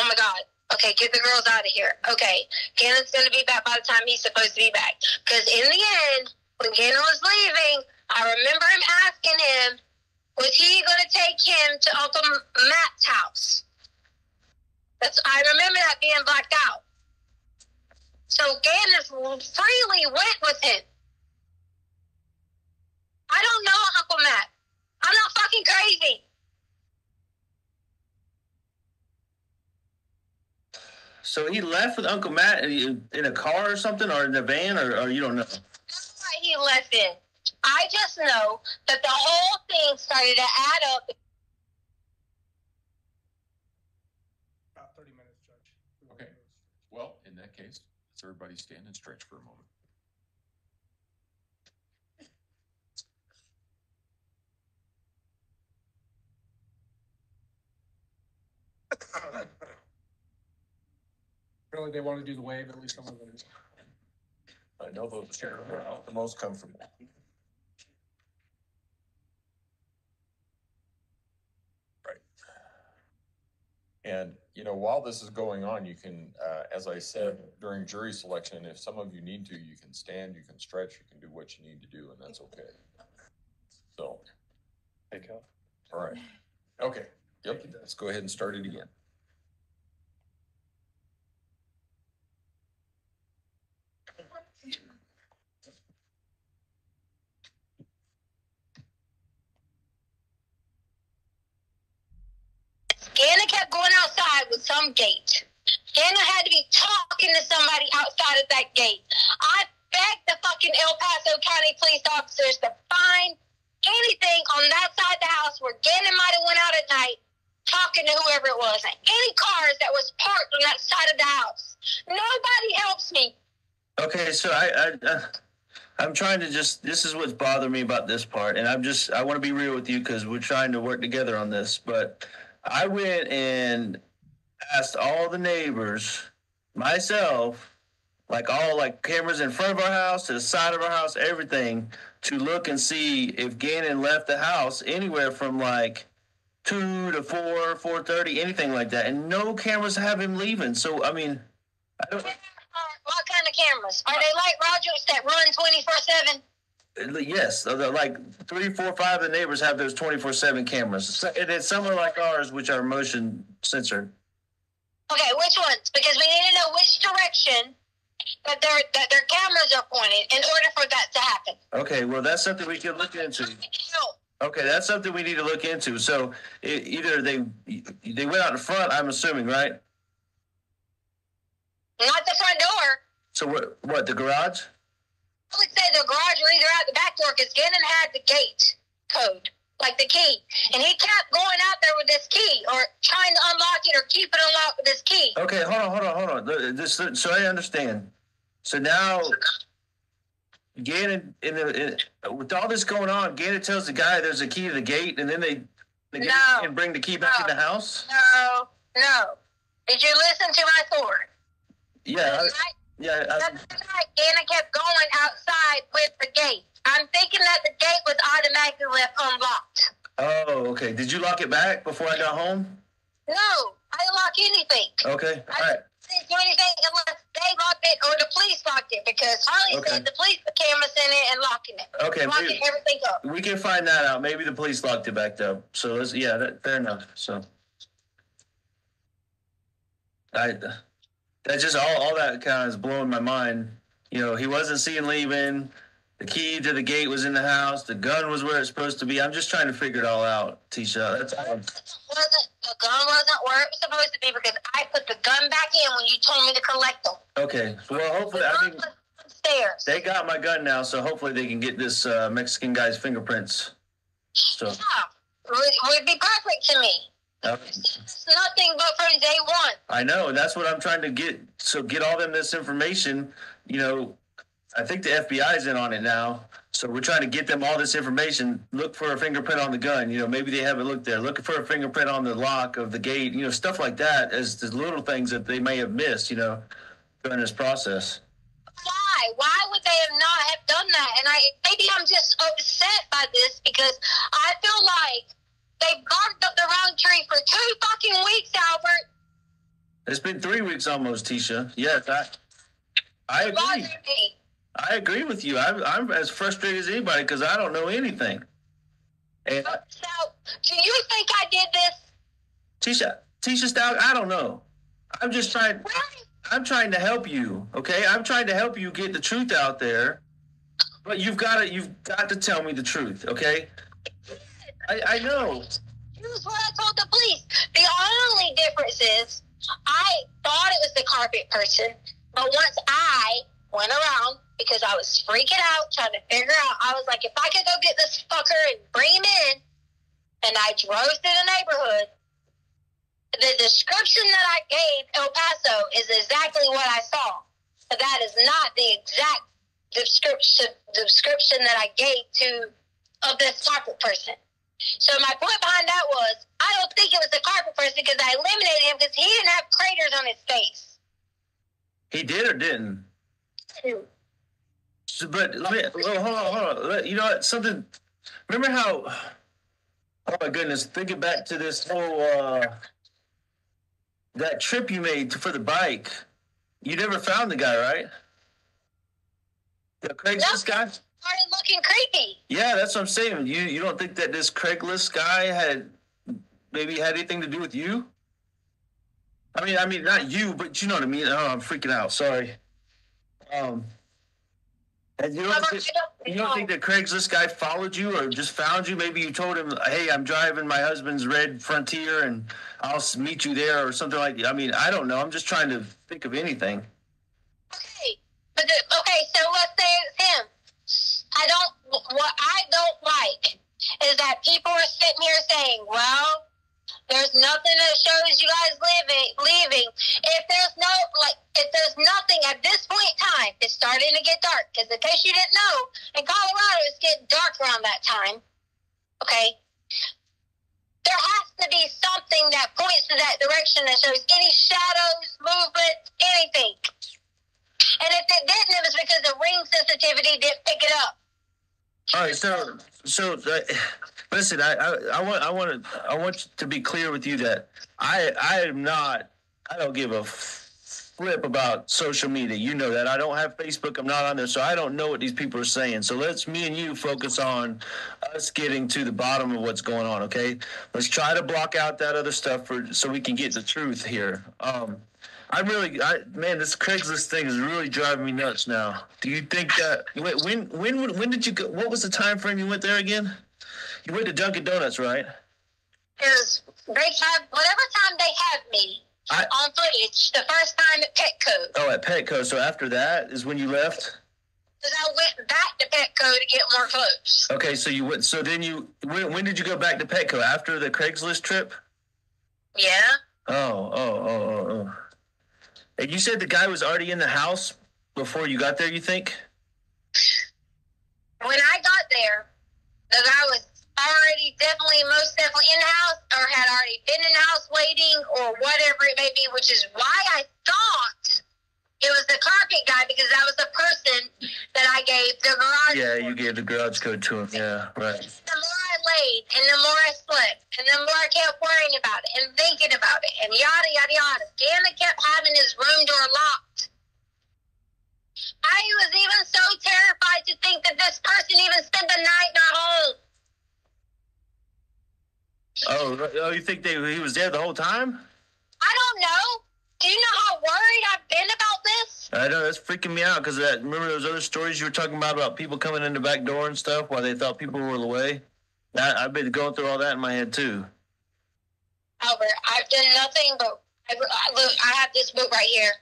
oh my god, Okay, get the girls out of here. Okay, Gannon's going to be back by the time he's supposed to be back. Because in the end, when Gannon was leaving, I remember him asking him, was he going to take him to Uncle Matt's house? That's, I remember that being blacked out. So Gannis freely went with him. I don't know Uncle Matt. I'm not fucking crazy. So he left with Uncle Matt in a car or something, or in a van, or, or you don't know. That's why he left in. I just know that the whole thing started to add up. About 30 minutes, Judge. okay. Well, in that case, let's everybody stand and stretch for a moment. really, they want to do the wave, at least someone of them. I know those chairs are out the most comfortable. And you know, while this is going on, you can, uh, as I said during jury selection, if some of you need to, you can stand, you can stretch, you can do what you need to do, and that's okay. So, Take off. all right, okay, yep. Let's go ahead and start it again. some gate. Then I had to be talking to somebody outside of that gate. I begged the fucking El Paso County police officers to find anything on that side of the house where Gannon might have went out at night talking to whoever it was. Any cars that was parked on that side of the house. Nobody helps me. Okay, so I, I uh, I'm trying to just. This is what's bothering me about this part, and I'm just. I want to be real with you because we're trying to work together on this. But I went and asked all the neighbors, myself, like all like cameras in front of our house, to the side of our house, everything, to look and see if Gannon left the house anywhere from like two to four, four thirty, anything like that. And no cameras have him leaving. So I mean, I don't. What kind of cameras? Are they like Rogers that run twenty four seven? Yes, uh, like three, four, five of the neighbors have those twenty four seven cameras, and it's somewhere like ours, which are motion censored. Okay, which ones? Because we need to know which direction that their that their cameras are pointed in order for that to happen. Okay, well that's something we can look into. Okay, that's something we need to look into. So it, either they they went out the front, I'm assuming, right? Not the front door. So what? What the garage? I would say the garage or either out the back door because Gannon had the gate code like the key. And he kept going out there with this key or trying to unlock it or keep it unlocked with this key. Okay, hold on, hold on, hold on. This, so I understand. So now Gannon, in the, in, with all this going on, Gannon tells the guy there's a key to the gate, and then they the no, bring the key back no, to the house. No, no. Did you listen to my story? Yeah, I, yeah. I, Gannon kept going outside with the gate. I'm thinking that the gate was automatically unlocked. Oh, okay. Did you lock it back before I got home? No, I didn't lock anything. Okay, all right. I didn't do anything unless they locked it or the police locked it because Harley okay. said the police put cameras in it and locking it. Okay, locking everything up. We can find that out. Maybe the police locked it back up. So that's yeah, that, fair enough. So I that just all all that kind of is blowing my mind. You know, he wasn't seen leaving. The key to the gate was in the house. The gun was where it's supposed to be. I'm just trying to figure it all out, Tisha. That's all. Wasn't, the gun wasn't where it was supposed to be because I put the gun back in when you told me to collect them. Okay. Well, hopefully, I mean, upstairs. they got my gun now, so hopefully they can get this uh, Mexican guy's fingerprints. So. Yeah, would, would be perfect to me. Uh, nothing but from day one. I know, and that's what I'm trying to get. So get all them this information. You know, I think the FBI's in on it now. So we're trying to get them all this information. Look for a fingerprint on the gun. You know, maybe they haven't looked there. Looking for a fingerprint on the lock of the gate. You know, stuff like that as the little things that they may have missed. You know, during this process. Why? Why would they have not have done that? And I maybe I'm just upset by this because I feel like they barked up the wrong tree for two fucking weeks, Albert. It's been three weeks almost, Tisha. Yes, I. I agree. I agree with you. I'm, I'm as frustrated as anybody because I don't know anything. And so, do you think I did this? Tisha, Tisha Stout, I don't know. I'm just trying. Really? I'm trying to help you. Okay, I'm trying to help you get the truth out there. But you've got to you've got to tell me the truth. Okay. I, I know. Here's what I told the police. The only difference is I thought it was the carpet person, but once I went around because I was freaking out trying to figure out. I was like, if I could go get this fucker and bring him in, and I drove through the neighborhood. The description that I gave El Paso is exactly what I saw, but that is not the exact description description that I gave to of this carpet person. So my point behind that was I don't think it was the carpet person because I eliminated him because he didn't have craters on his face. He did or didn't? So, but let me, well, hold on, hold on. Let, you know what? Something. Remember how? Oh my goodness! Thinking back to this whole uh, that trip you made for the bike, you never found the guy, right? The Craigslist guy started looking creepy. Yeah, that's what I'm saying. You you don't think that this Craigslist guy had maybe had anything to do with you? I mean, I mean, not you, but you know what I mean. Oh, I'm freaking out. Sorry. Um, and you don't, think, you don't think that Craigslist guy followed you or just found you? Maybe you told him, "Hey, I'm driving my husband's red Frontier, and I'll meet you there," or something like. I mean, I don't know. I'm just trying to think of anything. Okay, but okay. So let's say it's him. I don't. What I don't like is that people are sitting here saying, "Well, there's nothing that shows you guys leaving. Leaving. If there's no like, if there's nothing at this point in time, it's starting to get dark. Because in case you didn't know, in Colorado it's getting dark around that time. Okay. There has to be something that points to that direction that shows any shadows, movement, anything. And if it didn't, it was because the ring sensitivity didn't pick it up. All right, so so. Uh Listen, I, I, I want I want to I want to be clear with you that I I am not I don't give a flip about social media. You know that I don't have Facebook. I'm not on there, so I don't know what these people are saying. So let's me and you focus on us getting to the bottom of what's going on. Okay, let's try to block out that other stuff for so we can get the truth here. Um, I really, I, man, this Craigslist thing is really driving me nuts now. Do you think that when when when, when did you go? What was the time frame you went there again? You went to Dunkin' Donuts, right? Because they have whatever time they have me I, on footage. The first time at Petco. Oh, at Petco. So after that is when you left. Because I went back to Petco to get more clothes. Okay, so you went. So then you when, when did you go back to Petco after the Craigslist trip? Yeah. Oh, oh, oh, oh, oh. And you said the guy was already in the house before you got there. You think? When I got there, the guy was already definitely most definitely in house or had already been in house waiting or whatever it may be, which is why I thought it was the carpet guy because that was the person that I gave the garage. Yeah, you gave the garage code to him. Yeah, right. The more I laid, and the more I slept, and the more I kept worrying about it and thinking about it, and yada yada yada. Dana kept having his room door locked. I was even so terrified to think that this person even spent the night in our home. Oh, oh, you think they he was there the whole time? I don't know. Do you know how worried I've been about this? I know that's freaking me out because that. Remember those other stories you were talking about about people coming in the back door and stuff while they thought people were away. That, I've been going through all that in my head too. Albert, I've done nothing but I, look. I have this book right here.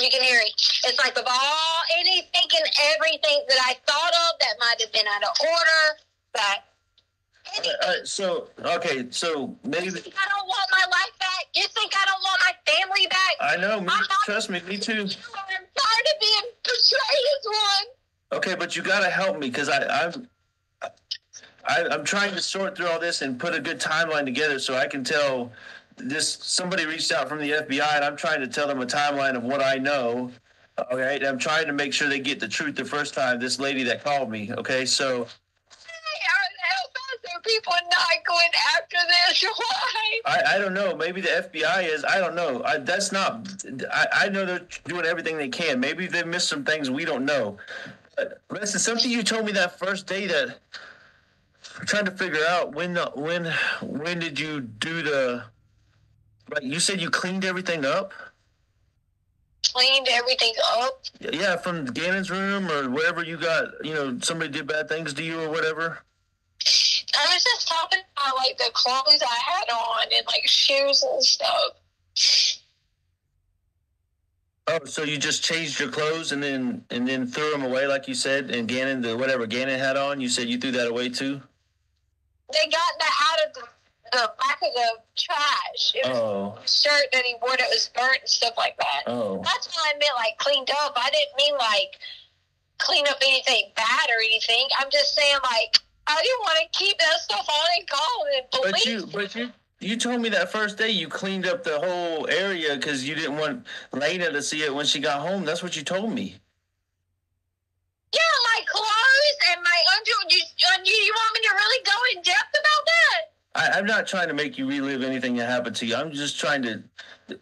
You can hear it. It's like of all anything and everything that I thought of that might have been out of order, but. Uh, uh, so okay, so maybe you think I don't want my life back. You think I don't want my family back? I know. Me, trust me, me too. I'm tired of being betrayed as one. Okay, but you gotta help me because I, I'm, I, am i am trying to sort through all this and put a good timeline together so I can tell. This somebody reached out from the FBI, and I'm trying to tell them a timeline of what I know. Okay, right, I'm trying to make sure they get the truth the first time. This lady that called me. Okay, so people not going after this? Why? I, I don't know. Maybe the FBI is. I don't know. I, that's not. I, I know they're doing everything they can. Maybe they missed some things we don't know. But listen, something you told me that first day that I'm trying to figure out when the, when when did you do the right? You said you cleaned everything up. Cleaned everything up. Yeah, from Gannon's room or wherever you got. You know, somebody did bad things to you or whatever. I was just talking about like the clothes I had on and like shoes and stuff. Oh, so you just changed your clothes and then and then threw them away, like you said, and Gannon, the whatever Gannon had on, you said you threw that away too. They got that out of the, the back of the trash. It was oh. a shirt that he wore that was burnt and stuff like that. Oh, that's what I meant, like cleaned up. I didn't mean like clean up anything bad or anything. I'm just saying like I didn't want to keep that stuff on and call Police. But you, but you, you told me that first day you cleaned up the whole area because you didn't want Lena to see it when she got home. That's what you told me. Yeah, my clothes and my underwear. Uh, you, you want me to really go in depth about that? I, am not trying to make you relive anything that happened to you. I'm just trying to.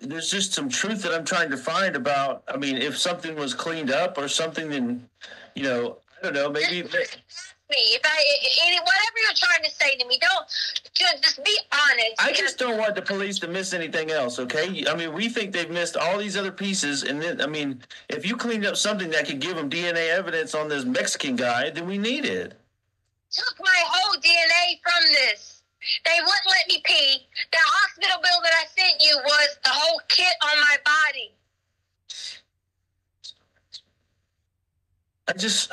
There's just some truth that I'm trying to find about. I mean, if something was cleaned up or something, then you know, I don't know. Maybe me. If I, any, whatever you're trying to say to me, don't just, just be honest. I just don't want the police to miss anything else. Okay, I mean, we think they've missed all these other pieces, and then I mean, if you cleaned up something that could give them DNA evidence on this Mexican guy, then we need it. Took my whole DNA from this. They wouldn't let me pee. The hospital bill that I sent you was the whole kit on my body. I just.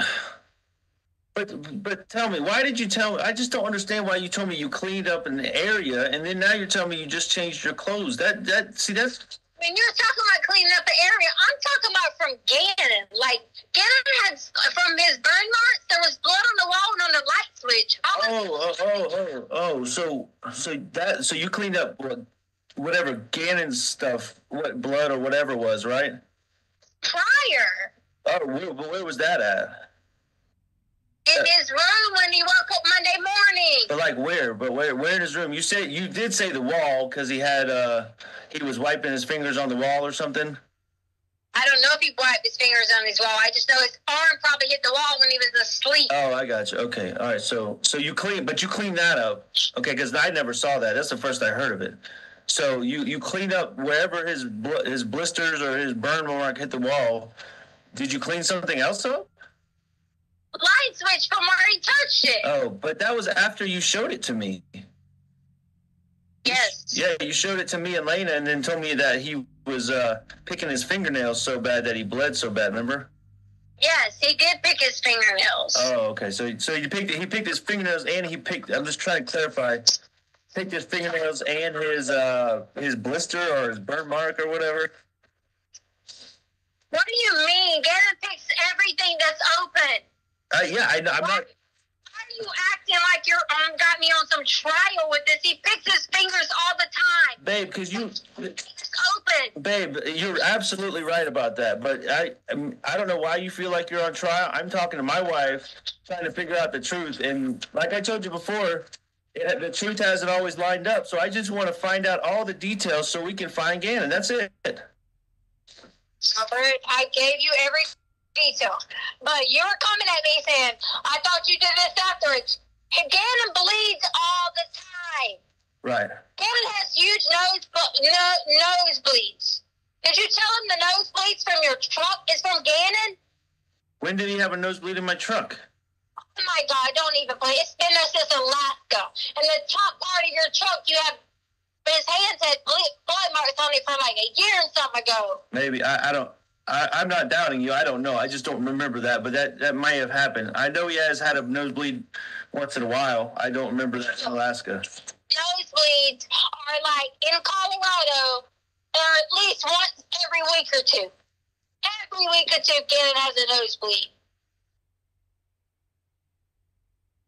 But but tell me, why did you tell? I just don't understand why you told me you cleaned up in the area, and then now you're telling me you just changed your clothes. That that see that's. When you're talking about cleaning up the area, I'm talking about from Gannon. Like Gannon had from his burn marks, there was blood on the wall and on the light switch. Was- oh, oh, oh, oh, So so that so you cleaned up whatever Gannon's stuff, what blood or whatever was, right? Prior. Oh, where, where was that at? in uh, his room when he woke up Monday morning. But like where? But where? Where in his room? You said you did say the wall because he had uh he was wiping his fingers on the wall or something. I don't know if he wiped his fingers on his wall. I just know his arm probably hit the wall when he was asleep. Oh, I got you. Okay, all right. So so you clean, but you clean that up. Okay, because I never saw that. That's the first I heard of it. So you you cleaned up wherever his bl- his blisters or his burn mark hit the wall. Did you clean something else up? light switch from where he touched it. Oh, but that was after you showed it to me. Yes. Yeah, you showed it to me and Lena and then told me that he was uh, picking his fingernails so bad that he bled so bad, remember? Yes, he did pick his fingernails. Oh, okay. So so you picked he picked his fingernails and he picked I'm just trying to clarify. Picked his fingernails and his uh his blister or his burn mark or whatever. What do you mean? Gavin picks everything that's open. Uh, yeah, I, am not. Why are you acting like you're um, got me on some trial with this? He picks his fingers all the time, babe. Because you. Open. Babe, you're absolutely right about that, but I um, I don't know why you feel like you're on trial. I'm talking to my wife, trying to figure out the truth, and like I told you before, it, the truth hasn't always lined up. So I just want to find out all the details so we can find Gannon. That's it. I gave you everything detail. But you were coming at me saying, I thought you did this afterwards. Gannon bleeds all the time. Right. Gannon has huge nose, no, nose bleeds. Did you tell him the nosebleeds from your truck is from Gannon? When did he have a nosebleed in my truck? Oh my god, don't even play. It's been there since Alaska. And the top part of your truck, you have his hands had blood marks on it from like a year and something ago. Maybe. I, I don't. I, am not doubting you. I don't know. I just don't remember that, but that that may have happened. I know he has had a nosebleed once in a while. I don't remember that in Alaska. Nosebleeds are like in Colorado, or at least once every week or two. Every week or two, Gannon has a nosebleed.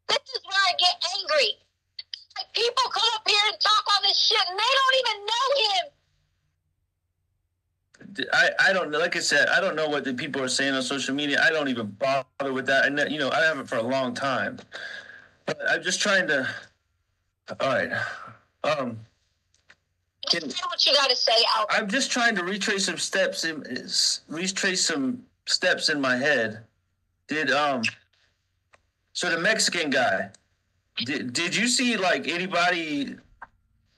This is where I get angry. Like people come up here and talk all this shit, and they don't even know him. I, I don't know. Like I said, I don't know what the people are saying on social media. I don't even bother with that. And you know, I haven't for a long time. But I'm just trying to. All right. Um. Can, say what you got to say, Albert. I'm just trying to retrace some steps in retrace some steps in my head. Did um. So the Mexican guy. Did, did you see like anybody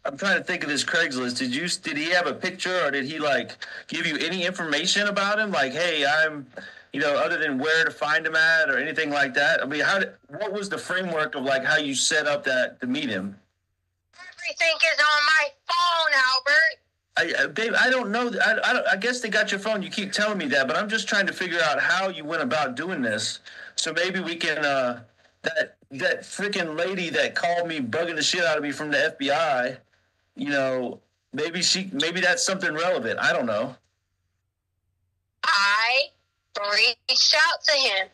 I'm trying to think of this Craigslist. Did you did he have a picture or did he like give you any information about him? Like, hey, I'm, you know, other than where to find him at or anything like that. I mean, how did, what was the framework of like how you set up that to meet him? Everything is on my phone, Albert. I, Dave, I don't know. I, I, don't, I, guess they got your phone. You keep telling me that, but I'm just trying to figure out how you went about doing this. So maybe we can. Uh, that that freaking lady that called me bugging the shit out of me from the FBI you know, maybe she, maybe that's something relevant. I don't know. I reached out to him.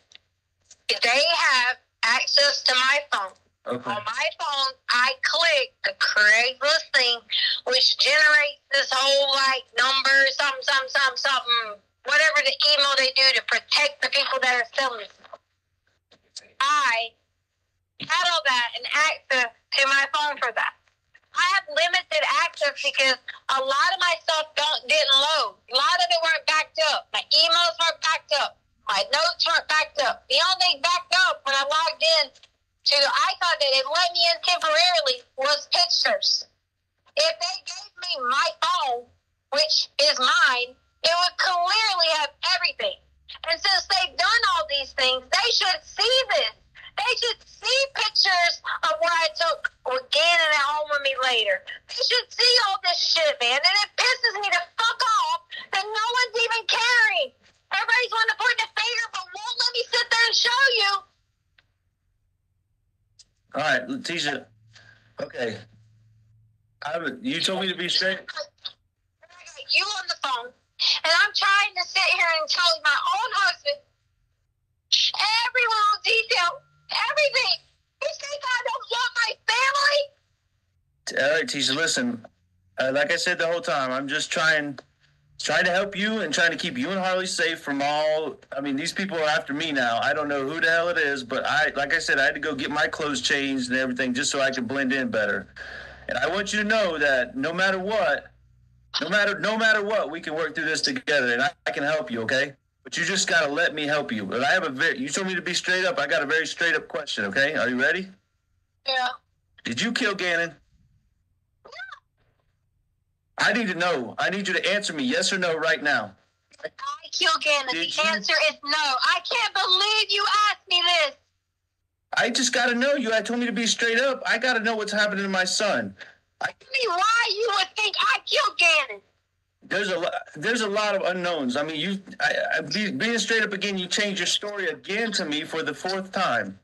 They have access to my phone. Okay. On my phone, I click the Craigslist thing, which generates this whole like number, something, something, something, something, whatever the email they do to protect the people that are selling. I had all that and access to my phone for that. I have limited access because a lot of my stuff don't didn't load. A lot of it weren't backed up. My emails weren't backed up. My notes weren't backed up. The only thing backed up when I logged in to the icon that it let me in temporarily was pictures. If they gave me my phone, which is mine, it would clearly have everything. And since they've done all these things, they should see this. They should see pictures of what I took with Gannon at home with me later. They should see all this shit, man. And it pisses me to fuck off that no one's even caring. Everybody's wanting to point the finger, but won't let me sit there and show you. All right, Letitia. Okay. I you told me to be straight. You on the phone, and I'm trying to sit here and tell my own husband every little detail everything. You think I don't want my family? All right, Tisha, listen. Uh, like I said the whole time, I'm just trying trying to help you and trying to keep you and Harley safe from all. I mean, these people are after me now. I don't know who the hell it is, but I, like I said, I had to go get my clothes changed and everything just so I could blend in better. And I want you to know that no matter what, no matter no matter what, we can work through this together, and I, I can help you. Okay but you just gotta let me help you. But I have a very, you told me to be straight up. I got a very straight up question. Okay, are you ready? Yeah. Did you kill Gannon? No. I need to know. I need you to answer me yes or no right now. I killed Gannon. Did the you? answer is no. I can't believe you asked me this. I just gotta know you. I told me to be straight up. I gotta know what's happening to my son. I, me why you would think I killed Gannon there's a lot there's a lot of unknowns i mean you I, I, being straight up again you changed your story again to me for the fourth time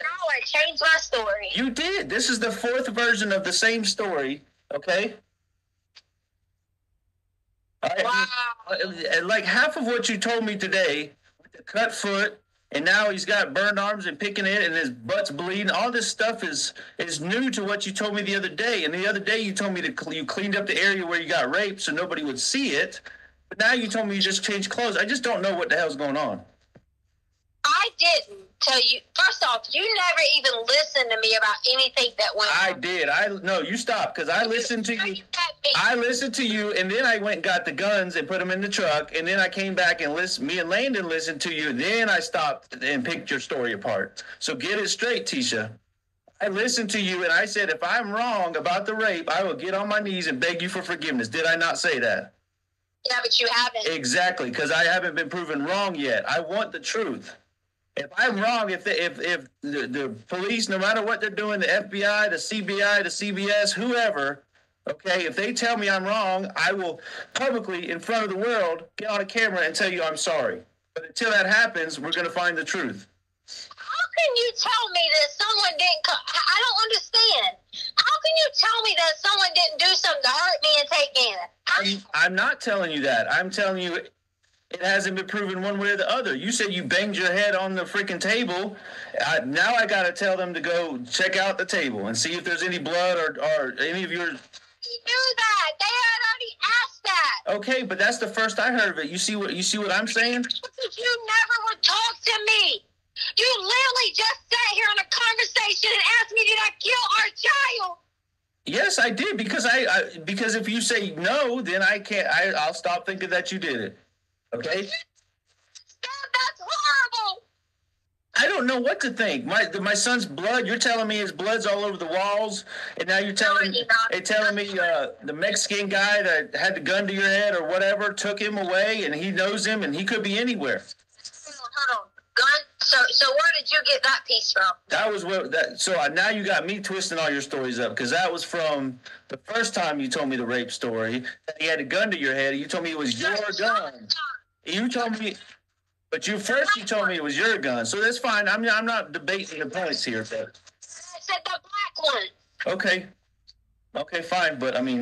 no i changed my story you did this is the fourth version of the same story okay Wow. Like half of what you told me today, with the cut foot, and now he's got burned arms and picking it, and his butt's bleeding. All this stuff is is new to what you told me the other day. And the other day you told me that you cleaned up the area where you got raped so nobody would see it. But now you told me you just changed clothes. I just don't know what the hell's going on didn't tell you. First off, you never even listened to me about anything that went. I on. did. I no, you stopped because I listened to you. I listened to you, and then I went got the guns and put them in the truck, and then I came back and listened. Me and Landon listened to you. Then I stopped and picked your story apart. So get it straight, Tisha. I listened to you, and I said if I'm wrong about the rape, I will get on my knees and beg you for forgiveness. Did I not say that? Yeah, but you haven't. Exactly, because I haven't been proven wrong yet. I want the truth if I'm wrong, if the, if if the, the, police, no matter what they're doing, the FBI, the CBI, the CBS, whoever, okay, if they tell me I'm wrong, I will publicly in front of the world get on a camera and tell you I'm sorry. But until that happens, we're going to find the truth. How can you tell me that someone didn't? Co- I don't understand. How can you tell me that someone didn't do something to hurt me and take Anna? I'm, I'm not telling you that. I'm telling you it hasn't been proven one way or the other. You said you banged your head on the freaking table. I, now I got to tell them to go check out the table and see if there's any blood or, or any of your. He knew that. They had already asked that. Okay, but that's the first I heard of it. You see what you see what I'm saying? You never would talk to me. You literally just sat here in a conversation and asked me, "Did I kill our child?" Yes, I did because I, I because if you say no, then I can't. I, I'll stop thinking that you did it. Okay. Dad, that's horrible. I don't know what to think. My my son's blood. You're telling me his blood's all over the walls, and now you're telling no, you're telling me uh, the Mexican guy that had the gun to your head or whatever took him away, and he knows him, and he could be anywhere. Hold on, gun. So so where did you get that piece from? That was what that. So uh, now you got me twisting all your stories up because that was from the first time you told me the rape story. That He had a gun to your head. You told me it was your gun. You told me, but you first you told me it was your gun, so that's fine. I'm I'm not debating the points here, but I said the black one. Okay, okay, fine, but I mean,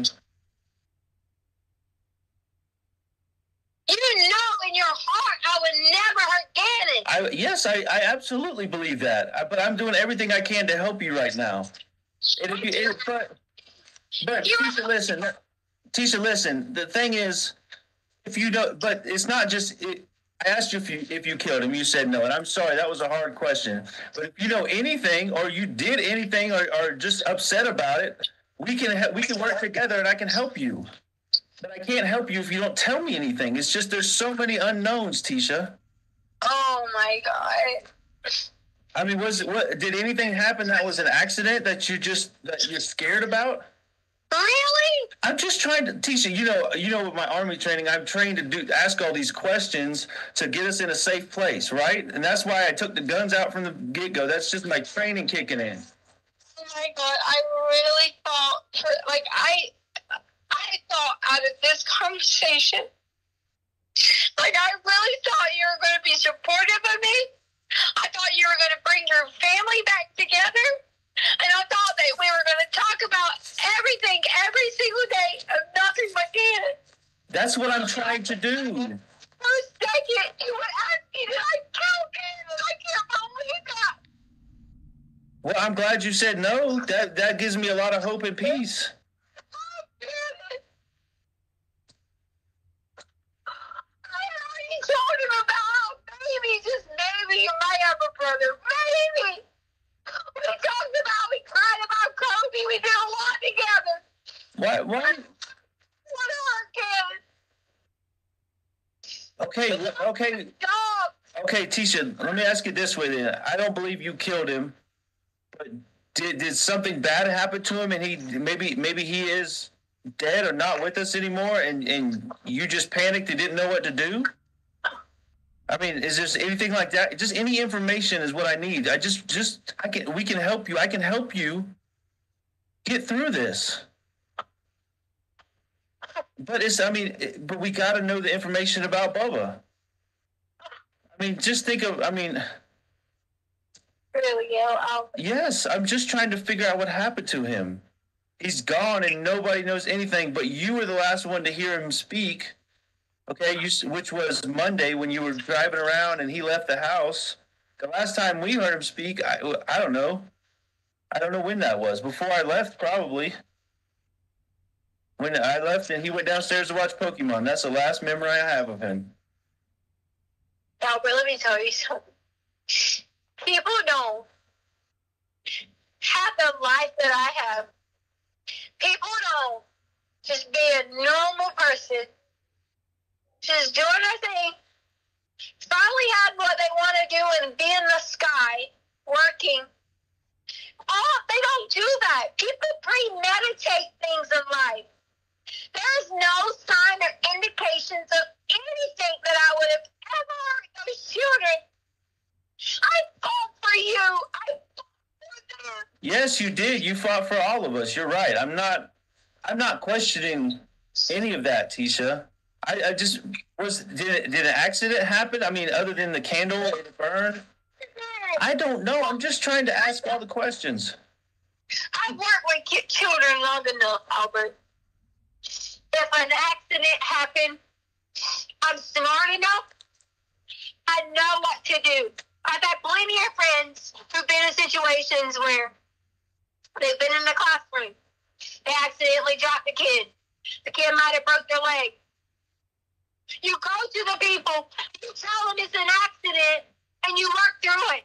you know in your heart I would never hurt Gannon. I yes, I I absolutely believe that, I, but I'm doing everything I can to help you right now. it, but, but Tisha, listen, Tisha, listen. The thing is if you don't, but it's not just. It, I asked you if you if you killed him. You said no, and I'm sorry that was a hard question. But if you know anything, or you did anything, or, or just upset about it, we can ha- we can work together, and I can help you. But I can't help you if you don't tell me anything. It's just there's so many unknowns, Tisha. Oh my god. I mean, was it, what did anything happen that was an accident that you just that you're scared about? Really? I'm just trying to teach you. You know, you know, with my army training, I'm trained to do ask all these questions to get us in a safe place, right? And that's why I took the guns out from the get go. That's just my training kicking in. Oh my god! I really thought, like, I, I thought out of this conversation, like, I really thought you were going to be supportive of me. I thought you were going to bring your family back together. And I thought that we were going to talk about everything every single day of nothing but kids. That's what I'm trying to do. First oh, second, you would ask me, did I kill kids? I can't believe that. Well, I'm glad you said no. That that gives me a lot of hope and peace. Oh, I already Told him about how maybe, just maybe you might have a brother. Maybe. We talked about, we cried about Kobe. We did a lot together. What? What? What hurt, Okay, okay. Okay, Tisha, let me ask you this way then. I don't believe you killed him, but did did something bad happen to him and he maybe maybe he is dead or not with us anymore and and you just panicked and didn't know what to do? I mean, is there anything like that? Just any information is what I need. I just, just I can. We can help you. I can help you get through this. But it's. I mean, but we got to know the information about Bubba. I mean, just think of. I mean. Really, Yes, I'm just trying to figure out what happened to him. He's gone, and nobody knows anything. But you were the last one to hear him speak okay, you, which was Monday when you were driving around and he left the house. The last time we heard him speak, I, I don't know. I don't know when that was. Before I left, probably. When I left and he went downstairs to watch Pokemon. That's the last memory I have of him. Albert, let me tell you something. People don't have the life that I have. People don't just be a normal person She's doing her thing. Finally had what they want to do and be in the sky working. Oh, they don't do that. People premeditate things in life. There's no sign or indications of anything that I would have ever heard those children. I fought for you. I fought for them. Yes, you did. You fought for all of us. You're right. I'm not I'm not questioning any of that, Tisha. I, I just was did did an accident happen? I mean, other than the candle or the burn? I don't know. I'm just trying to ask all the questions. I work with children long enough, Albert. If an accident happened, I'm smart enough. I know what to do. I've had plenty of friends who've been in situations where they've been in the classroom. They accidentally dropped the kid. The kid might have broke their leg. You go to the people, you tell them it's an accident, and you work through it.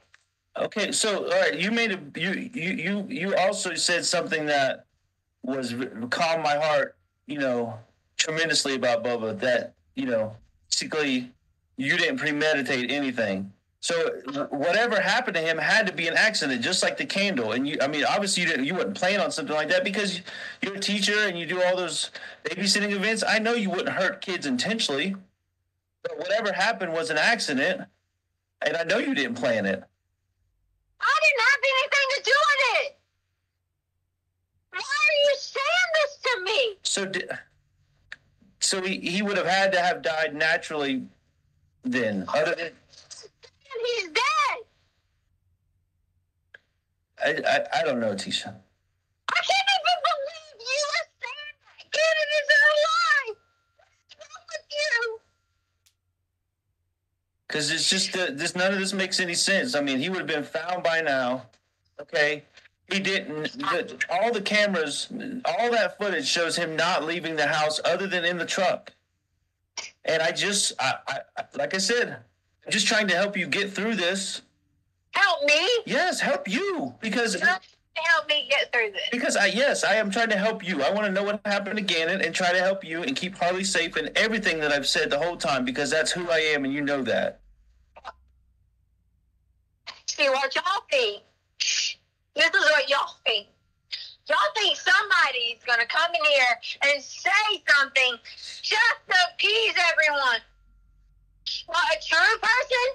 Okay, so all right, you made a you you you you also said something that was calmed my heart, you know, tremendously about Bubba. That you know, basically, you didn't premeditate anything. So whatever happened to him had to be an accident, just like the candle. And you, I mean, obviously you didn't, you wouldn't plan on something like that because you're a teacher and you do all those babysitting events. I know you wouldn't hurt kids intentionally, but whatever happened was an accident, and I know you didn't plan it. I didn't have anything to do with it. Why are you saying this to me? So, so he, he would have had to have died naturally, then, other than he's dead. I, I, I don't know, Tisha. I can't even believe you are saying that Cannon is alive. What's wrong with you? Because it's just that this none of this makes any sense. I mean, he would have been found by now. Okay. He didn't. The, all the cameras, all that footage shows him not leaving the house other than in the truck. And I just, I, I like I said, just trying to help you get through this. Help me? Yes, help you because help, help me get through this. Because I yes, I am trying to help you. I want to know what happened to Gannon and try to help you and keep Harley safe and everything that I've said the whole time because that's who I am and you know that. See what y'all think. This is what y'all think. Y'all think somebody's gonna come in here and say something just to appease everyone a true person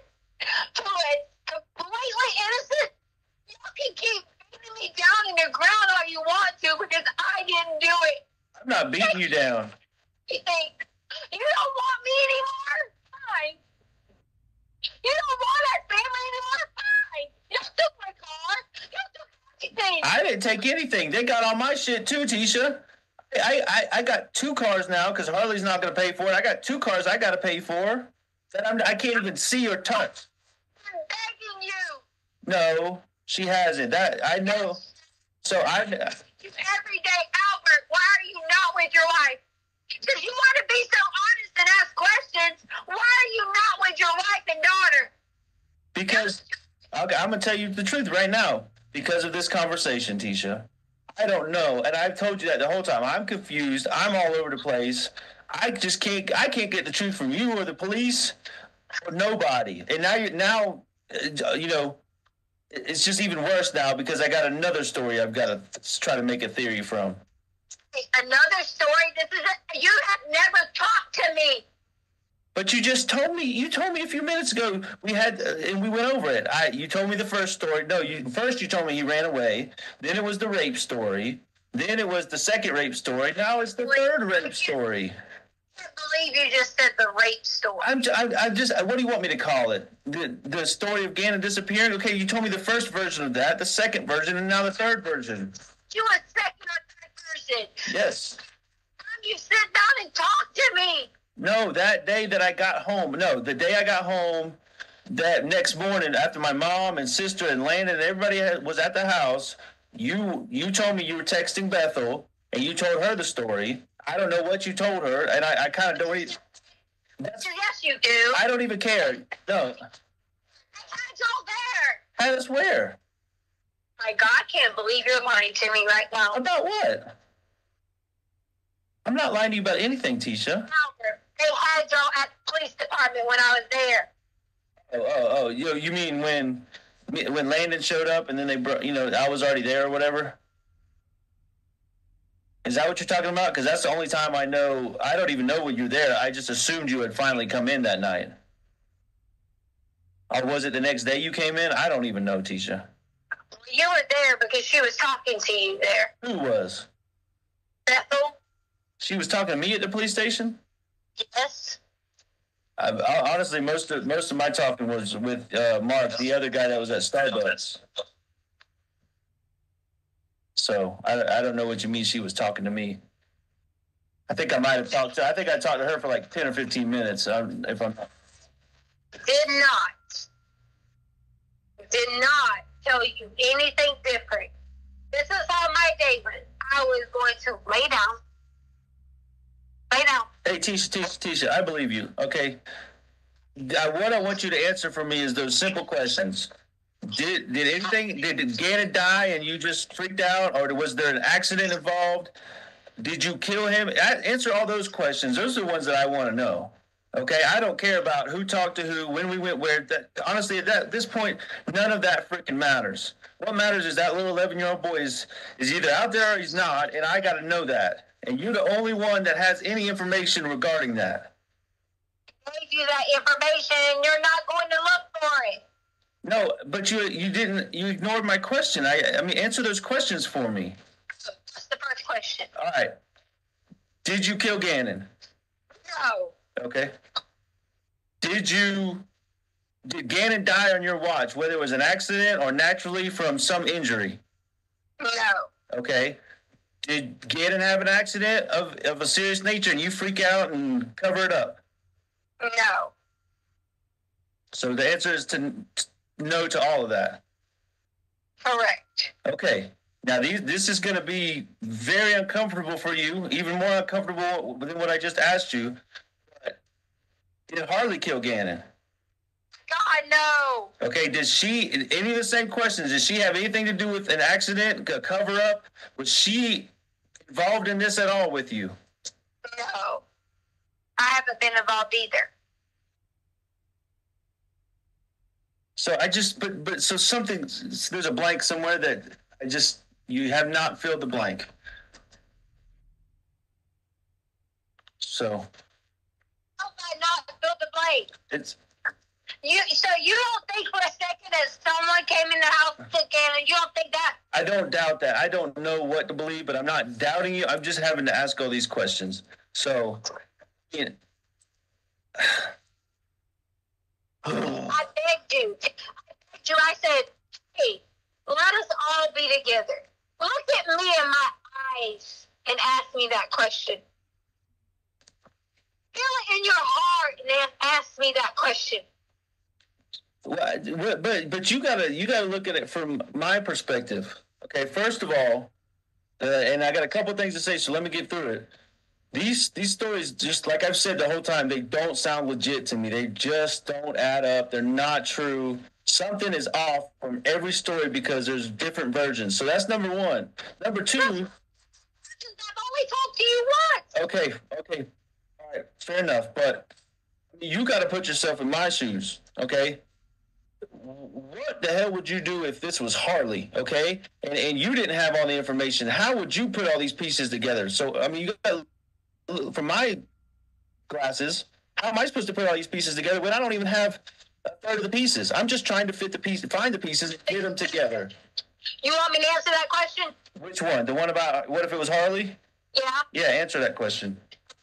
who is completely innocent, you can keep beating me down in the ground all you want to because I didn't do it. I'm not beating you down. You think you don't want me anymore? Fine. You don't want that family anymore? Fine. You took my car. You took everything. I didn't take anything. They got all my shit too, Tisha. I, I, I got two cars now because Harley's not going to pay for it. I got two cars I got to pay for that I'm, I can't even see or touch. I'm begging you. No, she hasn't. That I know. So I. Every day, Albert. Why are you not with your wife? Because you want to be so honest and ask questions, why are you not with your wife and daughter? Because okay, I'm gonna tell you the truth right now. Because of this conversation, Tisha, I don't know, and I've told you that the whole time. I'm confused. I'm all over the place. I just can't I can't get the truth from you or the police or nobody. And now you now uh, you know it's just even worse now because I got another story I've got to try to make a theory from. Another story. This is a, you have never talked to me. But you just told me. You told me a few minutes ago we had uh, and we went over it. I you told me the first story. No, you first you told me he ran away. Then it was the rape story. Then it was the second rape story. Now it's the Wait, third rape story can't believe you just said the rape story. I'm, i i just. What do you want me to call it? The the story of Ganon disappearing. Okay, you told me the first version of that, the second version, and now the third version. You a second or third version? Yes. You sit down and talk to me. No, that day that I got home. No, the day I got home that next morning after my mom and sister and Landon and everybody was at the house, you you told me you were texting Bethel and you told her the story, I don't know what you told her, and I, I kind of don't even. That's, yes, you do. I don't even care. No. I had it all there. Had us where? My God, I can't believe you're lying to me right now. About what? I'm not lying to you about anything, Tisha. They had y'all at the police department when I was there. Oh, oh, oh. You, you mean when when Landon showed up and then they brought, you know, I was already there or whatever? Is that what you're talking about? Because that's the only time I know. I don't even know when you're there. I just assumed you had finally come in that night. Or was it the next day you came in? I don't even know, Tisha. You were there because she was talking to you there. Who was? Bethel. She was talking to me at the police station. Yes. I, I honestly, most of most of my talking was with uh, Mark, the other guy that was at Starbucks. So I, I don't know what you mean. She was talking to me. I think I might have talked to. I think I talked to her for like ten or fifteen minutes. I'm, if I'm did not did not tell you anything different. This is how my day went. I was going to lay down, lay down. Hey, Tisha, Tisha, Tisha, I believe you. Okay. what I want you to answer for me is those simple questions did did anything? Did, did Gannon die and you just freaked out, or was there an accident involved? Did you kill him? I, answer all those questions. Those are the ones that I want to know. Okay, I don't care about who talked to who, when we went where. That, honestly, at that, this point, none of that freaking matters. What matters is that little eleven-year-old boy is is either out there or he's not, and I got to know that. And you're the only one that has any information regarding that. Gave you that information, and you're not going to look for it. No, but you you didn't you ignored my question. I I mean answer those questions for me. What's the first question? All right. Did you kill Gannon? No. Okay. Did you did Gannon die on your watch, whether it was an accident or naturally from some injury? No. Okay. Did Gannon have an accident of, of a serious nature and you freak out and cover it up? No. So the answer is to no to all of that? Correct. Okay. Now, these, this is going to be very uncomfortable for you, even more uncomfortable than what I just asked you. Did Harley kill Gannon? God, no. Okay, did she, any of the same questions, did she have anything to do with an accident, a cover up? Was she involved in this at all with you? No. I haven't been involved either. So I just, but, but, so something, there's a blank somewhere that I just, you have not filled the blank. So. How have I not filled the blank? It's. You, so you don't think for a second that someone came in the house took and you don't think that? I don't doubt that. I don't know what to believe, but I'm not doubting you. I'm just having to ask all these questions. So, you know, I begged you. I begged you. I said, hey, let us all be together. Look at me in my eyes and ask me that question. Feel it in your heart and ask me that question. Well, but but you gotta you gotta look at it from my perspective. Okay, first of all, uh, and I got a couple things to say, so let me get through it these these stories just like I've said the whole time, they don't sound legit to me. They just don't add up. They're not true. Something is off from every story because there's different versions. So that's number one. Number two. I've only talked to you once. Okay, okay, all right, fair enough. But you got to put yourself in my shoes, okay? What the hell would you do if this was Harley, okay? And and you didn't have all the information. How would you put all these pieces together? So I mean, you got from my glasses, how am I supposed to put all these pieces together when I don't even have a third of the pieces? I'm just trying to fit the piece, find the pieces, and get them together. You want me to answer that question? Which one? The one about what if it was Harley? Yeah. Yeah, answer that question.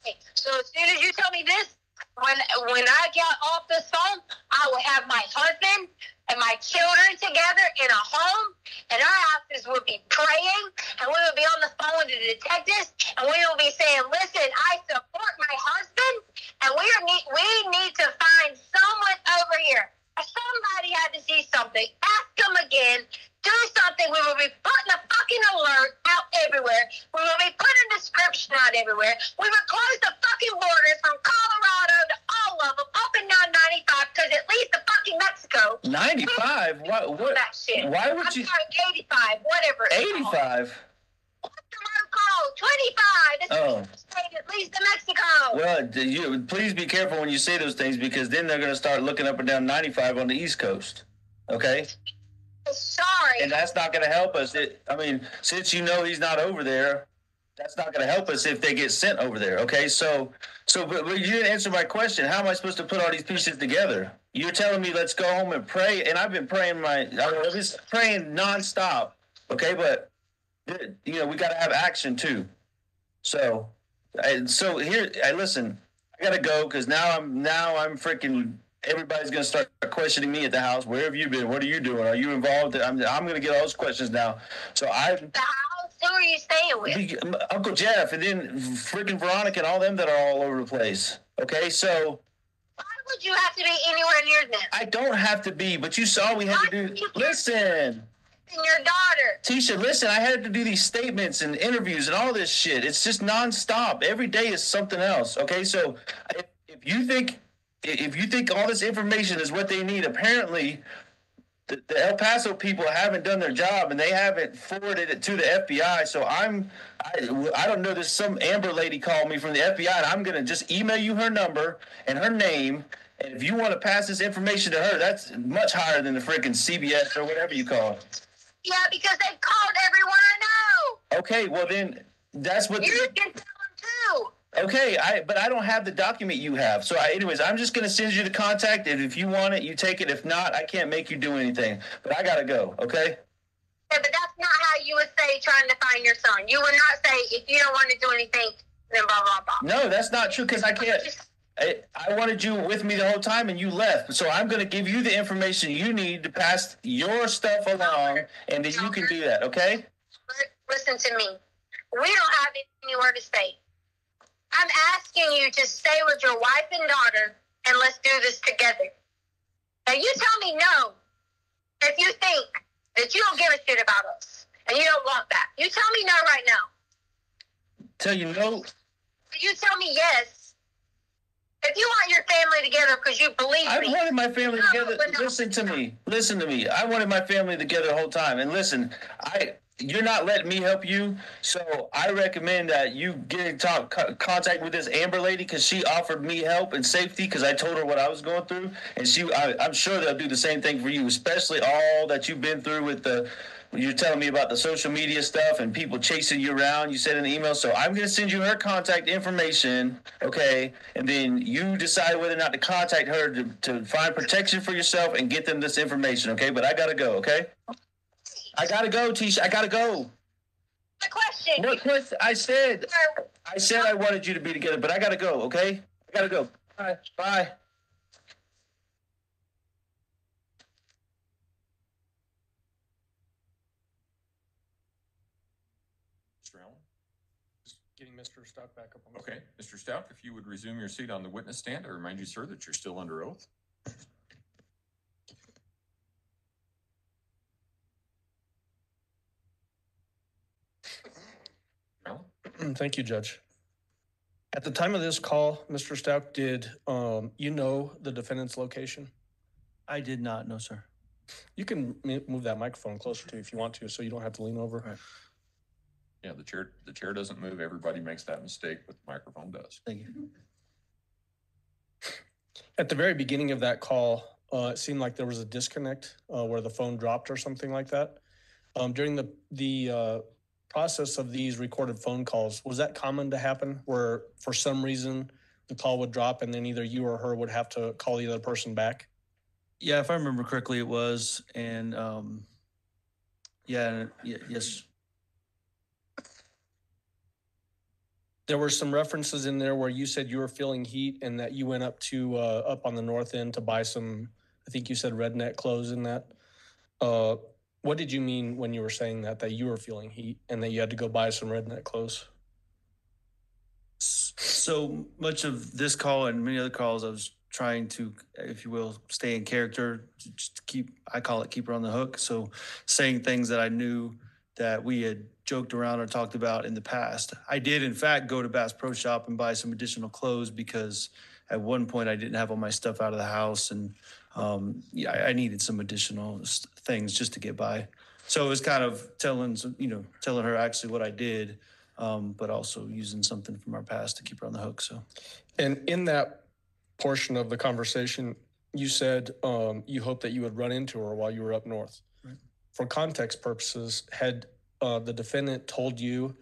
Okay. So as soon as you tell me this, when when I get off this phone, I will have my husband, and my children together in a home, and our officers would be praying, and we would be on the phone with the detectives, and we would be saying, "Listen, I support my husband, and we are need, we need to find someone over here." Somebody had to see something. Ask them again do something. We will be putting a fucking alert out everywhere. We will be putting a description out everywhere. We will close the fucking borders from Colorado to all of them, up and down 95, because at least the fucking Mexico. 95? What? what that shit. Why would I'm you? Sorry, 85, whatever. 85? What's the road called? 25. This oh. state that to Mexico. Well, you, please be careful when you say those things because then they're going to start looking up and down 95 on the East Coast. Okay? Sorry. And that's not going to help us. It, I mean, since you know he's not over there, that's not going to help us if they get sent over there. Okay, so so but, but, you didn't answer my question. How am I supposed to put all these pieces together? You're telling me let's go home and pray, and I've been praying my I've been praying nonstop. Okay, but you know we got to have action too. So I, so here, I listen. I gotta go because now I'm now I'm freaking everybody's going to start questioning me at the house. Where have you been? What are you doing? Are you involved? I'm, I'm going to get all those questions now. So I. The house? Who are you staying with? Um, Uncle Jeff, and then freaking Veronica and all them that are all over the place. Okay, so. Why would you have to be anywhere near them? I don't have to be, but you saw we had Why to do. Listen. Your daughter. Tisha, listen, I had to do these statements and interviews and all this shit. It's just nonstop. Every day is something else. Okay, so if, if you think if you think all this information is what they need, apparently the, the, El Paso people haven't done their job and they haven't forwarded it to the FBI. So I'm, I, I don't know. There's some Amber lady called me from the FBI, and I'm gonna just email you her number and her name. And if you want to pass this information to her, that's much higher than the freaking CBS or whatever you call it. Yeah, because they called everyone I know. Okay, well then that's what you the, can tell them too. Okay, I but I don't have the document you have. So, I, anyways, I'm just gonna send you the contact, and if you want it, you take it. If not, I can't make you do anything. But I gotta go. Okay. Yeah, but that's not how you would say trying to find your son. You would not say if you don't want to do anything, then blah blah blah. No, that's not true because I can't. I, I wanted you with me the whole time, and you left. So I'm going to give you the information you need to pass your stuff along, and then you can do that. Okay? Listen to me. We don't have anywhere to stay. I'm asking you to stay with your wife and daughter and let's do this together. Now you tell me no if you think that you don't give a shit about us and you don't want that. You tell me no right now. Tell you no. You tell me yes. If you want your family together because you believe I me, wanted my family no, together. No. Listen to me. Listen to me. I wanted my family together the whole time. And listen, I you're not letting me help you. So I recommend that you get in talk, co- contact with this Amber lady because she offered me help and safety because I told her what I was going through, and she I, am sure they'll do the same thing for you, especially all that you've been through with the. You're telling me about the social media stuff and people chasing you around. You said in the email, so I'm going to send you her contact information, okay? And then you decide whether or not to contact her to, to find protection for yourself and get them this information, okay? But I got to go, okay? I gotta go, Tisha. I gotta go. The question. What question? I said. I said I wanted you to be together, but I gotta go. Okay. I gotta go. Bye. Bye. getting Mr. Stout back up. On okay, Mr. Stout, if you would resume your seat on the witness stand, I remind you, sir, that you're still under oath. Mm, thank you, Judge. At the time of this call, Mr. Stout, did um, you know the defendant's location? I did not know, sir. You can move that microphone closer to you if you want to, so you don't have to lean over. Right. Yeah, the chair the chair doesn't move. Everybody makes that mistake, but the microphone does. Thank you. At the very beginning of that call, uh, it seemed like there was a disconnect uh, where the phone dropped or something like that. Um, during the the uh, process of these recorded phone calls, was that common to happen where for some reason the call would drop and then either you or her would have to call the other person back? Yeah, if I remember correctly, it was. And um, yeah, yeah, yes. There were some references in there where you said you were feeling heat and that you went up to uh, up on the north end to buy some. I think you said redneck clothes in that. Uh, what did you mean when you were saying that that you were feeling heat and that you had to go buy some redneck clothes? So much of this call and many other calls, I was trying to, if you will, stay in character, just keep. I call it keep her on the hook. So saying things that I knew that we had joked around or talked about in the past. I did, in fact, go to Bass Pro Shop and buy some additional clothes because at one point I didn't have all my stuff out of the house and um, yeah, I needed some additional st- things just to get by. So it was kind of telling, you know, telling her actually what I did, um, but also using something from our past to keep her on the hook. So, and in that portion of the conversation, you said um, you hoped that you would run into her while you were up north. Right. For context purposes, had uh, the defendant told you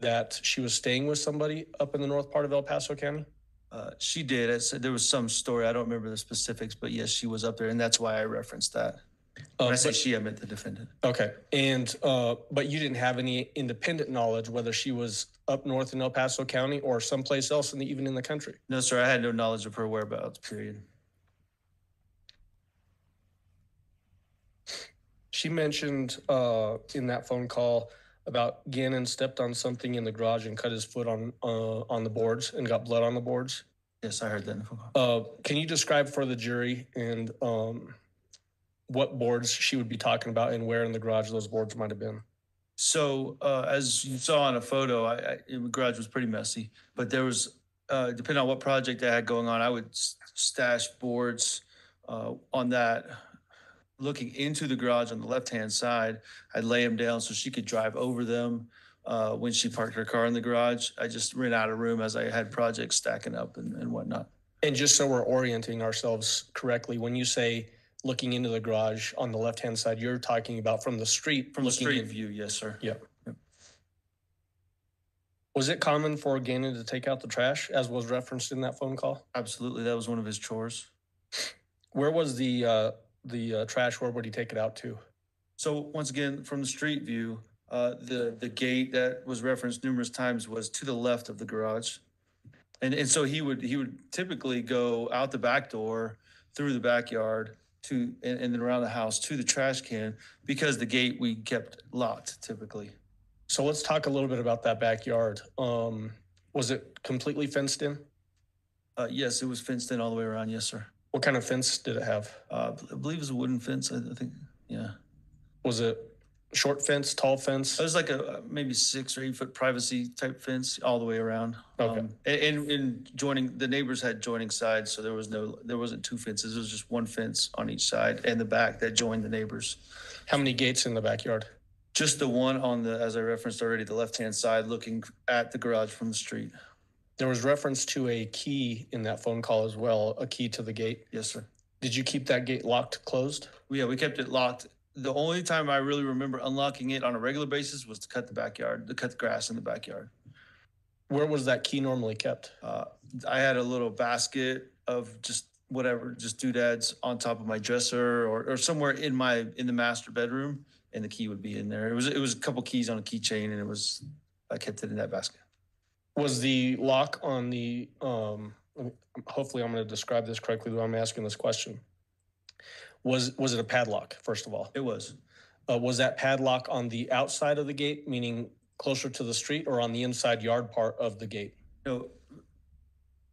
that she was staying with somebody up in the north part of El Paso County? Uh, she did. there was some story. I don't remember the specifics, but yes, she was up there, and that's why I referenced that. Um, when I said but, she, I meant the defendant. Okay, and uh, but you didn't have any independent knowledge whether she was up north in El Paso County or someplace else, in the, even in the country. No, sir. I had no knowledge of her whereabouts. Period. She mentioned uh, in that phone call about Gannon stepped on something in the garage and cut his foot on uh, on the boards and got blood on the boards. Yes, I heard that. Uh, can you describe for the jury and um, what boards she would be talking about and where in the garage those boards might have been. So uh, as you saw in a photo, I, I, the garage was pretty messy, but there was, uh, depending on what project I had going on, I would stash boards uh, on that. Looking into the garage on the left-hand side, I'd lay them down so she could drive over them uh, when she parked her car in the garage. I just ran out of room as I had projects stacking up and, and whatnot. And just so we're orienting ourselves correctly, when you say looking into the garage on the left-hand side, you're talking about from the street. From the street in. view, yes, sir. Yep. Was it common for Gannon to take out the trash, as was referenced in that phone call? Absolutely, that was one of his chores. Where was the uh, the uh, trash? Where would he take it out to? So once again, from the street view, uh, the the gate that was referenced numerous times was to the left of the garage, and and so he would he would typically go out the back door through the backyard to and, and then around the house to the trash can because the gate we kept locked typically. So let's talk a little bit about that backyard. Um, was it completely fenced in? Uh, yes, it was fenced in all the way around. Yes, sir. What kind of fence did it have? Uh, I believe it was a wooden fence. I, I think. Yeah. Was it short fence, tall fence? It was like a uh, maybe six or eight foot privacy type fence all the way around. Okay. Um, and, in and joining the neighbors had joining sides, so there was no there wasn't two fences. It was just one fence on each side and the back that joined the neighbors. How many gates in the backyard? Just the one on the as I referenced already, the left hand side looking at the garage from the street. There was reference to a key in that phone call as well, a key to the gate. Yes, sir. Did you keep that gate locked closed? Yeah, we kept it locked the only time I really remember unlocking it on a regular basis was to cut the backyard, to cut the grass in the backyard. Where was that key normally kept? Uh, I had a little basket of just whatever, just doodads on top of my dresser or, or somewhere in my in the master bedroom, and the key would be in there. It was it was a couple keys on a keychain, and it was I kept it in that basket. Was the lock on the um? Hopefully, I'm going to describe this correctly. Though I'm asking this question. Was, was it a padlock, first of all? It was. Uh, was that padlock on the outside of the gate, meaning closer to the street or on the inside yard part of the gate? No.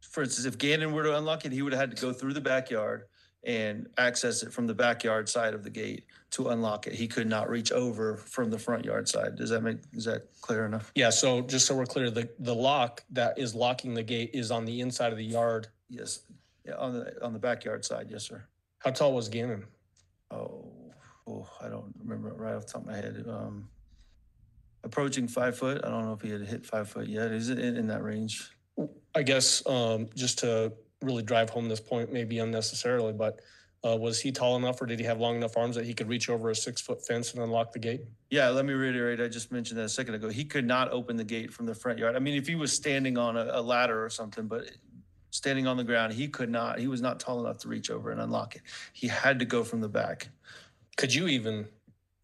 For instance, if Gannon were to unlock it, he would have had to go through the backyard and access it from the backyard side of the gate to unlock it. He could not reach over from the front yard side. Does that make, is that clear enough? Yeah, so just so we're clear, the, the lock that is locking the gate is on the inside of the yard. Yes. Yeah, on the, on the backyard side. Yes, sir. How tall was Gannon? Oh, oh, I don't remember it right off the top of my head. Um, approaching five foot. I don't know if he had hit five foot yet. Is it in, in that range? I guess um, just to really drive home this point, maybe unnecessarily, but uh, was he tall enough or did he have long enough arms that he could reach over a six foot fence and unlock the gate? Yeah, let me reiterate. I just mentioned that a second ago. He could not open the gate from the front yard. I mean, if he was standing on a, a ladder or something, but standing on the ground. He could not, he was not tall enough to reach over and unlock it. He had to go from the back. Could you even?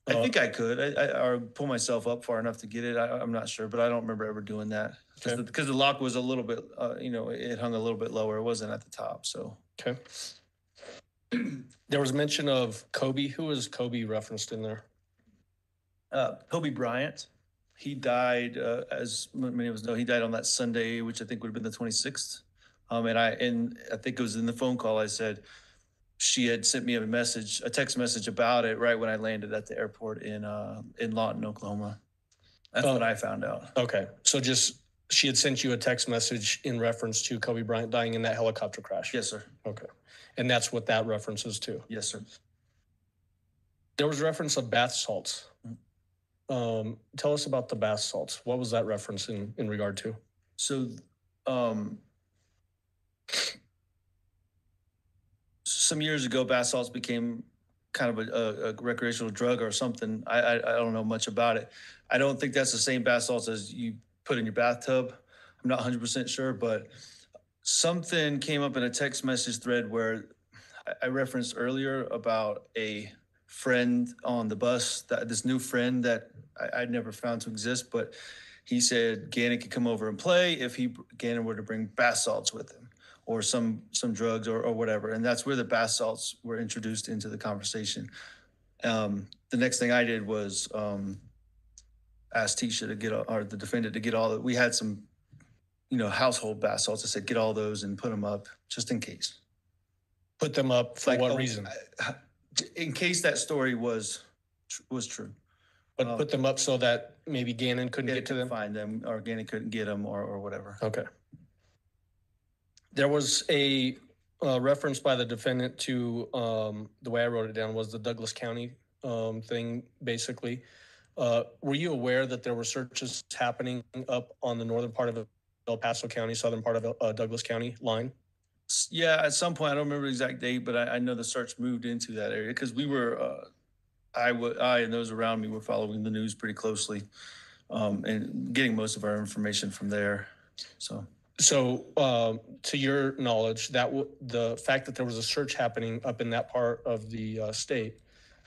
I uh, think I could, I, I, or pull myself up far enough to get it. I, am not sure, but I don't remember ever doing that because okay. the, the, lock was a little bit, uh, you know, it hung a little bit lower. It wasn't at the top. So, okay. there was mention of Kobe. Who was Kobe referenced in there? Uh, Kobe Bryant. He died, uh, as many of us know, he died on that Sunday, which I think would have been the 26th um, and I and I think it was in the phone call I said she had sent me a message, a text message about it right when I landed at the airport in uh, in Lawton, Oklahoma. That's oh. what I found out. Okay, so just she had sent you a text message in reference to Kobe Bryant dying in that helicopter crash. Yes, sir. Okay, and that's what that references to. Yes, sir. There was reference of bath salts. Mm. Um, tell us about the bath salts. What was that reference in in regard to? So, um, some years ago, bath salts became kind of a, a, a recreational drug or something. I, I, I don't know much about it. I don't think that's the same bath salts as you put in your bathtub. I'm not 100% sure, but something came up in a text message thread where I, I referenced earlier about a friend on the bus, that, this new friend that I, would never found to exist, but he said Gannon could come over and play if he Gannon were to bring bath salts with him or some some drugs or, or whatever. And that's where the bath salts were introduced into the conversation. Um, the next thing I did was um, ask Tisha to get or the defendant to get all that. We had some, you know, household bath salts. I said get all those and put them up just in case. Put them up for like, what oh, reason? In case that story was was true. But um, put them up so that maybe Gannon couldn't get, get to them. Find them, or Gannon couldn't get them, or or whatever. Okay there was a uh, reference by the defendant to um, the way I wrote it down was the Douglas County um, thing, basically. Uh, were you aware that there were searches happening up on the northern part of El Paso County, southern part of uh, Douglas County line? Yeah, at some point I don't remember the exact date, but I, I know the search moved into that area because we were, uh, I, w- I and those around me were following the news pretty closely, um, and getting most of our information from there. So so, um, to your knowledge, that w- the fact that there was a search happening up in that part of the uh, state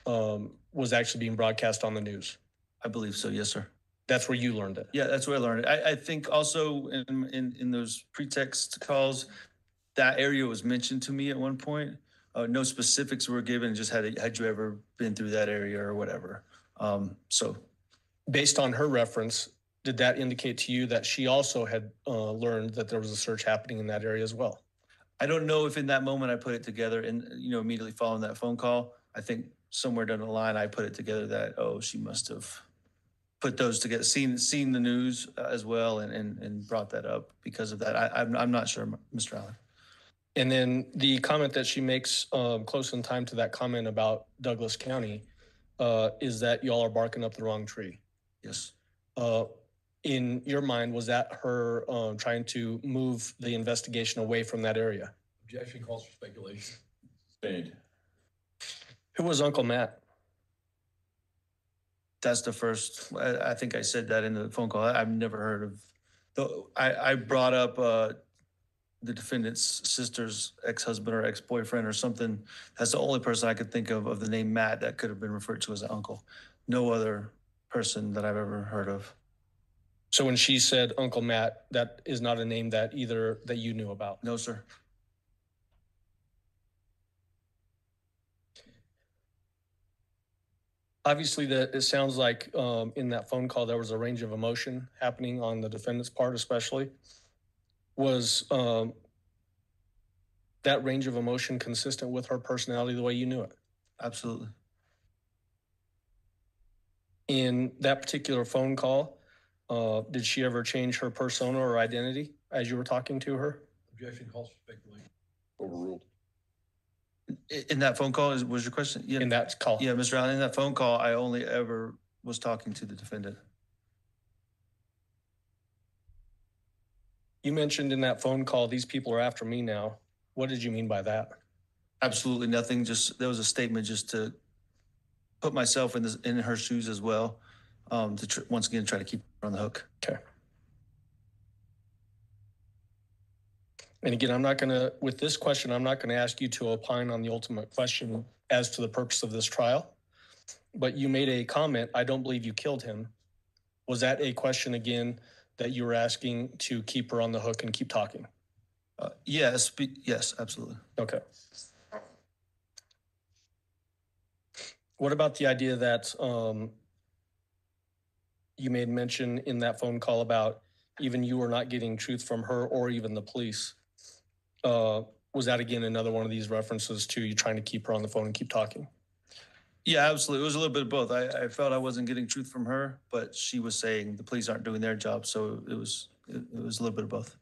um, was actually being broadcast on the news. I believe so. Yes, sir. That's where you learned it. Yeah, that's where I learned it. I, I think also in, in in those pretext calls, that area was mentioned to me at one point. Uh, no specifics were given. Just had had you ever been through that area or whatever. Um, so, based on her reference, did that indicate to you that she also had uh, learned that there was a search happening in that area as well? I don't know if in that moment I put it together and, you know, immediately following that phone call, I think somewhere down the line, I put it together that, oh, she must have put those together, seen, seen the news uh, as well and, and, and brought that up because of that. I, am I'm, I'm not sure, Mr. Allen. And then the comment that she makes um, close in time to that comment about Douglas County uh, is that y'all are barking up the wrong tree. Yes. Uh, in your mind, was that her um, trying to move the investigation away from that area? Objection calls for speculation. Spade. Who was Uncle Matt? That's the first. I, I think I said that in the phone call. I, have never heard of. The, I, I brought up uh, the defendant's sister's ex-husband or ex-boyfriend or something. That's the only person I could think of of the name Matt that could have been referred to as an uncle. No other person that I've ever heard of. So when she said Uncle Matt, that is not a name that either that you knew about. No, sir. Obviously, that it sounds like um, in that phone call there was a range of emotion happening on the defendant's part, especially. Was um, that range of emotion consistent with her personality the way you knew it? Absolutely. In that particular phone call, uh, did she ever change her persona or identity as you were talking to her? Objection calls for speculation. Overruled. In that phone call was your question? Yeah, In that call? yeah, Mr. Allen, in that phone call, I only ever was talking to the defendant. You mentioned in that phone call, these people are after me now. What did you mean by that? Absolutely nothing, just, there was a statement just to put myself in this, in her shoes as well. Um, to, tr- once again, try to keep on the hook. Okay. And again, I'm not going to, with this question, I'm not going to ask you to opine on the ultimate question as to the purpose of this trial. But you made a comment, I don't believe you killed him. Was that a question again that you were asking to keep her on the hook and keep talking? Uh, yes, be- yes, absolutely. Okay. What about the idea that um, you made mention in that phone call about even you were not getting truth from her or even the police. Uh, was that again another one of these references to you trying to keep her on the phone and keep talking? Yeah, absolutely. It was a little bit of both. I, I felt I wasn't getting truth from her, but she was saying the police aren't doing their job, so it was it, it was a little bit of both.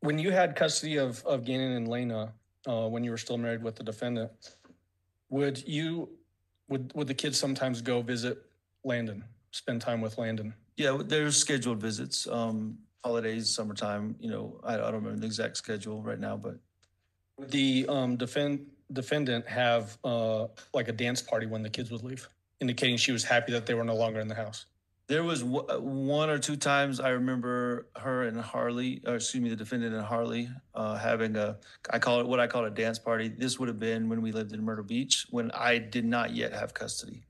When you had custody of of Gannon and Lena, uh, when you were still married with the defendant, would you would would the kids sometimes go visit Landon, spend time with Landon? Yeah, there's scheduled visits, um, holidays, summertime. You know, I, I don't remember the exact schedule right now, but the um, defend defendant have uh, like a dance party when the kids would leave, indicating she was happy that they were no longer in the house. There was w- uh, one or two times I remember her and Harley, or excuse me, the defendant and Harley uh, having a, I call it what I call a dance party. This would have been when we lived in Myrtle Beach when I did not yet have custody.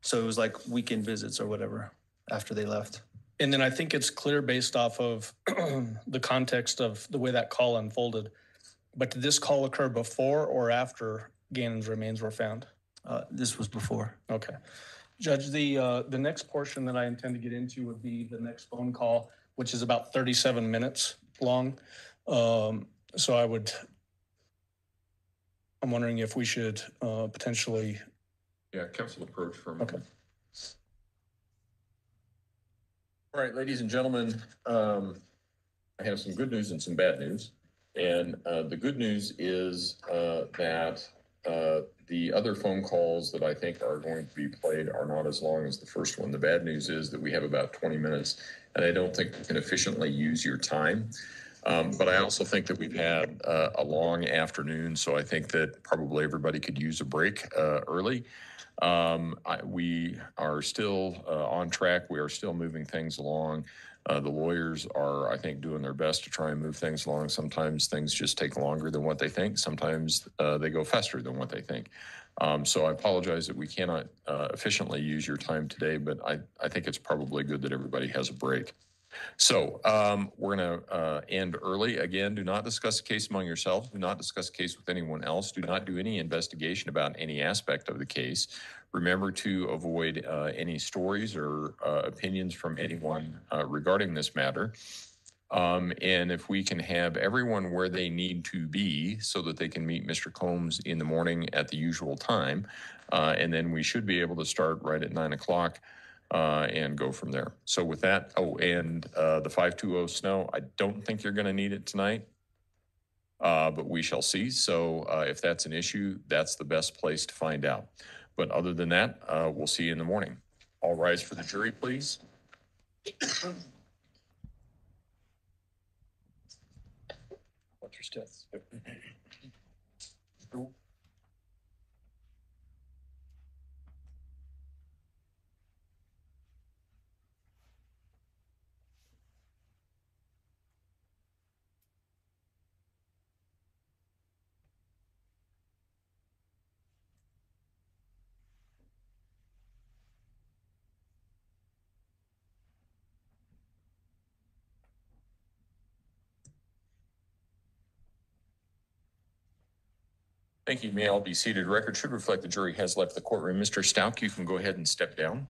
So it was like weekend visits or whatever after they left. And then I think it's clear based off of the context of the way that call unfolded. But did this call occur before or after Gannon's remains were found? Uh, this was before. Okay. Judge, the, uh, the next portion that I intend to get into would be the next phone call, which is about 37 minutes long. Um, So I would, I'm wondering if we should uh, potentially, Yeah, council approach for a moment. All right, ladies and gentlemen, um, I have some good news and some bad news. And, uh, the good news is, uh, that, uh, the other phone calls that I think are going to be played are not as long as the first one. The bad news is that we have about 20 minutes, and I don't think we can efficiently use your time. Um, but I also think that we've had uh, a long afternoon, so I think that probably everybody could use a break uh, early. Um, I, we are still uh, on track. We are still moving things along. Uh, the lawyers are, I think, doing their best to try and move things along. Sometimes things just take longer than what they think. Sometimes uh, they go faster than what they think. Um, so I apologize that we cannot uh, efficiently use your time today, but I, I think it's probably good that everybody has a break. So um, we're going to uh, end early. Again, do not discuss the case among yourselves. Do not discuss the case with anyone else. Do not do any investigation about any aspect of the case. Remember to avoid uh, any stories or uh, opinions from anyone uh, regarding this matter. Um, and if we can have everyone where they need to be so that they can meet Mr. Combs in the morning at the usual time, uh, and then we should be able to start right at nine o'clock. Uh, and go from there. So with that, oh, and uh, the 520 snow, I don't think you're going to need it tonight, uh, but we shall see. So uh, if that's an issue, that's the best place to find out. But other than that, uh, we'll see you in the morning. All rise for the jury, please. Watch your steps. Thank you. may all be seated. Record should reflect the jury has left the courtroom. Mr. Stout, you can go ahead and step down.